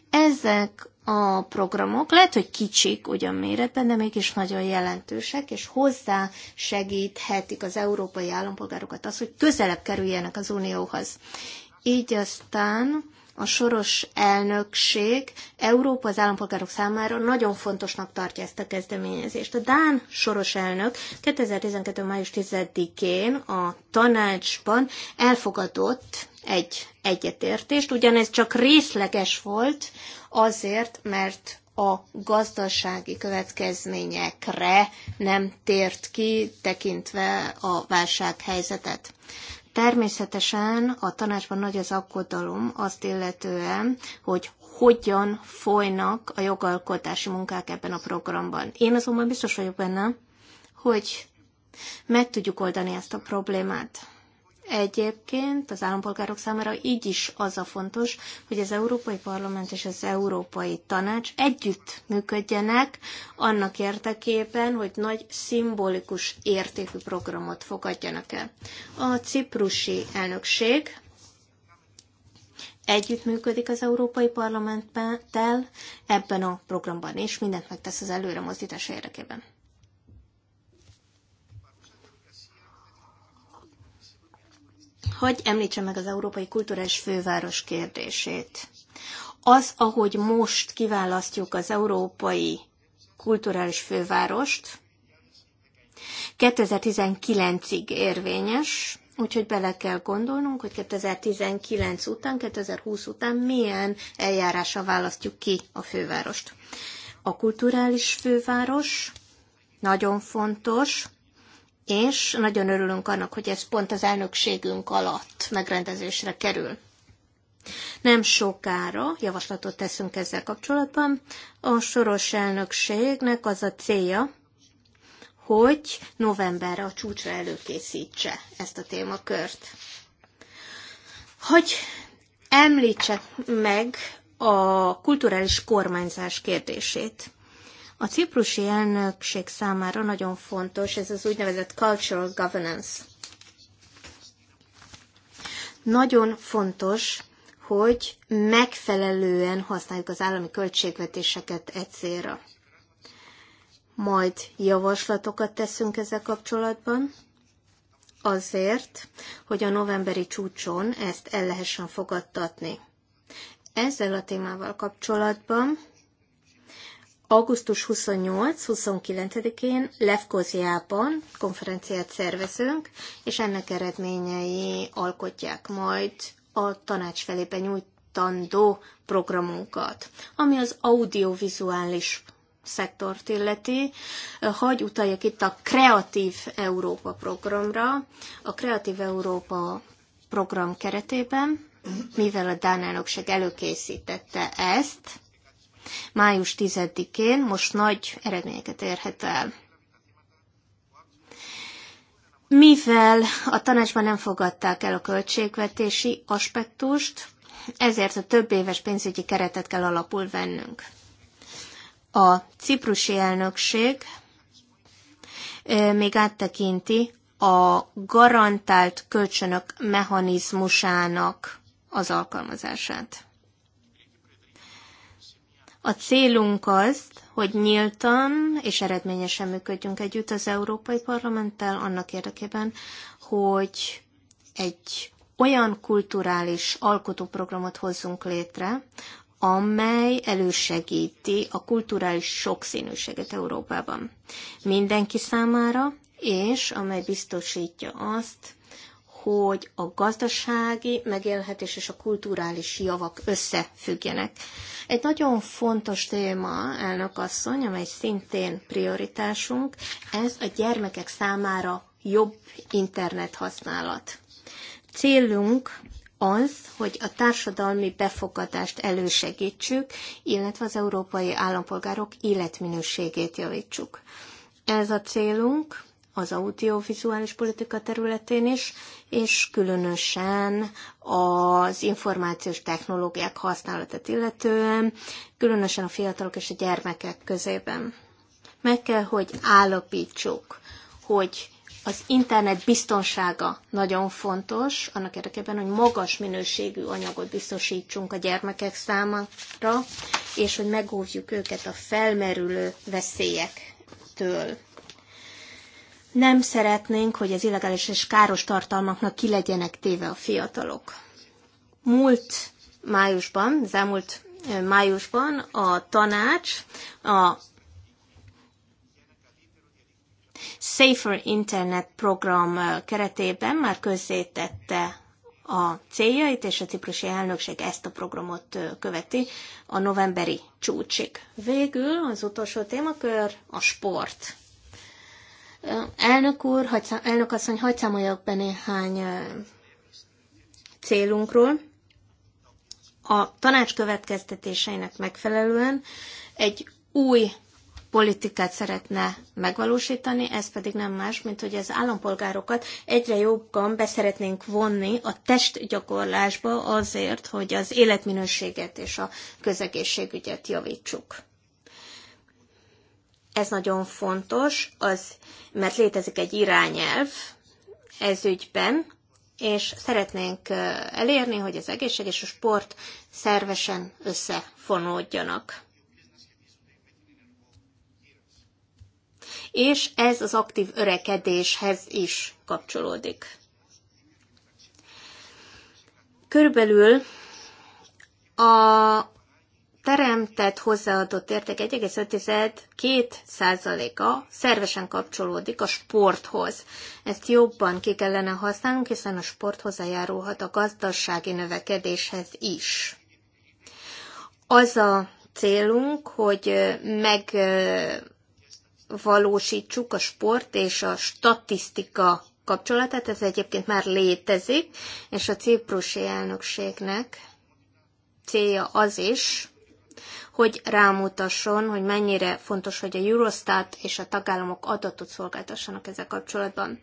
Ezek a programok lehet, hogy kicsik ugyan méretben, de mégis nagyon jelentősek, és hozzá segíthetik az európai állampolgárokat az, hogy közelebb kerüljenek az unióhoz. Így aztán a soros elnökség Európa az állampolgárok számára nagyon fontosnak tartja ezt a kezdeményezést. A Dán soros elnök 2012. május 10-én a tanácsban elfogadott egy egyetértést, ugyanez csak részleges volt, azért, mert a gazdasági következményekre nem tért ki, tekintve a válsághelyzetet. Természetesen a tanácsban nagy az aggodalom azt illetően, hogy hogyan folynak a jogalkotási munkák ebben a programban. Én azonban biztos vagyok benne, hogy meg tudjuk oldani ezt a problémát. Egyébként az állampolgárok számára így is az a fontos, hogy az Európai Parlament és az Európai Tanács együtt működjenek annak érdekében, hogy nagy szimbolikus értékű programot fogadjanak el. A ciprusi elnökség együttműködik az Európai Parlamenttel ebben a programban, és mindent megtesz az előre mozdítása érdekében. Hagy említse meg az Európai Kulturális Főváros kérdését. Az, ahogy most kiválasztjuk az Európai Kulturális Fővárost, 2019-ig érvényes, úgyhogy bele kell gondolnunk, hogy 2019 után, 2020 után milyen eljárással választjuk ki a fővárost. A kulturális főváros nagyon fontos, és nagyon örülünk annak, hogy ez pont az elnökségünk alatt megrendezésre kerül. Nem sokára javaslatot teszünk ezzel kapcsolatban. A soros elnökségnek az a célja, hogy novemberre a csúcsra előkészítse ezt a témakört. Hogy említse meg a kulturális kormányzás kérdését. A ciprusi elnökség számára nagyon fontos ez az úgynevezett cultural governance. Nagyon fontos, hogy megfelelően használjuk az állami költségvetéseket e célra. Majd javaslatokat teszünk ezzel kapcsolatban, azért, hogy a novemberi csúcson ezt el lehessen fogadtatni. Ezzel a témával kapcsolatban augusztus 28-29-én Levkoziában konferenciát szervezünk, és ennek eredményei alkotják majd a tanács felébe nyújtandó programunkat, ami az audiovizuális szektort illeti. Hagy utaljak itt a Kreatív Európa programra. A Kreatív Európa program keretében, mivel a Dán elnökség előkészítette ezt, május 10-én, most nagy eredményeket érhet el. Mivel a tanácsban nem fogadták el a költségvetési aspektust, ezért a több éves pénzügyi keretet kell alapul vennünk. A ciprusi elnökség még áttekinti a garantált kölcsönök mechanizmusának az alkalmazását. A célunk az, hogy nyíltan és eredményesen működjünk együtt az Európai Parlamenttel, annak érdekében, hogy egy olyan kulturális alkotóprogramot hozzunk létre, amely elősegíti a kulturális sokszínűséget Európában mindenki számára, és amely biztosítja azt, hogy a gazdasági megélhetés és a kulturális javak összefüggjenek. Egy nagyon fontos téma, elnök asszony, amely szintén prioritásunk, ez a gyermekek számára jobb internet használat. Célunk az, hogy a társadalmi befogadást elősegítsük, illetve az európai állampolgárok életminőségét javítsuk. Ez a célunk, az audiovizuális politika területén is, és különösen az információs technológiák használatát illetően, különösen a fiatalok és a gyermekek közében. Meg kell, hogy állapítsuk, hogy az internet biztonsága nagyon fontos, annak érdekében, hogy magas minőségű anyagot biztosítsunk a gyermekek számára, és hogy megóvjuk őket a felmerülő veszélyektől. Nem szeretnénk, hogy az illegális és káros tartalmaknak ki legyenek téve a fiatalok. Múlt májusban, az elmúlt májusban a tanács a Safer Internet program keretében már közzétette a céljait, és a ciprusi elnökség ezt a programot követi a novemberi csúcsig. Végül az utolsó témakör a sport. Elnök úr, elnök asszony, hagy számoljak be néhány célunkról. A tanács következtetéseinek megfelelően egy új politikát szeretne megvalósítani, ez pedig nem más, mint hogy az állampolgárokat egyre jobban beszeretnénk vonni a testgyakorlásba azért, hogy az életminőséget és a közegészségügyet javítsuk. Ez nagyon fontos, az, mert létezik egy irányelv ez ügyben, és szeretnénk elérni, hogy az egészség és a sport szervesen összefonódjanak. És ez az aktív örekedéshez is kapcsolódik. Körülbelül a teremtett hozzáadott érték 1,5-2 százaléka szervesen kapcsolódik a sporthoz. Ezt jobban ki kellene használnunk, hiszen a sport hozzájárulhat a gazdasági növekedéshez is. Az a célunk, hogy megvalósítsuk a sport és a statisztika kapcsolatát, ez egyébként már létezik, és a ciprusi elnökségnek célja az is, hogy rámutasson, hogy mennyire fontos, hogy a Eurostat és a tagállamok adatot szolgáltassanak ezzel kapcsolatban.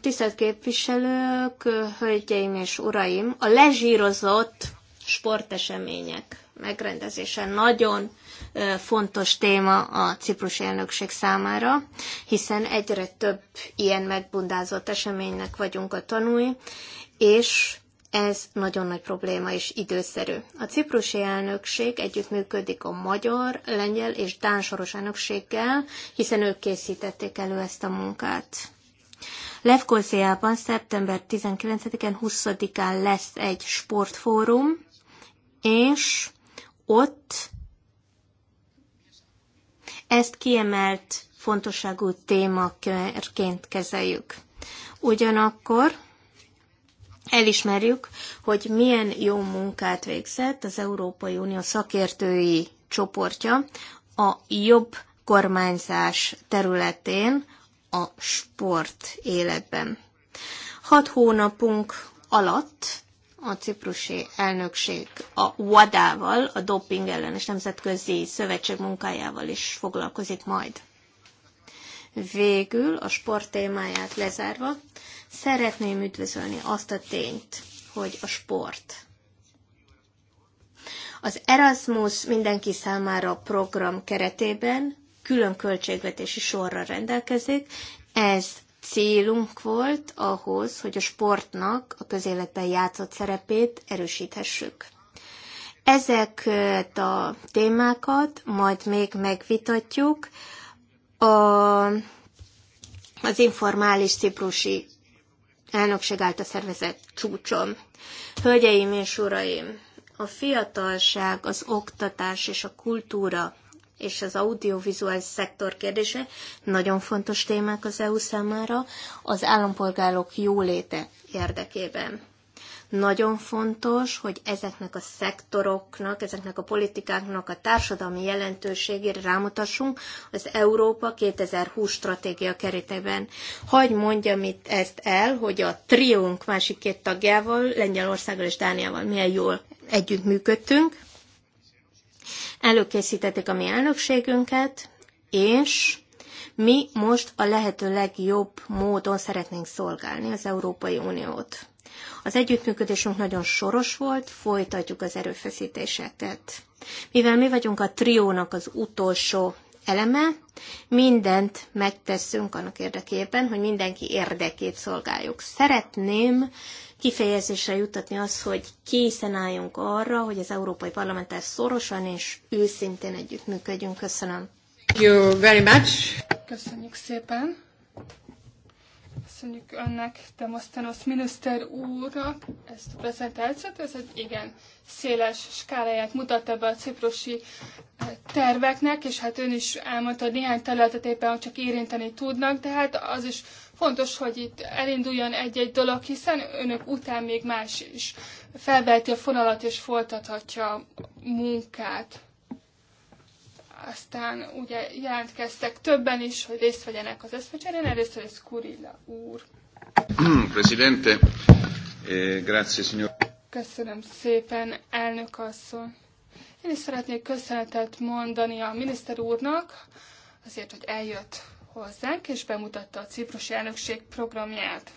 Tisztelt képviselők, hölgyeim és uraim, a lezsírozott sportesemények megrendezése nagyon fontos téma a ciprus elnökség számára, hiszen egyre több ilyen megbundázott eseménynek vagyunk a tanúi, és ez nagyon nagy probléma és időszerű. A ciprusi elnökség együttműködik a magyar, lengyel és dán soros elnökséggel, hiszen ők készítették elő ezt a munkát. Levkóziában szeptember 19-en, 20-án lesz egy sportfórum, és ott ezt kiemelt fontosságú témaként kezeljük. Ugyanakkor elismerjük, hogy milyen jó munkát végzett az Európai Unió szakértői csoportja a jobb kormányzás területén a sport életben. Hat hónapunk alatt a ciprusi elnökség a WADA-val, a doping ellenes nemzetközi szövetség munkájával is foglalkozik majd. Végül a sport témáját lezárva, Szeretném üdvözölni azt a tényt, hogy a sport az Erasmus mindenki számára program keretében külön költségvetési sorra rendelkezik. Ez célunk volt ahhoz, hogy a sportnak a közéletben játszott szerepét erősíthessük. Ezeket a témákat majd még megvitatjuk a, az informális ciprusi elnökség által szervezett csúcson. Hölgyeim és uraim, a fiatalság, az oktatás és a kultúra és az audiovizuális szektor kérdése nagyon fontos témák az EU számára az állampolgárok jóléte érdekében. Nagyon fontos, hogy ezeknek a szektoroknak, ezeknek a politikáknak a társadalmi jelentőségére rámutassunk az Európa 2020 stratégia keretében. Hagy mondjam itt ezt el, hogy a triónk másik két tagjával, Lengyelországgal és Dániával milyen jól együttműködtünk. Előkészítették a mi elnökségünket, és mi most a lehető legjobb módon szeretnénk szolgálni az Európai Uniót. Az együttműködésünk nagyon soros volt, folytatjuk az erőfeszítéseket. Mivel mi vagyunk a triónak az utolsó eleme, mindent megteszünk annak érdekében, hogy mindenki érdekét szolgáljuk. Szeretném kifejezésre jutatni az, hogy készen álljunk arra, hogy az Európai Parlamenttel szorosan és őszintén együttműködjünk. Köszönöm. Thank you very much. Köszönjük szépen. Köszönjük önnek, Demosztenosz miniszter úrnak ezt a prezentációt. Ez egy igen széles skáláját mutatta be a ciprusi eh, terveknek, és hát ön is elmondta, hogy néhány területet éppen csak érinteni tudnak, de hát az is fontos, hogy itt elinduljon egy-egy dolog, hiszen önök után még más is felveheti a fonalat és folytathatja a munkát aztán ugye jelentkeztek többen is, hogy részt vegyenek az eszmecserén, először ez Kurilla úr. Hmm, presidente, eh, grazie signor. Köszönöm szépen, elnök asszony. Én is szeretnék köszönetet mondani a miniszter úrnak, azért, hogy eljött hozzánk, és bemutatta a ciprusi elnökség programját.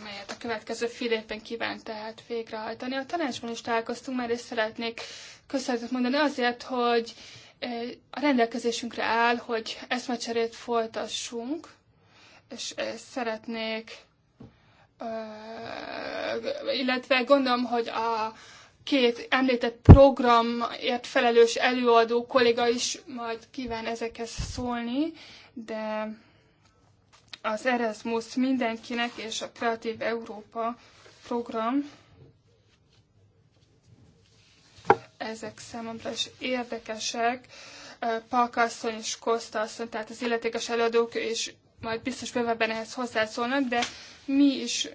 amelyet a következő fél évben kíván tehát végrehajtani. A tanácsban is találkoztunk már, és szeretnék köszönetet mondani azért, hogy eh, a rendelkezésünkre áll, hogy eszmecserét folytassunk, és eh, szeretnék, eh, illetve gondolom, hogy a két említett programért felelős előadó kolléga is majd kíván ezekhez szólni, de az Erasmus mindenkinek és a Kreatív Európa program, ezek számomra is érdekesek. Palkasszony és Kosztasszony, tehát az illetékes előadók, és majd biztos bővebben ehhez hozzászólnak, de mi is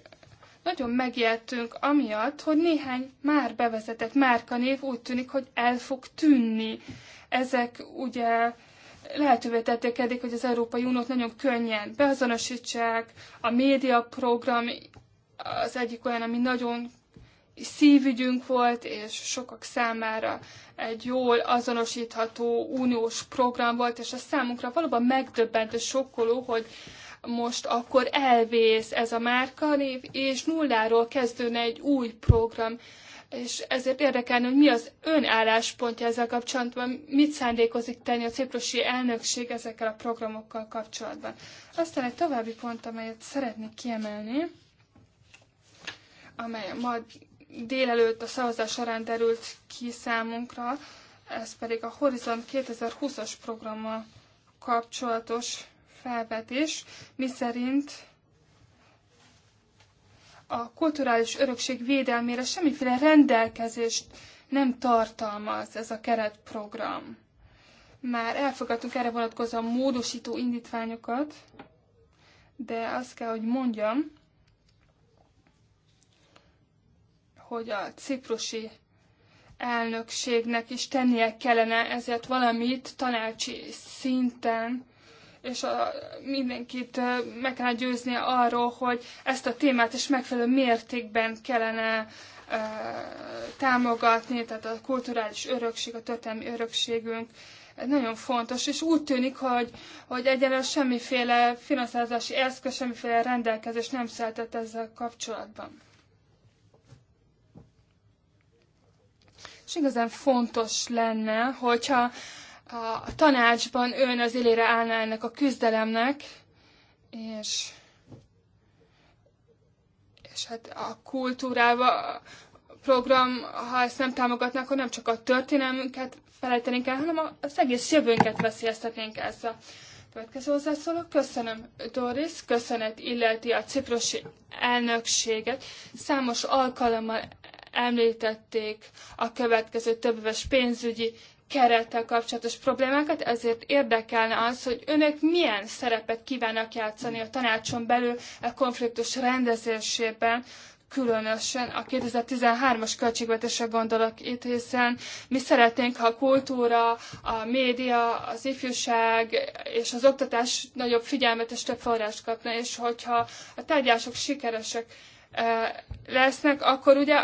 nagyon megijedtünk amiatt, hogy néhány már bevezetett márkanév úgy tűnik, hogy el fog tűnni. Ezek ugye lehetővé tették eddig, hogy az Európai Uniót nagyon könnyen beazonosítsák. A médiaprogram az egyik olyan, ami nagyon szívügyünk volt, és sokak számára egy jól azonosítható uniós program volt, és a számunkra valóban megdöbbentő sokkoló, hogy most akkor elvész ez a márkanév, és nulláról kezdődne egy új program és ezért érdekelne, hogy mi az ön álláspontja ezzel kapcsolatban, mit szándékozik tenni a ciprusi elnökség ezekkel a programokkal kapcsolatban. Aztán egy további pont, amelyet szeretnék kiemelni, amely ma délelőtt a szavazás során derült ki számunkra, ez pedig a Horizon 2020-as programmal kapcsolatos felvetés, miszerint a kulturális örökség védelmére semmiféle rendelkezést nem tartalmaz ez a keretprogram. Már elfogadtunk erre vonatkozó módosító indítványokat, de azt kell, hogy mondjam, hogy a ciprusi elnökségnek is tennie kellene ezért valamit tanácsi szinten, és a, mindenkit meg kellene győznie arról, hogy ezt a témát is megfelelő mértékben kellene e, támogatni, tehát a kulturális örökség, a történelmi örökségünk nagyon fontos, és úgy tűnik, hogy, hogy egyelőre semmiféle finanszírozási eszköz, semmiféle rendelkezés nem szeltett ezzel kapcsolatban. És igazán fontos lenne, hogyha a tanácsban ön az élére állna ennek a küzdelemnek, és, és hát a kultúrával program, ha ezt nem támogatnák, akkor nem csak a történelmünket felejtenénk el, hanem az egész jövőnket veszélyeztetnénk ezzel. Következő hozzászóló. Köszönöm, Doris, köszönet illeti a ciprosi elnökséget. Számos alkalommal említették a következő többes pénzügyi kerettel kapcsolatos problémákat, ezért érdekelne az, hogy önök milyen szerepet kívánnak játszani a tanácson belül a e konfliktus rendezésében, különösen a 2013-as költségvetésre gondolok itt, hiszen mi szeretnénk, ha a kultúra, a média, az ifjúság és az oktatás nagyobb figyelmet és több forrást kapna, és hogyha a tárgyások sikeresek lesznek, akkor ugye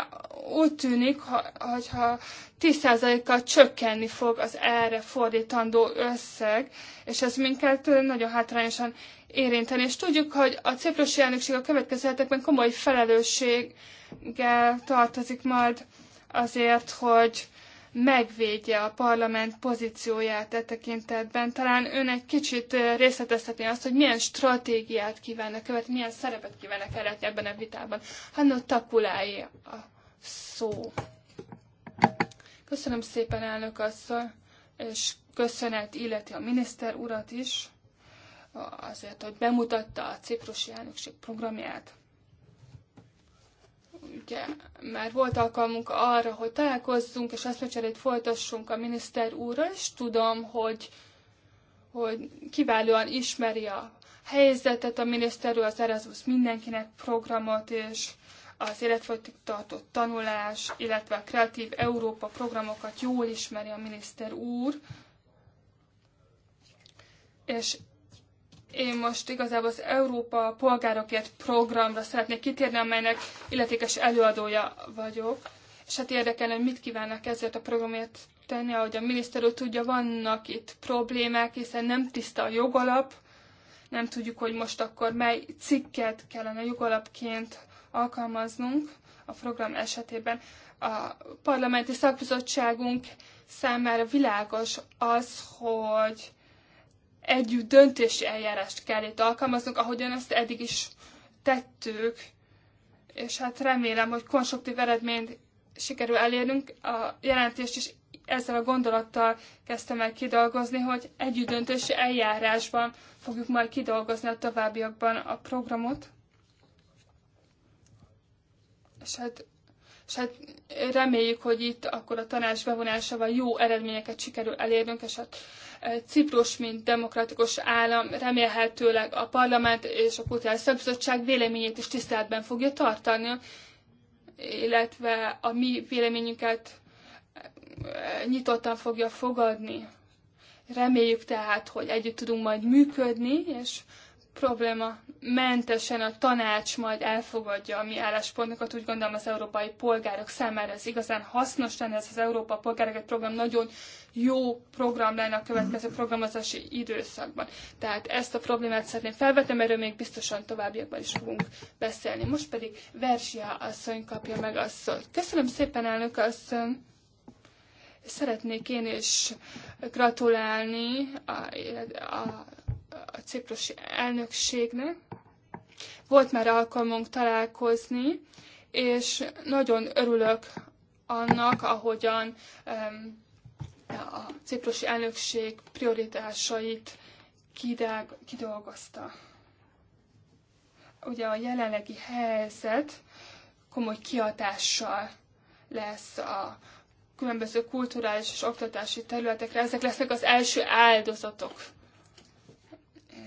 úgy tűnik, hogy ha 10%-kal csökkenni fog az erre fordítandó összeg, és ez minket nagyon hátrányosan érinteni. És tudjuk, hogy a ciprusi elnökség a következő hetekben komoly felelősséggel tartozik majd azért, hogy megvédje a parlament pozícióját e tekintetben. Talán ön egy kicsit részletezhetné azt, hogy milyen stratégiát kívánnak követni, milyen szerepet kívánnak elérni ebben a vitában. Hanno Takulái a szó. Köszönöm szépen, elnök asszony, és köszönet illeti a miniszter urat is, azért, hogy bemutatta a ciprusi elnökség programját ugye már volt alkalmunk arra, hogy találkozzunk, és eszmecserét folytassunk a miniszter úrral, és tudom, hogy, hogy kiválóan ismeri a helyzetet a miniszter úr, az Erasmus mindenkinek programot, és az életfogytig tartott tanulás, illetve a Kreatív Európa programokat jól ismeri a miniszter úr, és én most igazából az Európa Polgárokért programra szeretnék kitérni, amelynek illetékes előadója vagyok. És hát érdekelne, hogy mit kívánnak ezért a programért tenni, ahogy a miniszter úr tudja, vannak itt problémák, hiszen nem tiszta a jogalap, nem tudjuk, hogy most akkor mely cikket kellene jogalapként alkalmaznunk a program esetében. A parlamenti szakbizottságunk számára világos az, hogy együtt döntési eljárást kell itt alkalmaznunk, ahogyan ezt eddig is tettük, és hát remélem, hogy konstruktív eredményt sikerül elérnünk. A jelentést is ezzel a gondolattal kezdtem el kidolgozni, hogy döntési eljárásban fogjuk majd kidolgozni a továbbiakban a programot. És hát és hát reméljük, hogy itt akkor a tanács bevonásával jó eredményeket sikerül elérnünk, és hát e, Ciprus, mint demokratikus állam remélhetőleg a parlament és a kulturális szakbizottság véleményét is tiszteletben fogja tartani, illetve a mi véleményünket e, nyitottan fogja fogadni. Reméljük tehát, hogy együtt tudunk majd működni, és probléma mentesen a tanács majd elfogadja a mi álláspontunkat. Úgy gondolom az európai polgárok számára ez igazán hasznos lenne, ez az Európa Polgárok egy program nagyon jó program lenne a következő programozási időszakban. Tehát ezt a problémát szeretném felvetni, erről még biztosan továbbiakban is fogunk beszélni. Most pedig Versia asszony kapja meg a szót. Köszönöm szépen, elnök asszony! Szeretnék én is gratulálni a, a a ciprusi elnökségnek. Volt már alkalmunk találkozni, és nagyon örülök annak, ahogyan a ciprusi elnökség prioritásait kidág, kidolgozta. Ugye a jelenlegi helyzet komoly kiadással lesz a különböző kulturális és oktatási területekre. Ezek lesznek az első áldozatok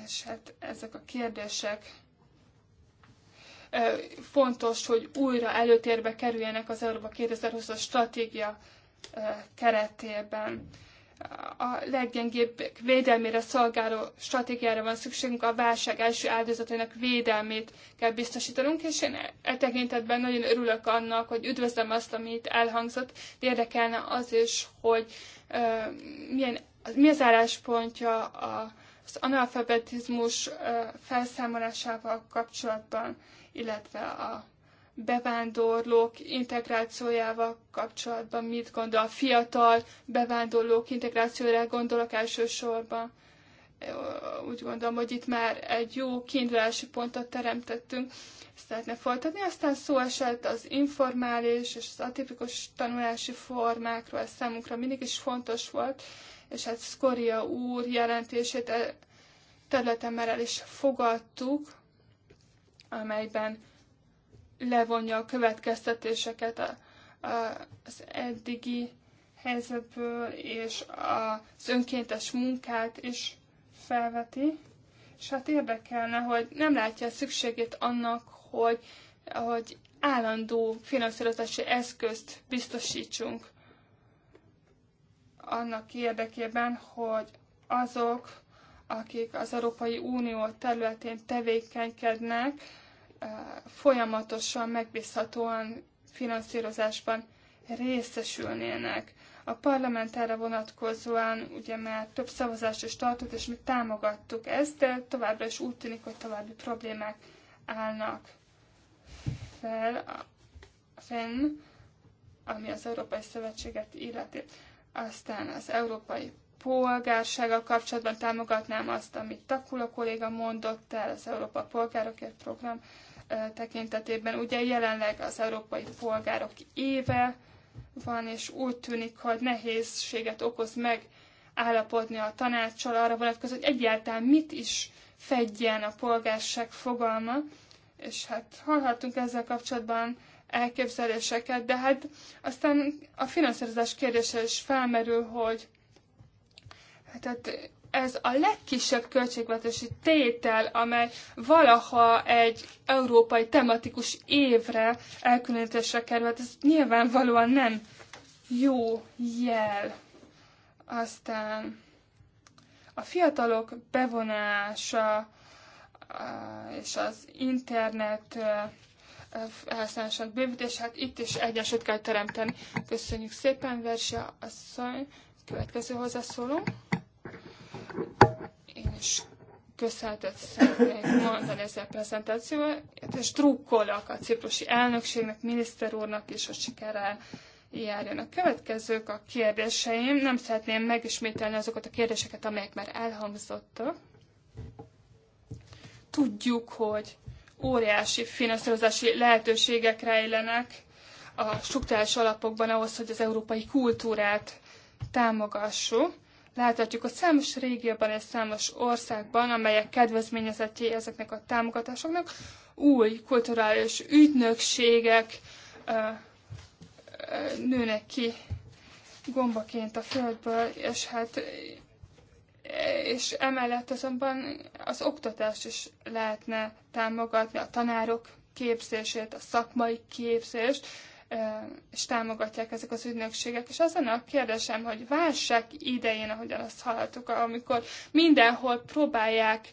és hát ezek a kérdések fontos, hogy újra előtérbe kerüljenek az Európa 2020-as stratégia keretében. A leggyengébbek védelmére szolgáló stratégiára van szükségünk, a válság első áldozatainak védelmét kell biztosítanunk, és én e tekintetben nagyon örülök annak, hogy üdvözlöm azt, amit elhangzott, de érdekelne az is, hogy milyen, mi az álláspontja a az analfabetizmus felszámolásával kapcsolatban, illetve a bevándorlók integrációjával kapcsolatban mit gondol? A fiatal bevándorlók integrációjára gondolok elsősorban úgy gondolom, hogy itt már egy jó kiindulási pontot teremtettünk, ezt lehetne folytatni. Aztán szó esett az informális és az atipikus tanulási formákról, ez számunkra mindig is fontos volt, és hát Skoria úr jelentését e területen már el is fogadtuk, amelyben levonja a következtetéseket a, a, az eddigi helyzetből, és az önkéntes munkát is felveti, és hát érdekelne, hogy nem látja a szükségét annak, hogy, hogy állandó finanszírozási eszközt biztosítsunk annak érdekében, hogy azok, akik az Európai Unió területén tevékenykednek, eh, folyamatosan, megbízhatóan finanszírozásban részesülnének. A parlament erre vonatkozóan ugye már több szavazást is tartott, és mi támogattuk ezt, de továbbra is úgy tűnik, hogy további problémák állnak fel, fenn, ami az Európai Szövetséget illeti. Aztán az Európai polgársággal kapcsolatban támogatnám azt, amit Takula kolléga mondott el az Európa Polgárokért program tekintetében. Ugye jelenleg az Európai Polgárok éve van, és úgy tűnik, hogy nehézséget okoz meg állapodni a tanácssal arra vonatkozóan, hogy egyáltalán mit is fedjen a polgárság fogalma, és hát hallhattunk ezzel kapcsolatban elképzeléseket, de hát aztán a finanszírozás kérdése is felmerül, hogy hát, hát ez a legkisebb költségvetési tétel, amely valaha egy európai tematikus évre elkülönítésre került. Ez nyilvánvalóan nem jó jel. Aztán a fiatalok bevonása és az internet felhasználásának bővítés, hát itt is egyensúlyt kell teremteni. Köszönjük szépen, Verse asszony, következő hozzászóló köszöntött szeretnék mondani ezzel a prezentációval, és drukkolok a ciprusi elnökségnek, miniszter úrnak is, hogy sikerrel járjon. A következők a kérdéseim. Nem szeretném megismételni azokat a kérdéseket, amelyek már elhangzottak. Tudjuk, hogy óriási finanszírozási lehetőségek rejlenek a struktúrás alapokban ahhoz, hogy az európai kultúrát támogassuk Láthatjuk, hogy számos régióban és számos országban, amelyek kedvezményezettjei ezeknek a támogatásoknak, új kulturális ügynökségek ö, ö, nőnek ki gombaként a földből, és hát és emellett azonban az oktatást is lehetne támogatni, a tanárok képzését, a szakmai képzést, és támogatják ezek az ügynökségek. És az a kérdésem, hogy válság idején, ahogyan azt hallottuk, amikor mindenhol próbálják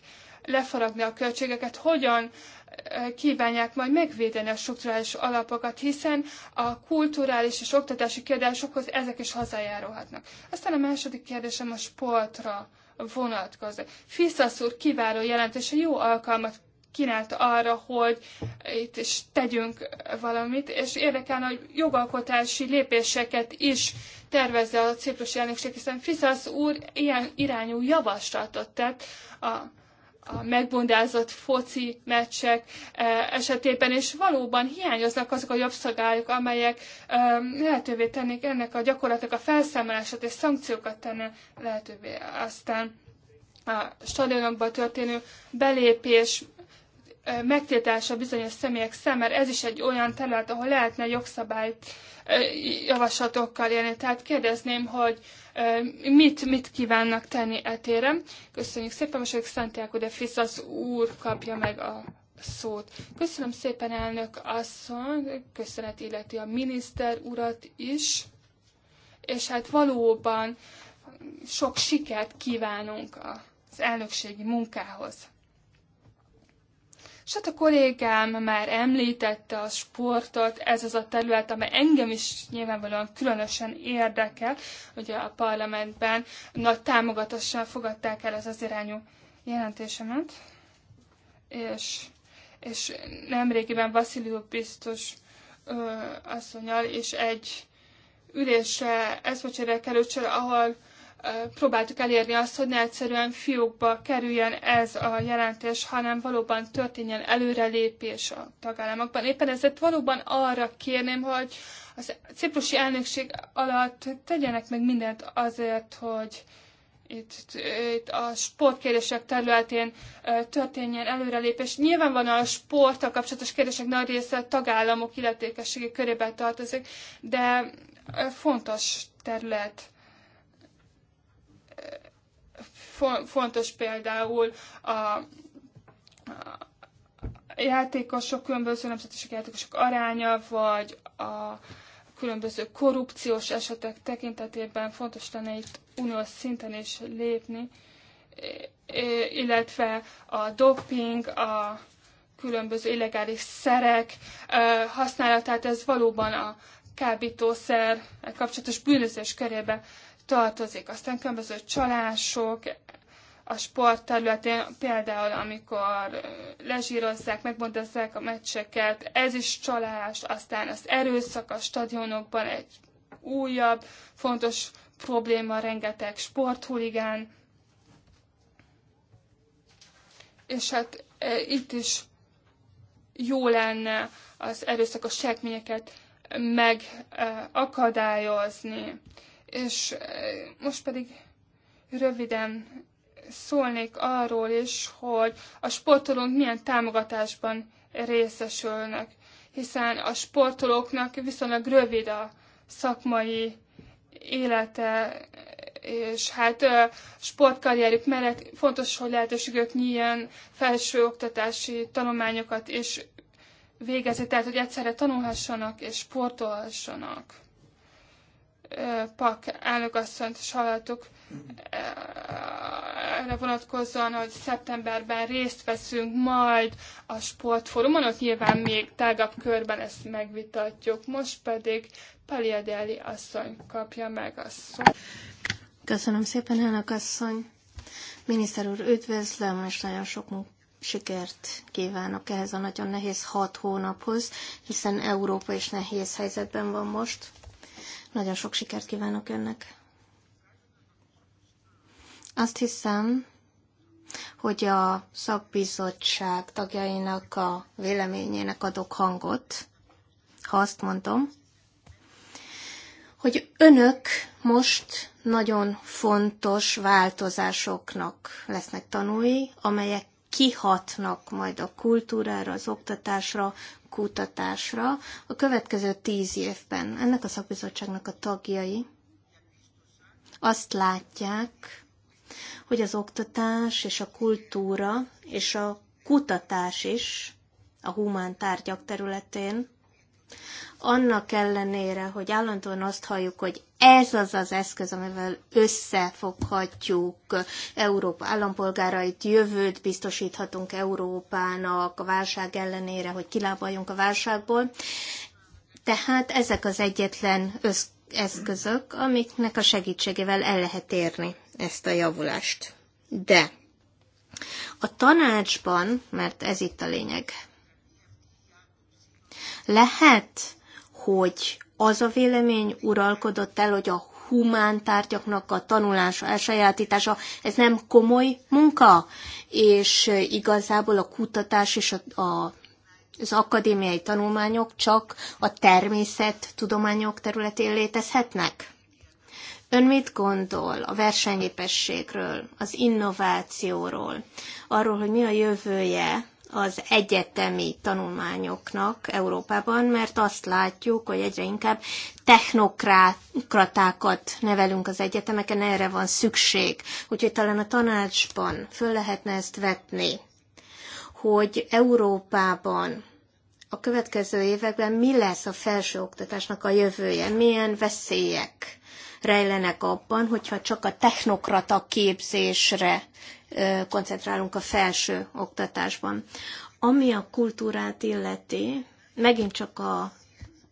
lefaragni a költségeket, hogyan kívánják majd megvédeni a strukturális alapokat, hiszen a kulturális és oktatási kiadásokhoz ezek is hazajárulhatnak. Aztán a második kérdésem a sportra vonatkozik. Fiszasz úr kiváló jelentése jó alkalmat kínálta arra, hogy itt is tegyünk valamit, és érdekelne, hogy jogalkotási lépéseket is tervezze a ciprusi elnökség, hiszen Fiszasz úr ilyen irányú javaslatot tett a a megbundázott foci meccsek e, esetében, és valóban hiányoznak azok a jogszabályok, amelyek e, lehetővé tennék ennek a gyakorlatnak a felszámolását és szankciókat tenne lehetővé. Aztán a stadionokba történő belépés megtiltása bizonyos személyek számára, ez is egy olyan terület, ahol lehetne jogszabály javaslatokkal élni. Tehát kérdezném, hogy mit, mit kívánnak tenni etérem. Köszönjük szépen, most vagyok Szentiáko de az úr kapja meg a szót. Köszönöm szépen, elnök asszony, köszönet illeti a miniszter urat is, és hát valóban sok sikert kívánunk az elnökségi munkához. És hát a kollégám már említette a sportot, ez az a terület, amely engem is nyilvánvalóan különösen érdekel, ugye a parlamentben nagy támogatással fogadták el ez az irányú jelentésemet, és, és nemrégiben Vasilió biztos ö, asszonyal, és egy ülésre, eszmecserre került ahol próbáltuk elérni azt, hogy ne egyszerűen fiókba kerüljen ez a jelentés, hanem valóban történjen előrelépés a tagállamokban. Éppen ezért valóban arra kérném, hogy a ciprusi elnökség alatt tegyenek meg mindent azért, hogy itt, itt a sportkérdések területén történjen előrelépés. Nyilvánvalóan a sporttal kapcsolatos kérdések nagy része tagállamok illetékességi körébe tartozik, de fontos terület fontos például a játékosok, különböző nemzetiségű játékosok aránya, vagy a különböző korrupciós esetek tekintetében fontos lenne itt uniós szinten is lépni, illetve a doping, a különböző illegális szerek használatát, ez valóban a kábítószer kapcsolatos bűnözés körébe tartozik. Aztán különböző csalások, a sport területén, például amikor lezsírozzák, megbontozzák a meccseket, ez is csalás, aztán az erőszak a stadionokban egy újabb, fontos probléma, rengeteg sporthuligán. És hát e, itt is jó lenne az erőszakos cselekményeket megakadályozni. És most pedig röviden szólnék arról is, hogy a sportolók milyen támogatásban részesülnek, hiszen a sportolóknak viszonylag rövid a szakmai élete, és hát sportkarrierük mellett fontos, hogy lehetőségük nyíljen felsőoktatási tanulmányokat és végezni, tehát hogy egyszerre tanulhassanak és sportolhassanak. Pak elnökasszonyt is hallottuk arra vonatkozóan, hogy szeptemberben részt veszünk majd a sportforumon, ott nyilván még tágabb körben ezt megvitatjuk. Most pedig Paliadeli asszony kapja meg a szót. Köszönöm szépen, elnök asszony. Miniszter úr, üdvözlöm, és nagyon sok sikert kívánok ehhez a nagyon nehéz hat hónaphoz, hiszen Európa is nehéz helyzetben van most. Nagyon sok sikert kívánok önnek. Azt hiszem, hogy a szakbizottság tagjainak a véleményének adok hangot, ha azt mondom, hogy önök most nagyon fontos változásoknak lesznek tanúi, amelyek kihatnak majd a kultúrára, az oktatásra, kutatásra a következő tíz évben. Ennek a szakbizottságnak a tagjai azt látják, hogy az oktatás és a kultúra és a kutatás is a humán tárgyak területén, annak ellenére, hogy állandóan azt halljuk, hogy ez az az eszköz, amivel összefoghatjuk Európa állampolgárait, jövőt biztosíthatunk Európának a válság ellenére, hogy kilábaljunk a válságból. Tehát ezek az egyetlen eszközök, amiknek a segítségével el lehet érni ezt a javulást. De a tanácsban, mert ez itt a lényeg, lehet, hogy az a vélemény uralkodott el, hogy a humántárgyaknak a tanulása, elsajátítása, ez nem komoly munka, és igazából a kutatás és a, a az akadémiai tanulmányok csak a természettudományok területén létezhetnek? Ön mit gondol a versenyképességről, az innovációról, arról, hogy mi a jövője az egyetemi tanulmányoknak Európában, mert azt látjuk, hogy egyre inkább technokratákat nevelünk az egyetemeken, erre van szükség. Úgyhogy talán a tanácsban föl lehetne ezt vetni hogy Európában a következő években mi lesz a felsőoktatásnak a jövője, milyen veszélyek rejlenek abban, hogyha csak a technokrata képzésre koncentrálunk a felső oktatásban. Ami a kultúrát illeti, megint csak a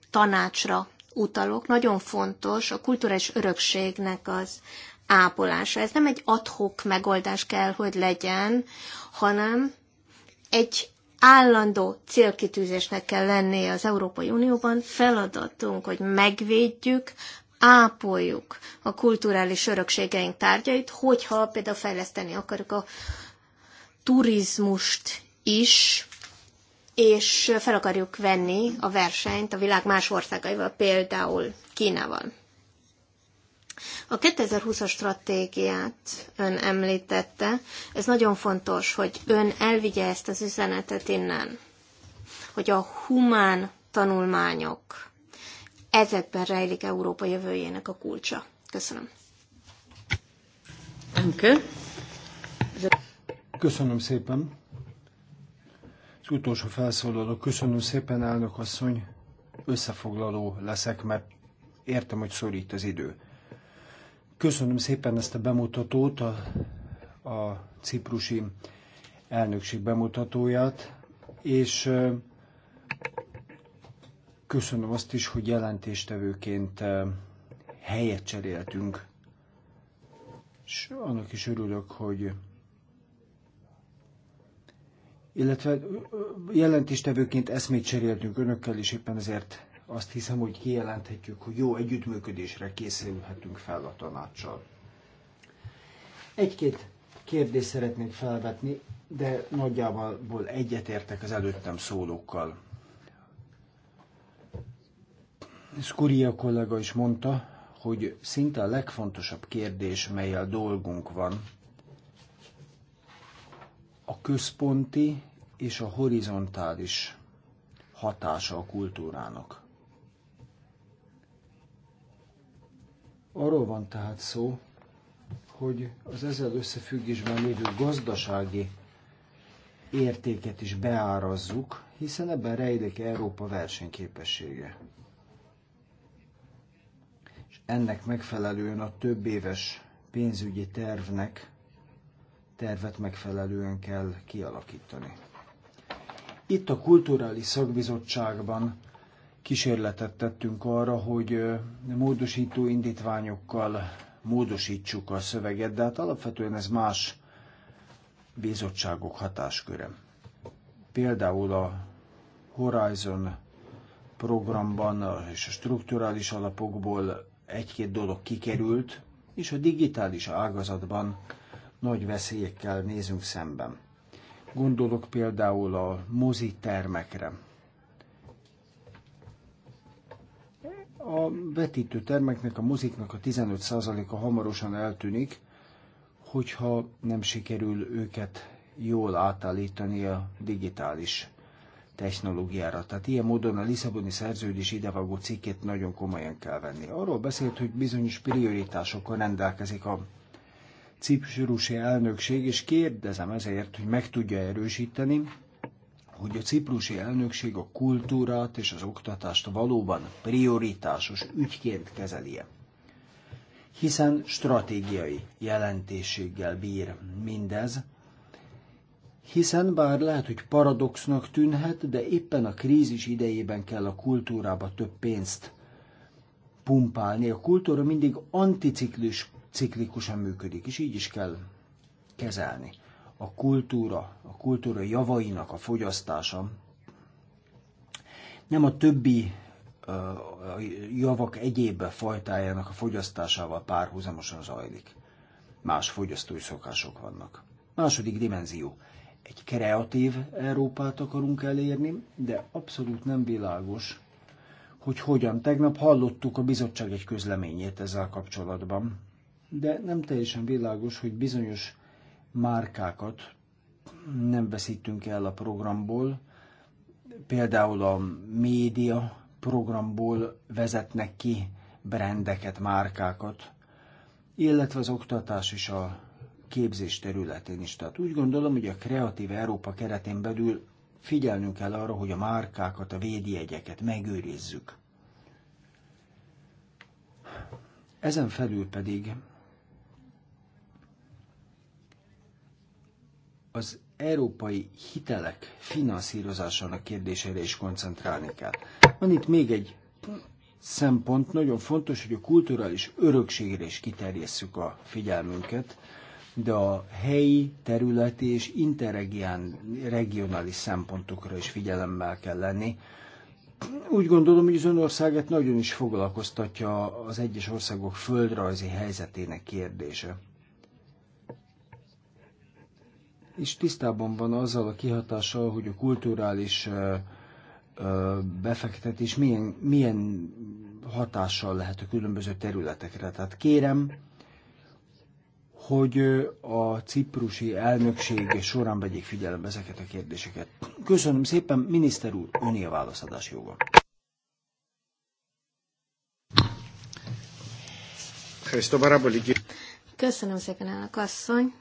tanácsra utalok, nagyon fontos a kulturális örökségnek az ápolása. Ez nem egy adhok megoldás kell, hogy legyen, hanem egy állandó célkitűzésnek kell lennie az Európai Unióban. Feladatunk, hogy megvédjük, ápoljuk a kulturális örökségeink tárgyait, hogyha például fejleszteni akarjuk a turizmust is, és fel akarjuk venni a versenyt a világ más országaival, például Kínával. A 2020-as stratégiát ön említette, ez nagyon fontos, hogy ön elvigye ezt az üzenetet innen, hogy a humán tanulmányok ezekben rejlik Európa jövőjének a kulcsa. Köszönöm. Köszönöm szépen. Az utolsó felszólaló. Köszönöm szépen, elnök asszony. Összefoglaló leszek, mert értem, hogy szorít az idő. Köszönöm szépen ezt a bemutatót, a, a ciprusi elnökség bemutatóját, és köszönöm azt is, hogy jelentéstevőként helyet cseréltünk, és annak is örülök, hogy illetve jelentéstevőként eszmét cseréltünk önökkel, és éppen ezért azt hiszem, hogy kijelenthetjük, hogy jó együttműködésre készülhetünk fel a tanácssal. Egy-két kérdést szeretnék felvetni, de nagyjából egyetértek az előttem szólókkal. Skuria kollega is mondta, hogy szinte a legfontosabb kérdés, melyel dolgunk van, a központi és a horizontális hatása a kultúrának. Arról van tehát szó, hogy az ezzel összefüggésben lévő gazdasági értéket is beárazzuk, hiszen ebben rejlik Európa versenyképessége. És ennek megfelelően a több éves pénzügyi tervnek tervet megfelelően kell kialakítani. Itt a Kulturális Szakbizottságban kísérletet tettünk arra, hogy módosító indítványokkal módosítsuk a szöveget, de hát alapvetően ez más bizottságok hatásköre. Például a Horizon programban és a strukturális alapokból egy-két dolog kikerült, és a digitális ágazatban nagy veszélyekkel nézünk szemben. Gondolok például a mozitermekre, a vetítő termeknek, a moziknak a 15%-a hamarosan eltűnik, hogyha nem sikerül őket jól átállítani a digitális technológiára. Tehát ilyen módon a Lisszaboni szerződés idevágó cikkét nagyon komolyan kell venni. Arról beszélt, hogy bizonyos prioritásokkal rendelkezik a ciprusi elnökség, és kérdezem ezért, hogy meg tudja erősíteni, hogy a ciprusi elnökség a kultúrát és az oktatást valóban prioritásos ügyként kezelje. Hiszen stratégiai jelentésséggel bír mindez, hiszen bár lehet, hogy paradoxnak tűnhet, de éppen a krízis idejében kell a kultúrába több pénzt pumpálni. A kultúra mindig anticiklikusan működik, és így is kell kezelni a kultúra, a kultúra javainak a fogyasztása nem a többi a javak egyéb fajtájának a fogyasztásával párhuzamosan zajlik. Más fogyasztói szokások vannak. Második dimenzió. Egy kreatív Európát akarunk elérni, de abszolút nem világos, hogy hogyan. Tegnap hallottuk a bizottság egy közleményét ezzel kapcsolatban, de nem teljesen világos, hogy bizonyos márkákat nem veszítünk el a programból, például a média programból vezetnek ki brendeket, márkákat, illetve az oktatás is a képzés területén is. Tehát úgy gondolom, hogy a Kreatív Európa keretén belül figyelnünk kell arra, hogy a márkákat, a védjegyeket megőrizzük. Ezen felül pedig az európai hitelek finanszírozásának kérdésére is koncentrálni kell. Van itt még egy szempont, nagyon fontos, hogy a kulturális örökségre is kiterjesszük a figyelmünket, de a helyi, területi és interregionális szempontokra is figyelemmel kell lenni. Úgy gondolom, hogy az önországet nagyon is foglalkoztatja az egyes országok földrajzi helyzetének kérdése. és tisztában van azzal a kihatással, hogy a kulturális befektetés milyen, milyen hatással lehet a különböző területekre. Tehát kérem, hogy a ciprusi elnökség során vegyék figyelembe ezeket a kérdéseket. Köszönöm szépen, miniszter úr, öné a válaszadás joga. Köszönöm szépen, elnök asszony.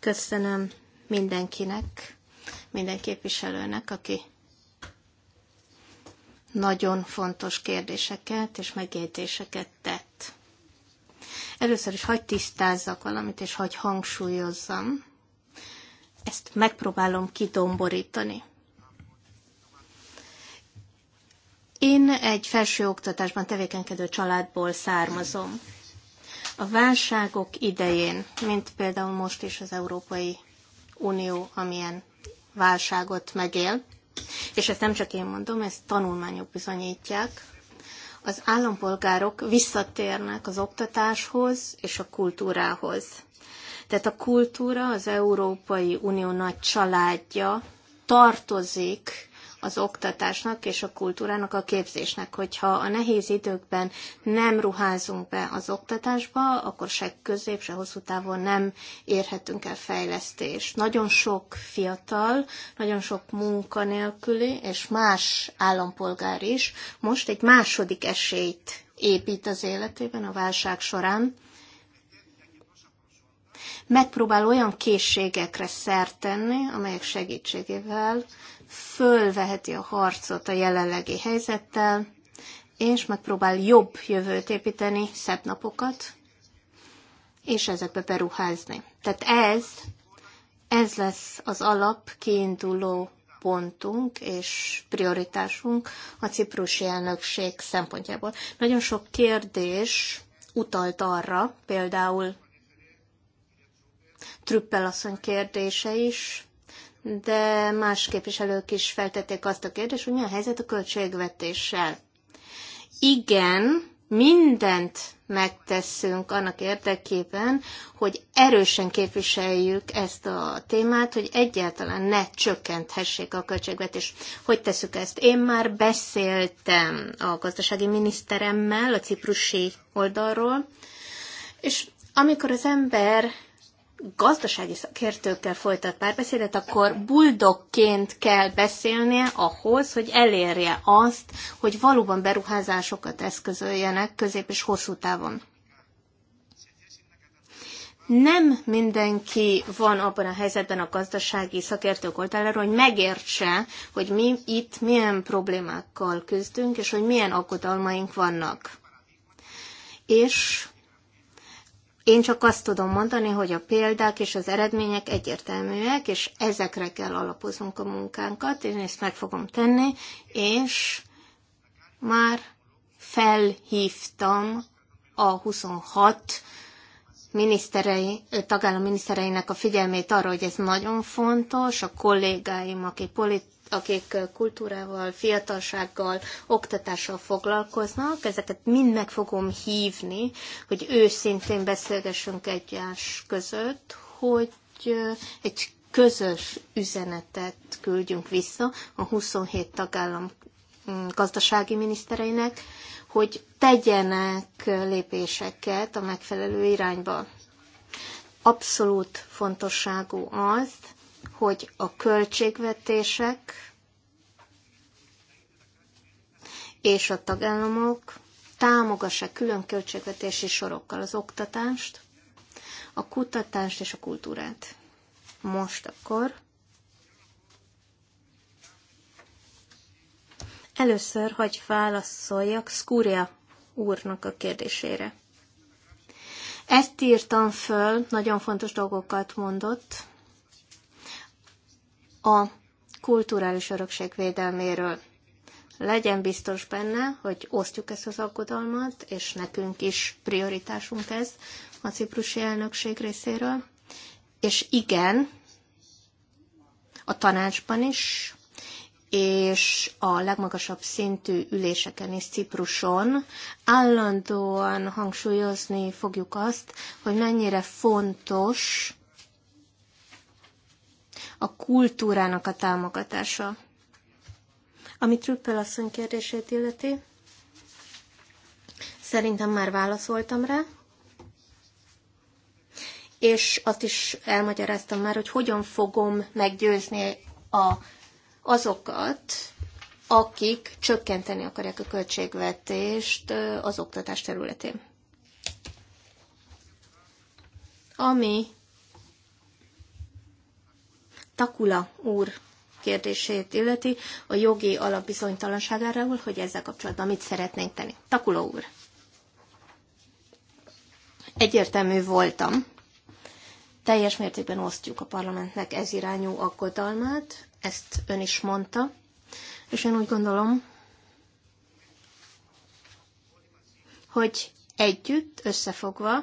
Köszönöm mindenkinek, minden képviselőnek, aki nagyon fontos kérdéseket és megjegyzéseket tett. Először is hagy tisztázzak valamit, és hagy hangsúlyozzam. Ezt megpróbálom kidomborítani. Én egy felsőoktatásban tevékenykedő családból származom. A válságok idején, mint például most is az európai Unió, amilyen válságot megél, és ezt nem csak én mondom, ezt tanulmányok bizonyítják, az állampolgárok visszatérnek az oktatáshoz és a kultúrához. Tehát a kultúra az Európai Unió nagy családja tartozik az oktatásnak és a kultúrának, a képzésnek. Hogyha a nehéz időkben nem ruházunk be az oktatásba, akkor se közép, se hosszú távon nem érhetünk el fejlesztést. Nagyon sok fiatal, nagyon sok munkanélküli és más állampolgár is most egy második esélyt épít az életében a válság során megpróbál olyan készségekre szert tenni, amelyek segítségével fölveheti a harcot a jelenlegi helyzettel, és megpróbál jobb jövőt építeni, szebb napokat, és ezekbe beruházni. Tehát ez, ez lesz az alap kiinduló pontunk és prioritásunk a ciprusi elnökség szempontjából. Nagyon sok kérdés utalt arra, például Trüppel asszony kérdése is, de más képviselők is feltették azt a kérdést, hogy mi a helyzet a költségvetéssel. Igen, mindent megteszünk annak érdekében, hogy erősen képviseljük ezt a témát, hogy egyáltalán ne csökkenthessék a költségvetést. Hogy teszük ezt? Én már beszéltem a gazdasági miniszteremmel a ciprusi oldalról, és amikor az ember gazdasági szakértőkkel folytat párbeszédet, akkor buldokként kell beszélnie ahhoz, hogy elérje azt, hogy valóban beruházásokat eszközöljenek közép és hosszú távon. Nem mindenki van abban a helyzetben a gazdasági szakértők oldaláról, hogy megértse, hogy mi itt milyen problémákkal küzdünk, és hogy milyen aggodalmaink vannak. És én csak azt tudom mondani, hogy a példák és az eredmények egyértelműek, és ezekre kell alapoznunk a munkánkat, én ezt meg fogom tenni, és már felhívtam a 26 miniszterei, tagállam minisztereinek a figyelmét arra, hogy ez nagyon fontos, a kollégáim, akik polit, akik kultúrával, fiatalsággal, oktatással foglalkoznak. Ezeket mind meg fogom hívni, hogy őszintén beszélgessünk egyás között, hogy egy közös üzenetet küldjünk vissza a 27 tagállam mm, gazdasági minisztereinek, hogy tegyenek lépéseket a megfelelő irányba. Abszolút fontosságú az, hogy a költségvetések és a tagállamok támogassák külön költségvetési sorokkal az oktatást, a kutatást és a kultúrát. Most akkor először hagy válaszoljak Skúria úrnak a kérdésére. Ezt írtam föl, nagyon fontos dolgokat mondott, a kulturális örökség védelméről. Legyen biztos benne, hogy osztjuk ezt az aggodalmat, és nekünk is prioritásunk ez a ciprusi elnökség részéről. És igen, a tanácsban is, és a legmagasabb szintű üléseken is Cipruson állandóan hangsúlyozni fogjuk azt, hogy mennyire fontos a kultúrának a támogatása. Ami Trüppel asszony kérdését illeti, szerintem már válaszoltam rá, és azt is elmagyaráztam már, hogy hogyan fogom meggyőzni a, azokat, akik csökkenteni akarják a költségvetést az oktatás területén. Ami Takula úr kérdését illeti, a jogi alapbizonytalanságáról, hogy ezzel kapcsolatban mit szeretnénk tenni. Takula úr. Egyértelmű voltam. Teljes mértékben osztjuk a parlamentnek ez irányú aggodalmát, ezt ön is mondta, és én úgy gondolom, hogy együtt, összefogva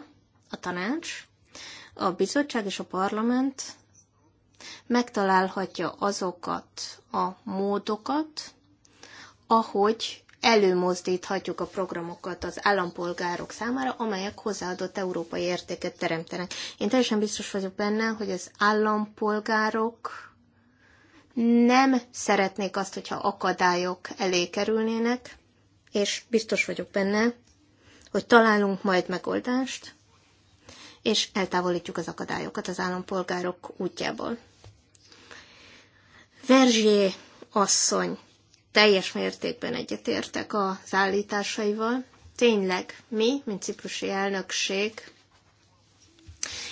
a tanács, a bizottság és a parlament megtalálhatja azokat a módokat, ahogy előmozdíthatjuk a programokat az állampolgárok számára, amelyek hozzáadott európai értéket teremtenek. Én teljesen biztos vagyok benne, hogy az állampolgárok nem szeretnék azt, hogyha akadályok elé kerülnének, és biztos vagyok benne, hogy találunk majd megoldást, és eltávolítjuk az akadályokat az állampolgárok útjából. Verzsé asszony, teljes mértékben egyetértek az állításaival. Tényleg, mi, mint ciprusi elnökség,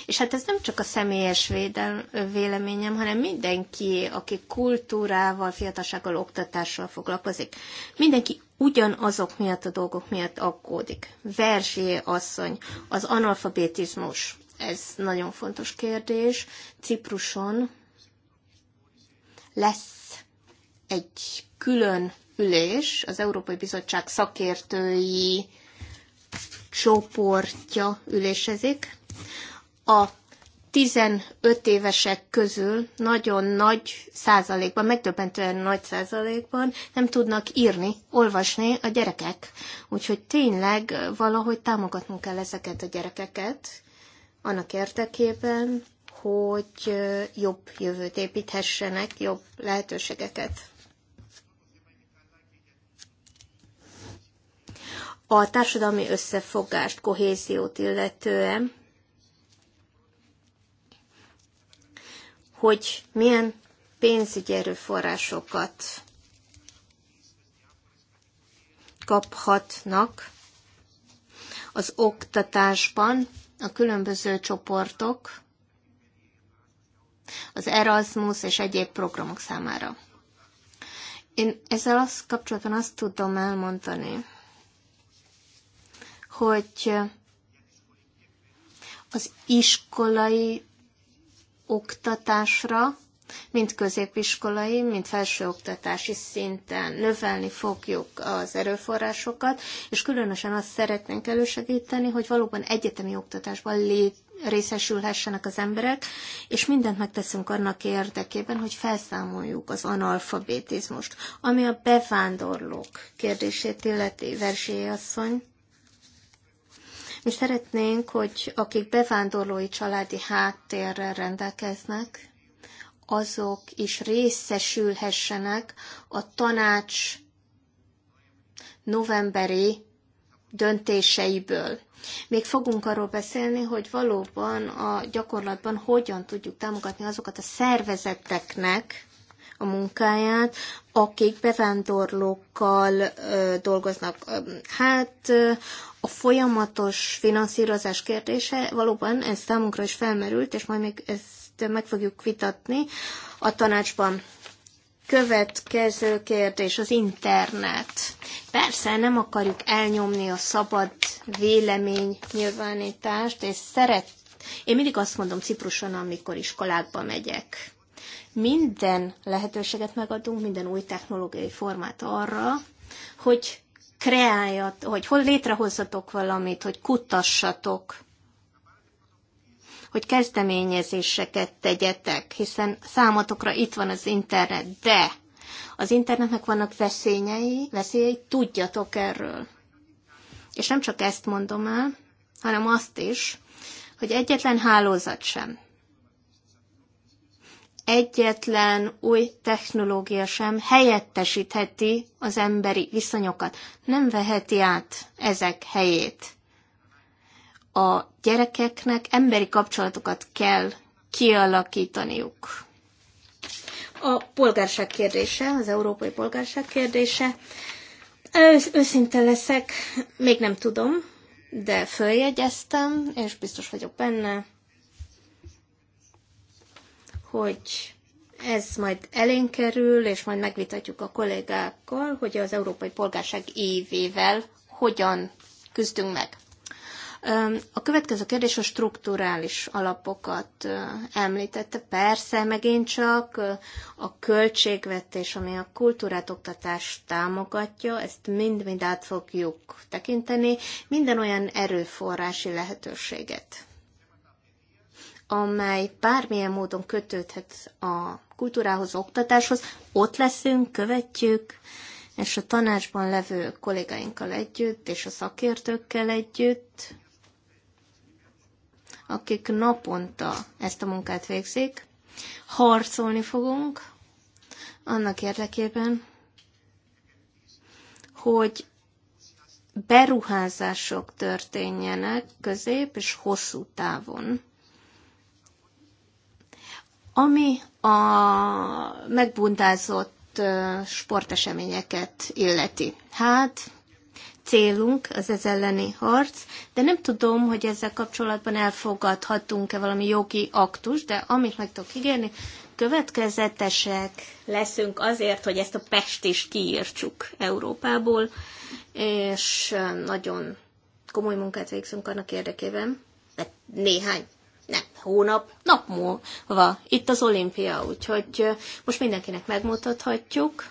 és hát ez nem csak a személyes védel, véleményem, hanem mindenki, aki kultúrával, fiatalsággal, oktatással foglalkozik, mindenki ugyanazok miatt a dolgok miatt aggódik. Verzsé asszony, az analfabetizmus, ez nagyon fontos kérdés. Cipruson lesz egy külön ülés az Európai Bizottság szakértői csoportja ülésezik. A 15 évesek közül nagyon nagy százalékban, megdöbbentően nagy százalékban nem tudnak írni, olvasni a gyerekek. Úgyhogy tényleg valahogy támogatnunk kell ezeket a gyerekeket annak érdekében, hogy jobb jövőt építhessenek, jobb lehetőségeket. A társadalmi összefogást, kohéziót illetően, hogy milyen pénzügyi erőforrásokat kaphatnak az oktatásban a különböző csoportok, az Erasmus és egyéb programok számára. Én ezzel azt kapcsolatban azt tudom elmondani, hogy az iskolai oktatásra mind középiskolai, mind felsőoktatási szinten növelni fogjuk az erőforrásokat, és különösen azt szeretnénk elősegíteni, hogy valóban egyetemi oktatásban lép, részesülhessenek az emberek, és mindent megteszünk annak érdekében, hogy felszámoljuk az analfabetizmust. Ami a bevándorlók kérdését illeti, verséje asszony, mi szeretnénk, hogy akik bevándorlói családi háttérrel rendelkeznek, azok is részesülhessenek a tanács novemberi döntéseiből. Még fogunk arról beszélni, hogy valóban a gyakorlatban hogyan tudjuk támogatni azokat a szervezeteknek a munkáját, akik bevándorlókkal ö, dolgoznak. Hát a folyamatos finanszírozás kérdése valóban ez számunkra is felmerült, és majd még ez meg fogjuk vitatni a tanácsban. Következő kérdés az internet. Persze nem akarjuk elnyomni a szabad vélemény nyilvánítást, és szeret. Én mindig azt mondom Cipruson, amikor iskolákba megyek. Minden lehetőséget megadunk, minden új technológiai formát arra, hogy kreáljat, hogy hol létrehozzatok valamit, hogy kutassatok hogy kezdeményezéseket tegyetek, hiszen számotokra itt van az internet, de az internetnek vannak veszélyei, veszélyei, tudjatok erről. És nem csak ezt mondom el, hanem azt is, hogy egyetlen hálózat sem, egyetlen új technológia sem helyettesítheti az emberi viszonyokat, nem veheti át ezek helyét a gyerekeknek emberi kapcsolatokat kell kialakítaniuk. A polgárság kérdése, az európai polgárság kérdése. Ősz, őszinte leszek, még nem tudom, de följegyeztem, és biztos vagyok benne, hogy ez majd elénk kerül, és majd megvitatjuk a kollégákkal, hogy az európai polgárság évével hogyan küzdünk meg. A következő kérdés a strukturális alapokat említette. Persze, megint csak a költségvetés, ami a kultúrát, oktatást támogatja, ezt mind-mind át fogjuk tekinteni, minden olyan erőforrási lehetőséget amely bármilyen módon kötődhet a kultúrához, oktatáshoz, ott leszünk, követjük, és a tanácsban levő kollégáinkkal együtt, és a szakértőkkel együtt akik naponta ezt a munkát végzik. Harcolni fogunk annak érdekében, hogy beruházások történjenek közép és hosszú távon. Ami a megbundázott sporteseményeket illeti. Hát, célunk az ez elleni harc, de nem tudom, hogy ezzel kapcsolatban elfogadhatunk-e valami jogi aktus, de amit meg tudok ígérni, következetesek leszünk azért, hogy ezt a pest is kiírtsuk Európából, és nagyon komoly munkát végzünk annak érdekében, de néhány nem, hónap, nap múlva itt az olimpia, úgyhogy most mindenkinek megmutathatjuk,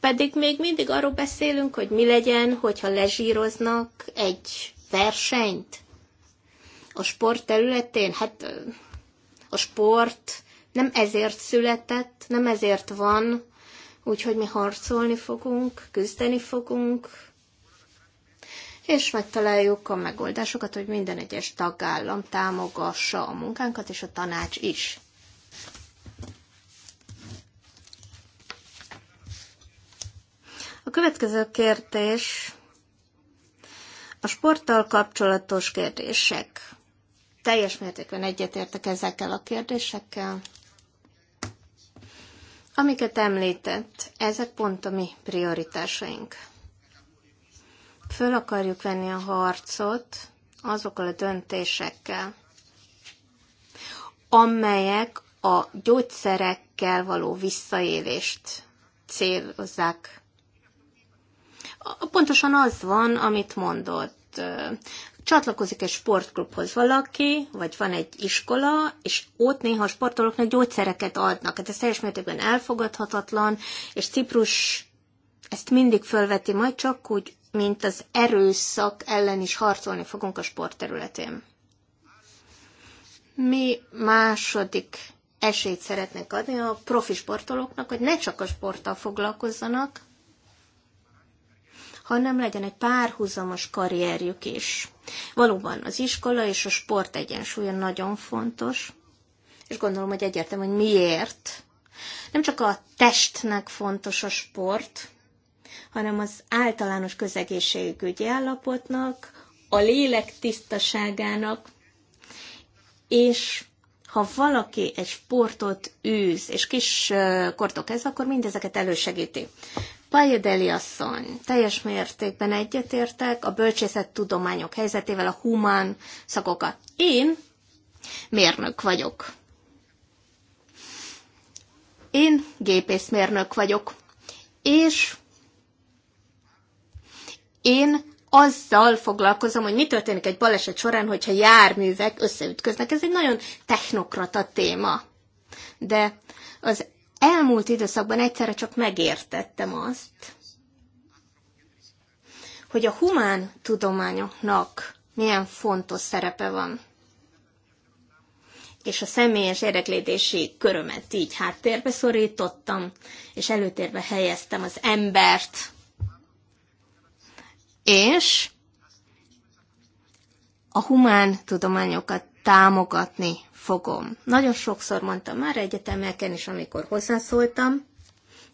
pedig még mindig arról beszélünk, hogy mi legyen, hogyha lezsíroznak egy versenyt a sport területén. Hát a sport nem ezért született, nem ezért van, úgyhogy mi harcolni fogunk, küzdeni fogunk, és megtaláljuk a megoldásokat, hogy minden egyes tagállam támogassa a munkánkat, és a tanács is. A következő kérdés a sporttal kapcsolatos kérdések. Teljes mértékben egyetértek ezekkel a kérdésekkel. Amiket említett, ezek pont a mi prioritásaink. Föl akarjuk venni a harcot azokkal a döntésekkel, amelyek a gyógyszerekkel való visszaélést célozzák pontosan az van, amit mondott. Csatlakozik egy sportklubhoz valaki, vagy van egy iskola, és ott néha a sportolóknak gyógyszereket adnak. Hát ez teljes mértékben elfogadhatatlan, és Ciprus ezt mindig fölveti, majd csak úgy, mint az erőszak ellen is harcolni fogunk a sportterületén. Mi második esélyt szeretnék adni a profi sportolóknak, hogy ne csak a sporttal foglalkozzanak, hanem legyen egy párhuzamos karrierjük is. Valóban az iskola és a sport egyensúlya nagyon fontos, és gondolom, hogy egyértelmű, hogy miért. Nem csak a testnek fontos a sport, hanem az általános közegészségügyi állapotnak, a lélek tisztaságának, és ha valaki egy sportot űz, és kis kortok ez, akkor mindezeket elősegíti. Pajedeli asszony, teljes mértékben egyetértek a bölcsészettudományok helyzetével, a humán szakokat. Én mérnök vagyok. Én gépészmérnök vagyok, és én azzal foglalkozom, hogy mi történik egy baleset során, hogyha járművek összeütköznek. Ez egy nagyon technokrata téma. De az elmúlt időszakban egyszerre csak megértettem azt, hogy a humán tudományoknak milyen fontos szerepe van. És a személyes érdeklődési körömet így háttérbe szorítottam, és előtérbe helyeztem az embert. És a humán tudományokat támogatni fogom. Nagyon sokszor mondtam már egyetemeken is, amikor hozzászóltam.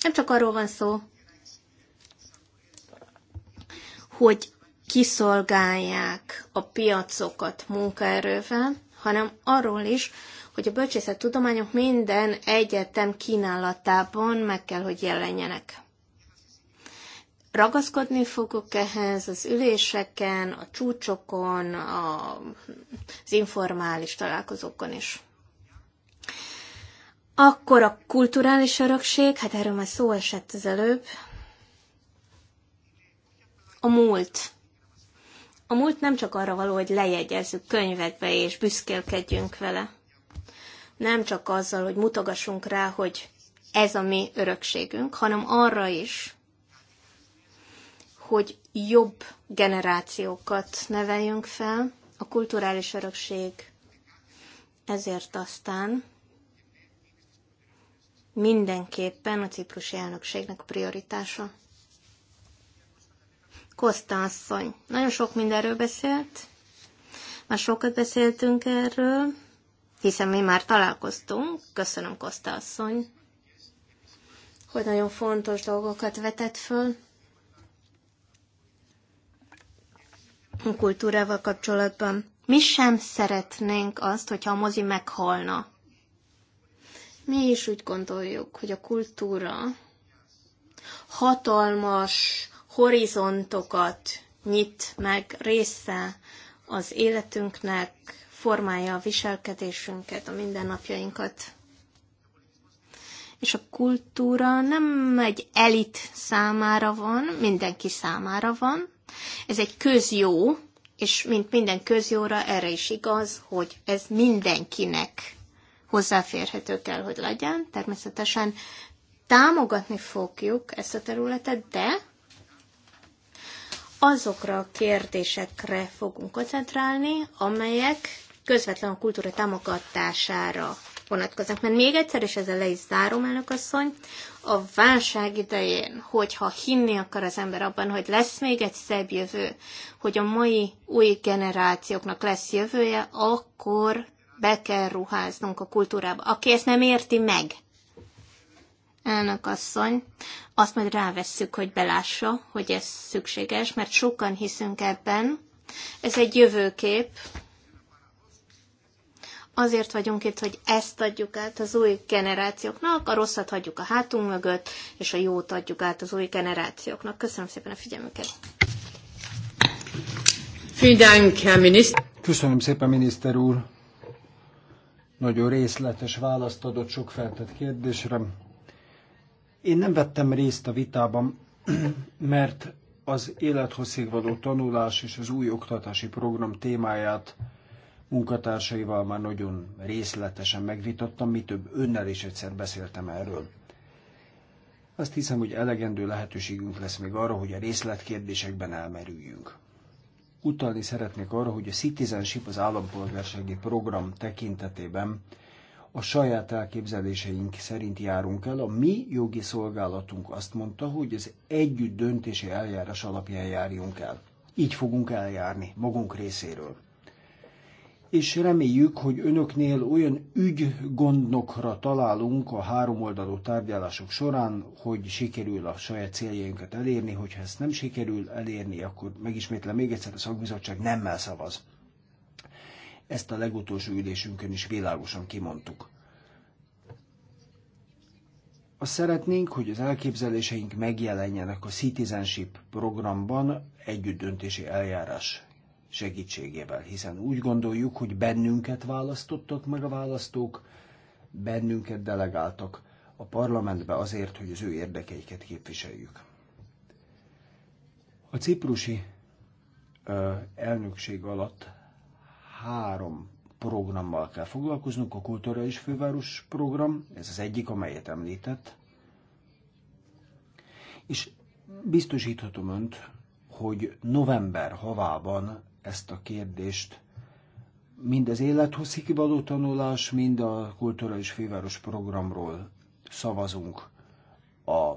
Nem csak arról van szó, hogy kiszolgálják a piacokat munkaerővel, hanem arról is, hogy a bölcsészettudományok minden egyetem kínálatában meg kell, hogy jelenjenek. Ragaszkodni fogok ehhez az üléseken, a csúcsokon, a, az informális találkozókon is. Akkor a kulturális örökség, hát erről már szó esett az előbb. A múlt. A múlt nem csak arra való, hogy lejegyezzük könyvekbe és büszkélkedjünk vele. Nem csak azzal, hogy mutogassunk rá, hogy ez a mi örökségünk, hanem arra is, hogy jobb generációkat neveljünk fel, a kulturális örökség ezért aztán mindenképpen a ciprusi elnökségnek a prioritása. Kosta asszony. Nagyon sok mindenről beszélt. Már sokat beszéltünk erről, hiszen mi már találkoztunk. Köszönöm, Kosta asszony, hogy nagyon fontos dolgokat vetett föl. kultúrával kapcsolatban. Mi sem szeretnénk azt, hogyha a mozi meghalna. Mi is úgy gondoljuk, hogy a kultúra hatalmas horizontokat nyit meg része az életünknek, formálja a viselkedésünket, a mindennapjainkat. És a kultúra nem egy elit számára van, mindenki számára van, ez egy közjó, és mint minden közjóra erre is igaz, hogy ez mindenkinek hozzáférhető kell, hogy legyen. Természetesen támogatni fogjuk ezt a területet, de azokra a kérdésekre fogunk koncentrálni, amelyek közvetlen a kultúra támogatására vonatkoznak. Mert még egyszer, és ezzel le is zárom, elnök asszony, a válság idején, hogyha hinni akar az ember abban, hogy lesz még egy szebb jövő, hogy a mai új generációknak lesz jövője, akkor be kell ruháznunk a kultúrába. Aki ezt nem érti meg, elnök asszony, azt majd rávesszük, hogy belássa, hogy ez szükséges, mert sokan hiszünk ebben. Ez egy jövőkép, azért vagyunk itt, hogy ezt adjuk át az új generációknak, a rosszat hagyjuk a hátunk mögött, és a jót adjuk át az új generációknak. Köszönöm szépen a figyelmüket! Köszönöm szépen, miniszter úr! Nagyon részletes választ adott sok feltett kérdésre. Én nem vettem részt a vitában, mert az élethosszígvaló tanulás és az új oktatási program témáját munkatársaival már nagyon részletesen megvitattam, mi több önnel is egyszer beszéltem erről. Azt hiszem, hogy elegendő lehetőségünk lesz még arra, hogy a részletkérdésekben elmerüljünk. Utalni szeretnék arra, hogy a Citizenship az állampolgársági program tekintetében a saját elképzeléseink szerint járunk el. A mi jogi szolgálatunk azt mondta, hogy az együtt döntési eljárás alapján járjunk el. Így fogunk eljárni, magunk részéről és reméljük, hogy önöknél olyan ügygondnokra találunk a háromoldalú tárgyalások során, hogy sikerül a saját céljainkat elérni, hogyha ezt nem sikerül elérni, akkor megismétlem még egyszer, a szakbizottság nem szavaz. Ezt a legutolsó ülésünkön is világosan kimondtuk. Azt szeretnénk, hogy az elképzeléseink megjelenjenek a Citizenship programban együtt döntési eljárás segítségével, hiszen úgy gondoljuk, hogy bennünket választottak meg a választók, bennünket delegáltak a parlamentbe azért, hogy az ő érdekeiket képviseljük. A ciprusi ö, elnökség alatt három programmal kell foglalkoznunk, a kulturális főváros program, ez az egyik, amelyet említett, és biztosíthatom önt, hogy november havában ezt a kérdést, mind az élethosszig való tanulás, mind a kulturális főváros programról szavazunk a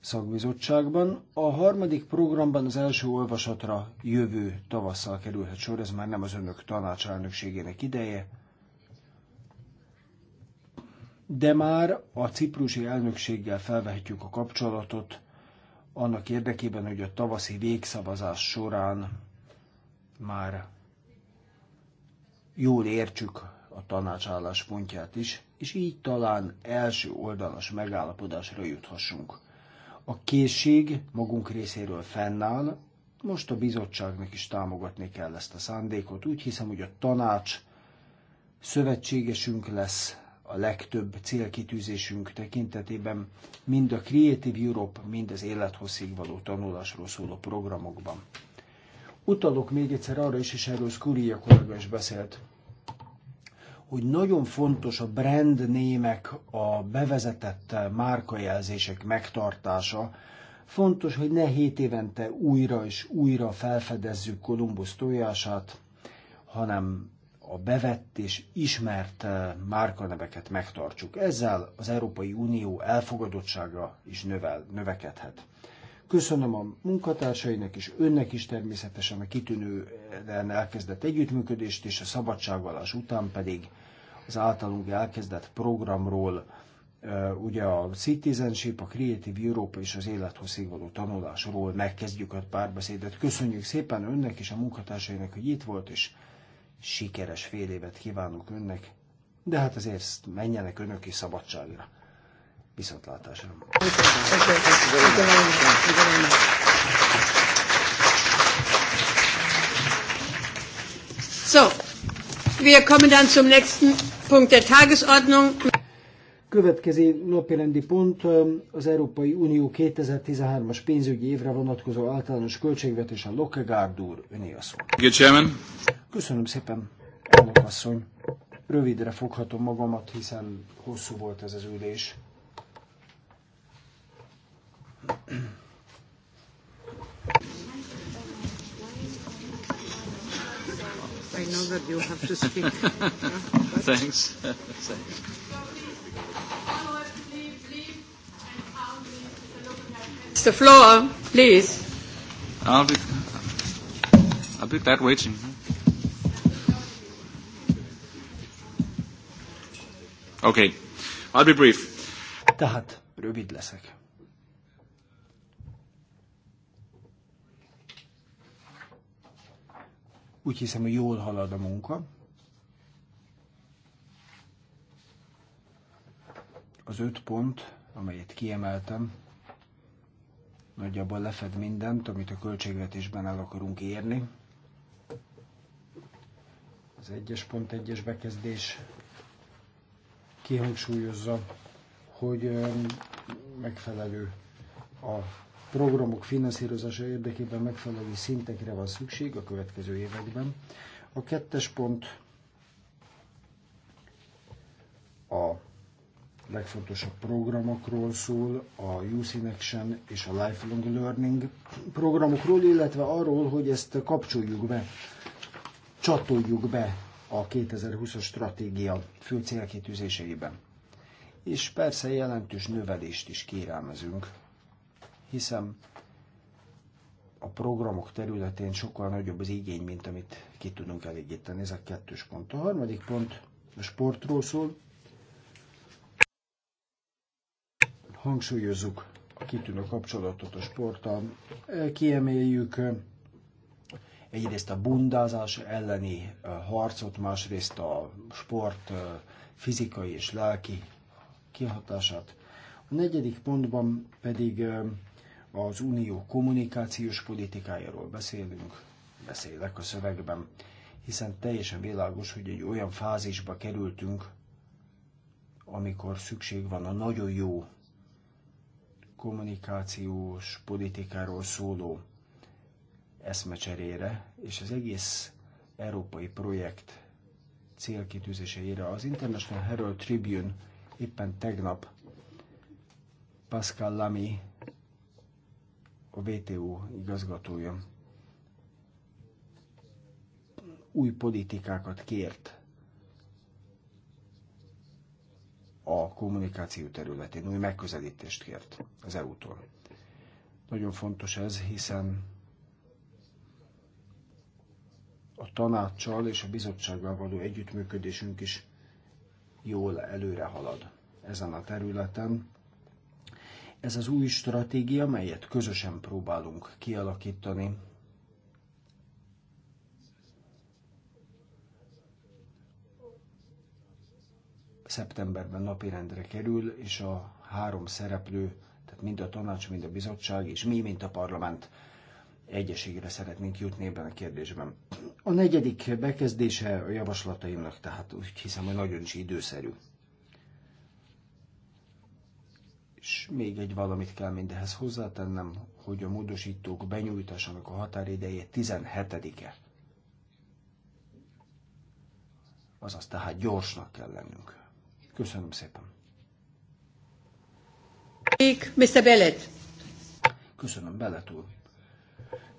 szakbizottságban. A harmadik programban az első olvasatra jövő tavasszal kerülhet sor, ez már nem az önök tanácselnökségének ideje, de már a ciprusi elnökséggel felvehetjük a kapcsolatot annak érdekében, hogy a tavaszi végszavazás során már jól értsük a tanácsállás pontját is, és így talán első oldalas megállapodásra juthassunk. A készség magunk részéről fennáll, most a bizottságnak is támogatni kell ezt a szándékot. Úgy hiszem, hogy a tanács szövetségesünk lesz a legtöbb célkitűzésünk tekintetében, mind a Creative Europe, mind az élethosszig való tanulásról szóló programokban. Utalok még egyszer arra is, és erről Skuria kollega is beszélt, hogy nagyon fontos a brand némek, a bevezetett márkajelzések megtartása. Fontos, hogy ne hét évente újra és újra felfedezzük Kolumbusz tojását, hanem a bevett és ismert eh, márkaneveket megtartsuk. Ezzel az Európai Unió elfogadottsága is növel, növekedhet. Köszönöm a munkatársainak és önnek is természetesen a kitűnően elkezdett együttműködést, és a szabadságvallás után pedig az általunk elkezdett programról ugye a Citizenship, a Creative Europe és az élethosszig való tanulásról megkezdjük a párbeszédet. Köszönjük szépen önnek és a munkatársainak, hogy itt volt, és sikeres fél évet kívánok önnek, de hát azért menjenek önök is szabadságra. Viszontlátásra! So, wir kommen dann zum nächsten Punkt der Tagesordnung. Következő napirendi pont az Európai Unió 2013-as pénzügyi évre vonatkozó általános költségvetés a Lokkegaard úr öné a Köszönöm szépen, elnök asszony. Rövidre foghatom magamat, hiszen hosszú volt ez az ülés. I know that you have to speak. Thanks. Thanks. The floor, please. I'll be, I'll be that waiting. Okay. I'll be brief. Tehát rövid leszek. Úgy hiszem, hogy jól halad a munka. Az öt pont, amelyet kiemeltem, nagyjából lefed mindent, amit a költségvetésben el akarunk érni. Az egyes pont egyes bekezdés kihangsúlyozza, hogy megfelelő a programok finanszírozása érdekében megfelelő szintekre van szükség a következő években. A kettes pont a legfontosabb programokról szól, a Youth in Action és a Lifelong Learning programokról, illetve arról, hogy ezt kapcsoljuk be, csatoljuk be a 2020-as stratégia fő célkitűzéseiben. És persze jelentős növelést is kérelmezünk hiszen a programok területén sokkal nagyobb az igény, mint amit ki tudunk elégíteni. Ez a kettős pont. A harmadik pont a sportról szól. Hangsúlyozzuk a kitűnő kapcsolatot a sporttal. Kiemeljük egyrészt a bundázás elleni eh, harcot, másrészt a sport eh, fizikai és lelki kihatását. A negyedik pontban pedig eh, az unió kommunikációs politikájáról beszélünk, beszélek a szövegben, hiszen teljesen világos, hogy egy olyan fázisba kerültünk, amikor szükség van a nagyon jó kommunikációs politikáról szóló eszmecserére, és az egész európai projekt célkitűzéseire. Az International Herald Tribune éppen tegnap Pascal Lamy a VTO igazgatója új politikákat kért a kommunikáció területén, új megközelítést kért az EU-tól. Nagyon fontos ez, hiszen a tanácssal és a bizottsággal való együttműködésünk is jól előre halad ezen a területen. Ez az új stratégia, melyet közösen próbálunk kialakítani, szeptemberben napirendre kerül, és a három szereplő, tehát mind a tanács, mind a bizottság, és mi, mint a parlament egyeségre szeretnénk jutni ebben a kérdésben. A negyedik bekezdése a javaslataimnak, tehát úgy hiszem, hogy nagyon is időszerű. és még egy valamit kell mindehhez hozzátennem, hogy a módosítók benyújtásának a határideje 17-e. Azaz tehát gyorsnak kell lennünk. Köszönöm szépen. Mr. Bellet. Köszönöm, Bellet úr.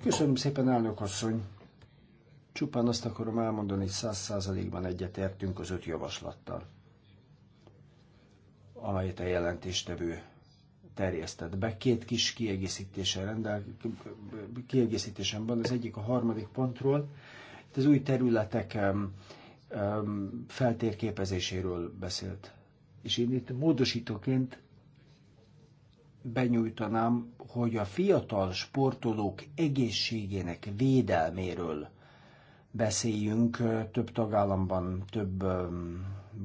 Köszönöm szépen, elnök asszony. Csupán azt akarom elmondani, hogy száz százalékban egyetértünk az öt javaslattal amelyet a jelentéstevő terjesztett be. Két kis kiegészítéssel rendel, kiegészítésem van, az egyik a harmadik pontról. Itt az új területek feltérképezéséről beszélt. És én itt módosítóként benyújtanám, hogy a fiatal sportolók egészségének védelméről beszéljünk. Több tagállamban több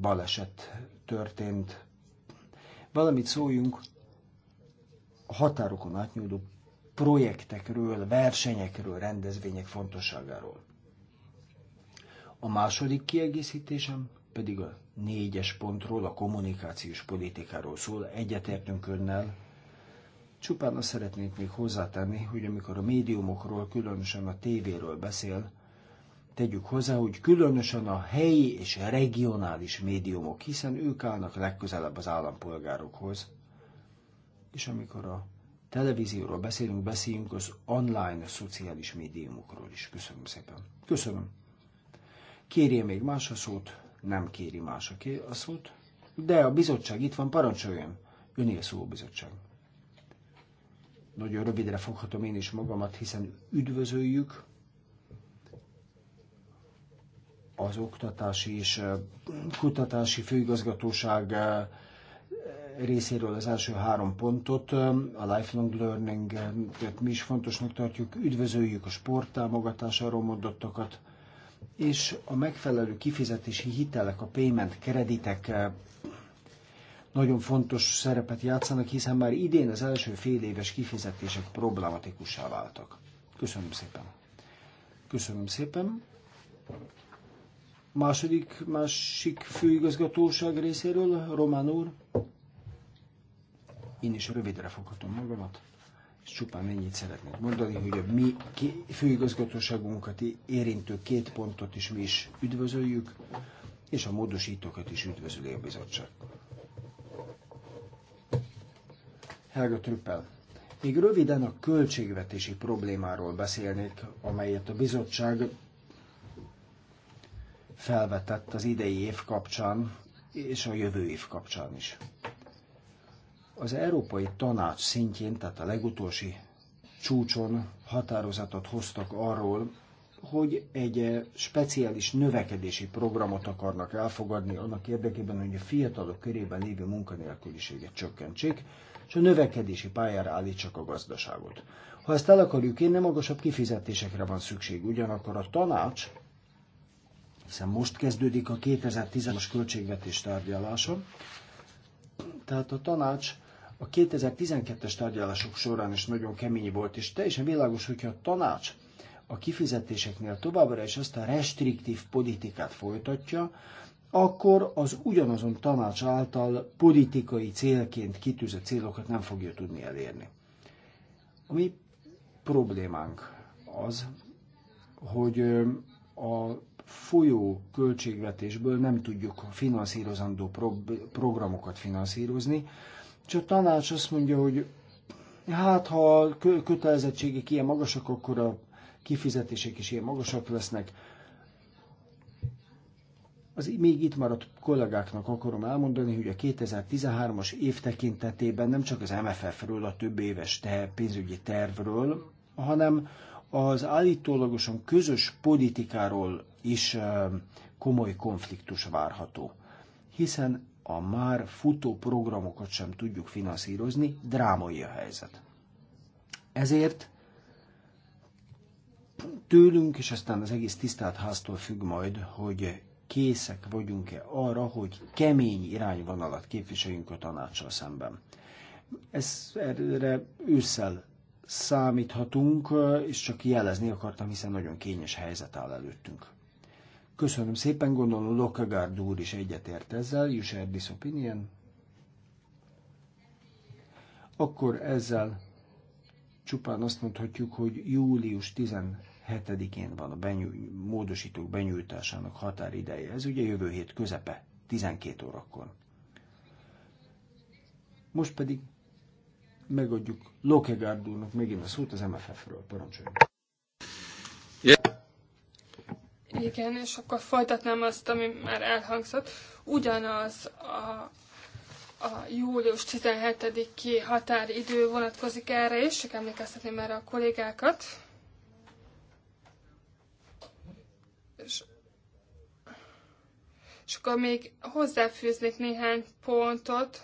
baleset történt. Valamit szóljunk határokon átnyúló projektekről, versenyekről, rendezvények fontosságáról. A második kiegészítésem pedig a négyes pontról, a kommunikációs politikáról szól, egyetértünk önnel. Csupán azt szeretnénk még hozzátenni, hogy amikor a médiumokról, különösen a tévéről beszél, tegyük hozzá, hogy különösen a helyi és regionális médiumok, hiszen ők állnak legközelebb az állampolgárokhoz, és amikor a televízióról beszélünk, beszéljünk az online szociális médiumokról is. Köszönöm szépen. Köszönöm. Kérje még más a szót? Nem kéri más a, szót. De a bizottság itt van, parancsoljon. Önél szó a bizottság. Nagyon rövidre foghatom én is magamat, hiszen üdvözöljük az Oktatási és eh, Kutatási Főigazgatóság eh, részéről az első három pontot, a lifelong learning mi is fontosnak tartjuk, üdvözöljük a sport támogatásáról mondottakat, és a megfelelő kifizetési hitelek, a payment kreditek eh, nagyon fontos szerepet játszanak, hiszen már idén az első fél éves kifizetések problematikussá váltak. Köszönöm szépen. Köszönöm szépen. Második, másik főigazgatóság részéről, Román úr. Én is rövidre foghatom magamat, és csupán ennyit szeretnék mondani, hogy a mi főigazgatóságunkat érintő két pontot is mi is üdvözöljük, és a módosítókat is üdvözöli a bizottság. Helga Trüppel. Még röviden a költségvetési problémáról beszélnék, amelyet a bizottság felvetett az idei év kapcsán és a jövő év kapcsán is. Az Európai Tanács szintjén, tehát a legutolsó csúcson határozatot hoztak arról, hogy egy eh, speciális növekedési programot akarnak elfogadni annak érdekében, hogy a fiatalok körében lévő munkanélküliséget csökkentsék, és a növekedési pályára állítsak a gazdaságot. Ha ezt el akarjuk érni, magasabb kifizetésekre van szükség. Ugyanakkor a tanács, hiszen most kezdődik a 2010-es költségvetés tárgyalása, tehát a tanács a 2012-es tárgyalások során is nagyon kemény volt, és teljesen világos, hogyha a tanács a kifizetéseknél továbbra is ezt a restriktív politikát folytatja, akkor az ugyanazon tanács által politikai célként kitűzött célokat nem fogja tudni elérni. A mi problémánk az, hogy a folyó költségvetésből nem tudjuk finanszírozandó pro- programokat finanszírozni, csak tanács azt mondja, hogy hát ha a kötelezettségek ilyen magasak, akkor a kifizetések is ilyen magasak lesznek. Az még itt maradt kollégáknak akarom elmondani, hogy a 2013-as év tekintetében nem csak az MFF-ről, a több éves te, pénzügyi tervről, hanem az állítólagosan közös politikáról is komoly konfliktus várható. Hiszen a már futó programokat sem tudjuk finanszírozni, drámai a helyzet. Ezért tőlünk, és aztán az egész tisztelt háztól függ majd, hogy készek vagyunk-e arra, hogy kemény irányvonalat képviseljünk a tanácssal szemben. Ez erre ősszel számíthatunk, és csak jelezni akartam, hiszen nagyon kényes helyzet áll előttünk. Köszönöm szépen, gondolom Lokagárd úr is egyetért ezzel, you share this opinion. Akkor ezzel csupán azt mondhatjuk, hogy július 17-én van a benyú, módosítók benyújtásának határideje. Ez ugye jövő hét közepe, 12 órakor. Most pedig megadjuk Lokegárd úrnak megint a szót az MFF-ről. Parancsoljunk! Igen, és akkor folytatnám azt, ami már elhangzott. Ugyanaz a, a július 17-i határidő vonatkozik erre is, csak emlékeztetném erre a kollégákat. És, és akkor még hozzáfűznék néhány pontot,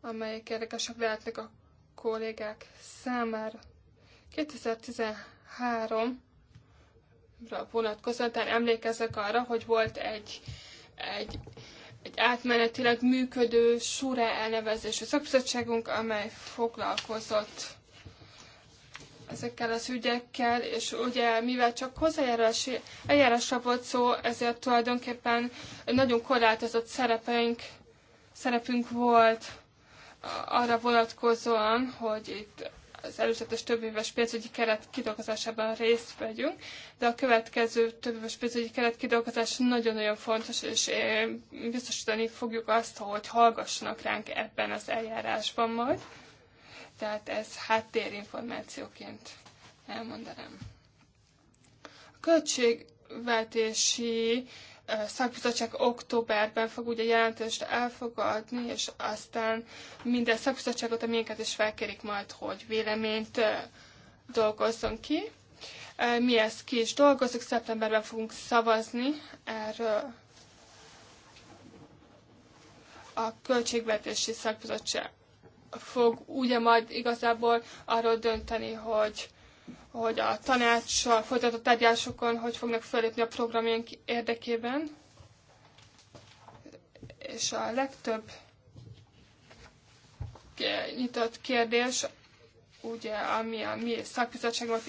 amelyek érdekesek lehetnek a kollégák számára. 2013 vonatkozott, tehát emlékezek arra, hogy volt egy, egy, egy átmenetileg működő SURE elnevezésű szakbizottságunk, amely foglalkozott ezekkel az ügyekkel, és ugye mivel csak hozzájárulási eljárásra volt szó, ezért tulajdonképpen nagyon korlátozott szerepeink, szerepünk volt arra vonatkozóan, hogy itt az előzetes éves pénzügyi keret kidolgozásában részt vegyünk, de a következő éves pénzügyi keret kidolgozása nagyon-nagyon fontos, és eh, biztosítani fogjuk azt, hogy hallgassanak ránk ebben az eljárásban majd. Tehát ez háttérinformációként elmondanám. A költségvetési szakbizottság októberben fog ugye jelentést elfogadni, és aztán minden szakbizottságot, a miénket is felkérik majd, hogy véleményt dolgozzon ki. Mi ezt ki is dolgozunk, szeptemberben fogunk szavazni erről a költségvetési szakbizottság fog ugye majd igazából arról dönteni, hogy hogy a tanácssal folytatott tárgyalásokon hogy fognak fölépni a programjaink érdekében. És a legtöbb eh, nyitott kérdés ugye, ami a mi szakbizottságot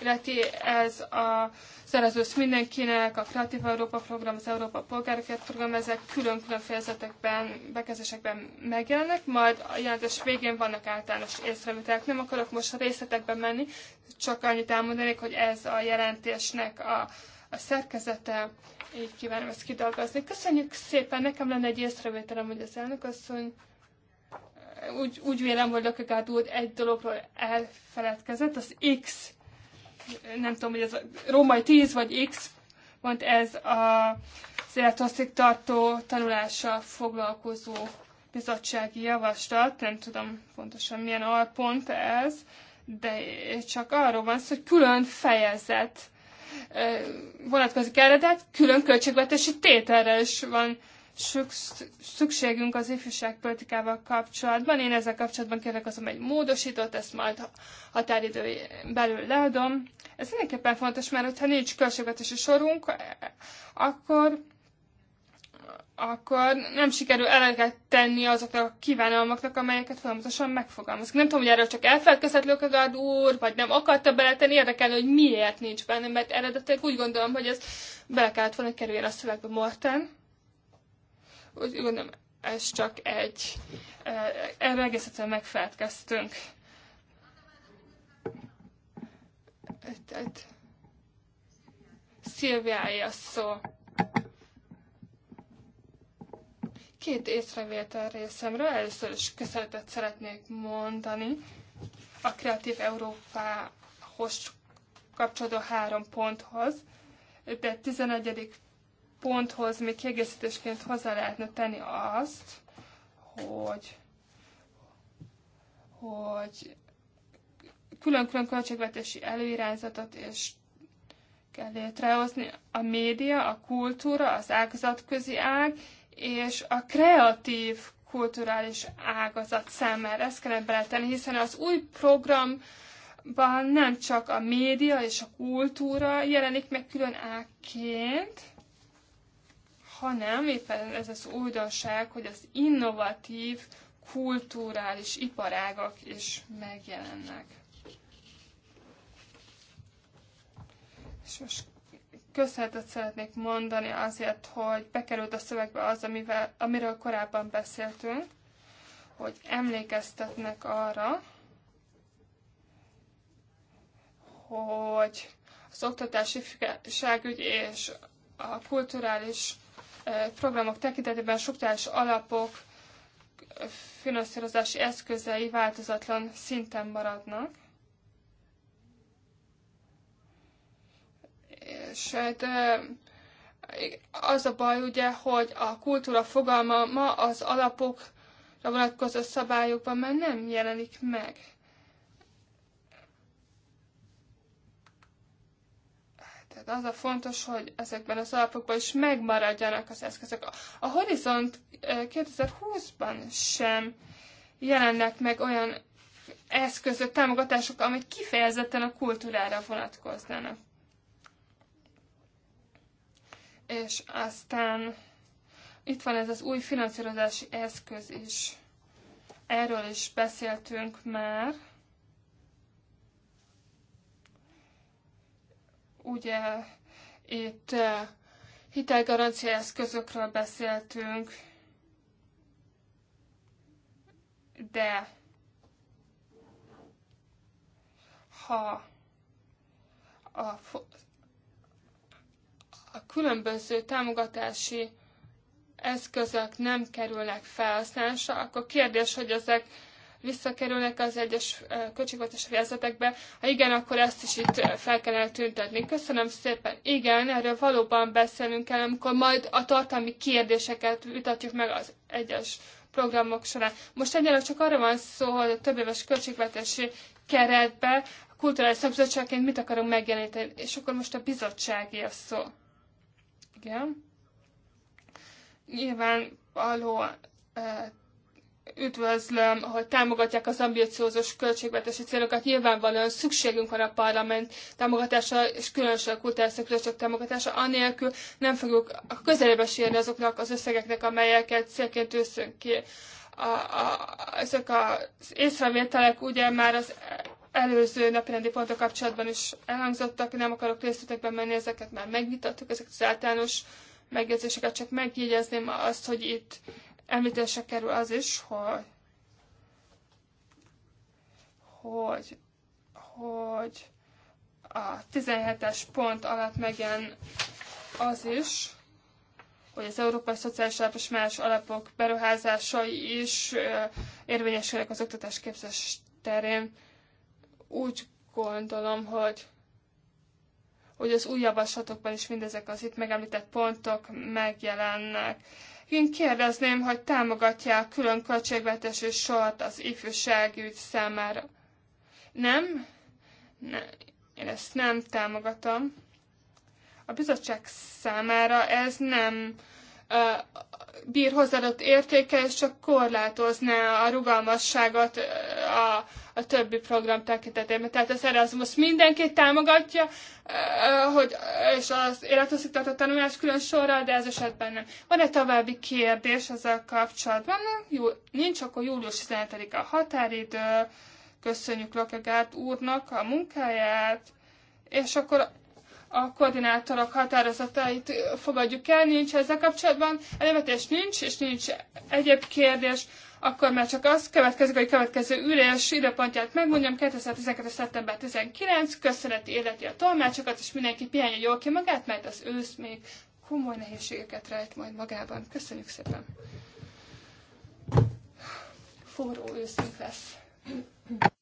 illeti, ez a szerezősz mindenkinek, a Kreatív Európa program, az Európa Polgárokért program, ezek külön-külön fejezetekben, bekezdésekben megjelennek, majd a jelentés végén vannak általános észrevételek. Nem akarok most a részletekbe menni, csak annyit elmondanék, hogy ez a jelentésnek a, a szerkezete, így kívánom ezt kidolgozni. Köszönjük szépen, nekem lenne egy észrevételem, hogy az elnök asszony úgy, úgy vélem, hogy Lökegád úr egy dologról elfeledkezett, az X, nem tudom, hogy ez a római 10 vagy X, pont ez a, az élethosszig tartó tanulással foglalkozó bizottsági javaslat, nem tudom pontosan milyen alpont ez, de csak arról van szó, hogy külön fejezet vonatkozik erre, de hát külön költségvetési tételre is van szükségünk az ifjúságpolitikával kapcsolatban. Én ezzel kapcsolatban kérlek azon egy módosítót, ezt majd határidő belül leadom. Ez mindenképpen fontos, mert ha nincs költségvetési sorunk, e, akkor akkor nem sikerül eleget tenni azoknak a kívánalmaknak, amelyeket folyamatosan megfogalmazunk. Nem tudom, hogy erről csak elfelelkezett Lökegard úr, vagy nem akarta beletenni, érdekelni, hogy miért nincs benne, mert eredetileg úgy gondolom, hogy ez bele kellett volna kerüljön a szövegbe Morten úgy gondolom, ez csak egy, erre egészetesen megfelelkeztünk. Tehát, Szilviája szó. Két észrevétel részemről. Először is köszönetet szeretnék mondani a Kreatív Európához kapcsolódó három ponthoz, de 11 ponthoz még kiegészítésként hozzá lehetne tenni azt, hogy, hogy külön-külön költségvetési előirányzatot és kell létrehozni a média, a kultúra, az ágazatközi ág és a kreatív kulturális ágazat számára. Ezt kellene beletenni, hiszen az új programban nem csak a média és a kultúra jelenik meg külön ágként, hanem éppen ez az újdonság, hogy az innovatív, kulturális iparágak is megjelennek. És most köszönetet szeretnék mondani azért, hogy bekerült a szövegbe az, amivel, amiről korábban beszéltünk, hogy emlékeztetnek arra, hogy az oktatási ifjúságügy és a kulturális programok tekintetében struktúrális alapok finanszírozási eszközei változatlan szinten maradnak. És de hát, az a baj ugye, hogy a kultúra fogalma ma az alapokra vonatkozó szabályokban már nem jelenik meg. Tehát az a fontos, hogy ezekben az alapokban is megmaradjanak az eszközök. A Horizont 2020-ban sem jelennek meg olyan eszközök, támogatások, amik kifejezetten a kultúrára vonatkoznának. És aztán itt van ez az új finanszírozási eszköz is. Erről is beszéltünk már. ugye itt eh, hitelgarancia eszközökről beszéltünk, de ha a, a különböző támogatási eszközök nem kerülnek felhasználásra, akkor kérdés, hogy ezek visszakerülnek az egyes költségvetés fejezetekbe. Ha igen, akkor ezt is itt fel kellene tüntetni. Köszönöm szépen. Igen, erről valóban beszélnünk kell, amikor majd a tartalmi kérdéseket vitatjuk meg az egyes programok során. Most egyelőre csak arra van szó, hogy a több éves költségvetési keretbe kulturális szakbizottságként mit akarunk megjeleníteni, és akkor most a bizottsági a szó. Igen. Nyilván való üdvözlöm, hogy támogatják az ambiciózus költségvetési célokat. Nyilvánvalóan szükségünk van a parlament támogatása, és különösen a kultúrszektorok támogatása. Anélkül nem fogjuk közelébe sérni azoknak az összegeknek, amelyeket célként tűzünk ki. A, a, ezek az észrevételek ugye már az előző napirendi pontok kapcsolatban is elhangzottak, nem akarok részletekben menni, ezeket már megvitattuk, ezeket az általános megjegyzéseket, csak megjegyezném azt, hogy itt Említése kerül az is, hogy hogy, hogy a 17-es pont alatt megjelen az is, hogy az Európai Szociális Alap és más alapok beruházásai is érvényesülnek az oktatás képzés terén. Úgy gondolom, hogy hogy az új javaslatokban is mindezek az itt megemlített pontok megjelennek. Én kérdezném, hogy a külön költségvetési sort az ifjúságügy számára. Nem? nem? Én ezt nem támogatom. A bizottság számára ez nem bír hozzáadott értéke, és csak korlátozná a rugalmasságot a, a többi program tekintetében. Tehát az Erasmus mindenkit támogatja, hogy, és az élethosszígtató tanulás külön sorra, de ez esetben nem. Van-e további kérdés ezzel kapcsolatban? Jó, nincs, akkor július 17 a határidő. Köszönjük Lokegárt úrnak a munkáját, és akkor a koordinátorok határozatait fogadjuk el, nincs ezzel kapcsolatban, elévetés nincs, és nincs egyéb kérdés akkor már csak az következik, hogy következő ülés időpontját megmondjam, 2012. szeptember 19, köszöneti életi a tolmácsokat, és mindenki pihenje jól ki magát, mert az ősz még komoly nehézségeket rejt majd magában. Köszönjük szépen! Forró őszünk lesz.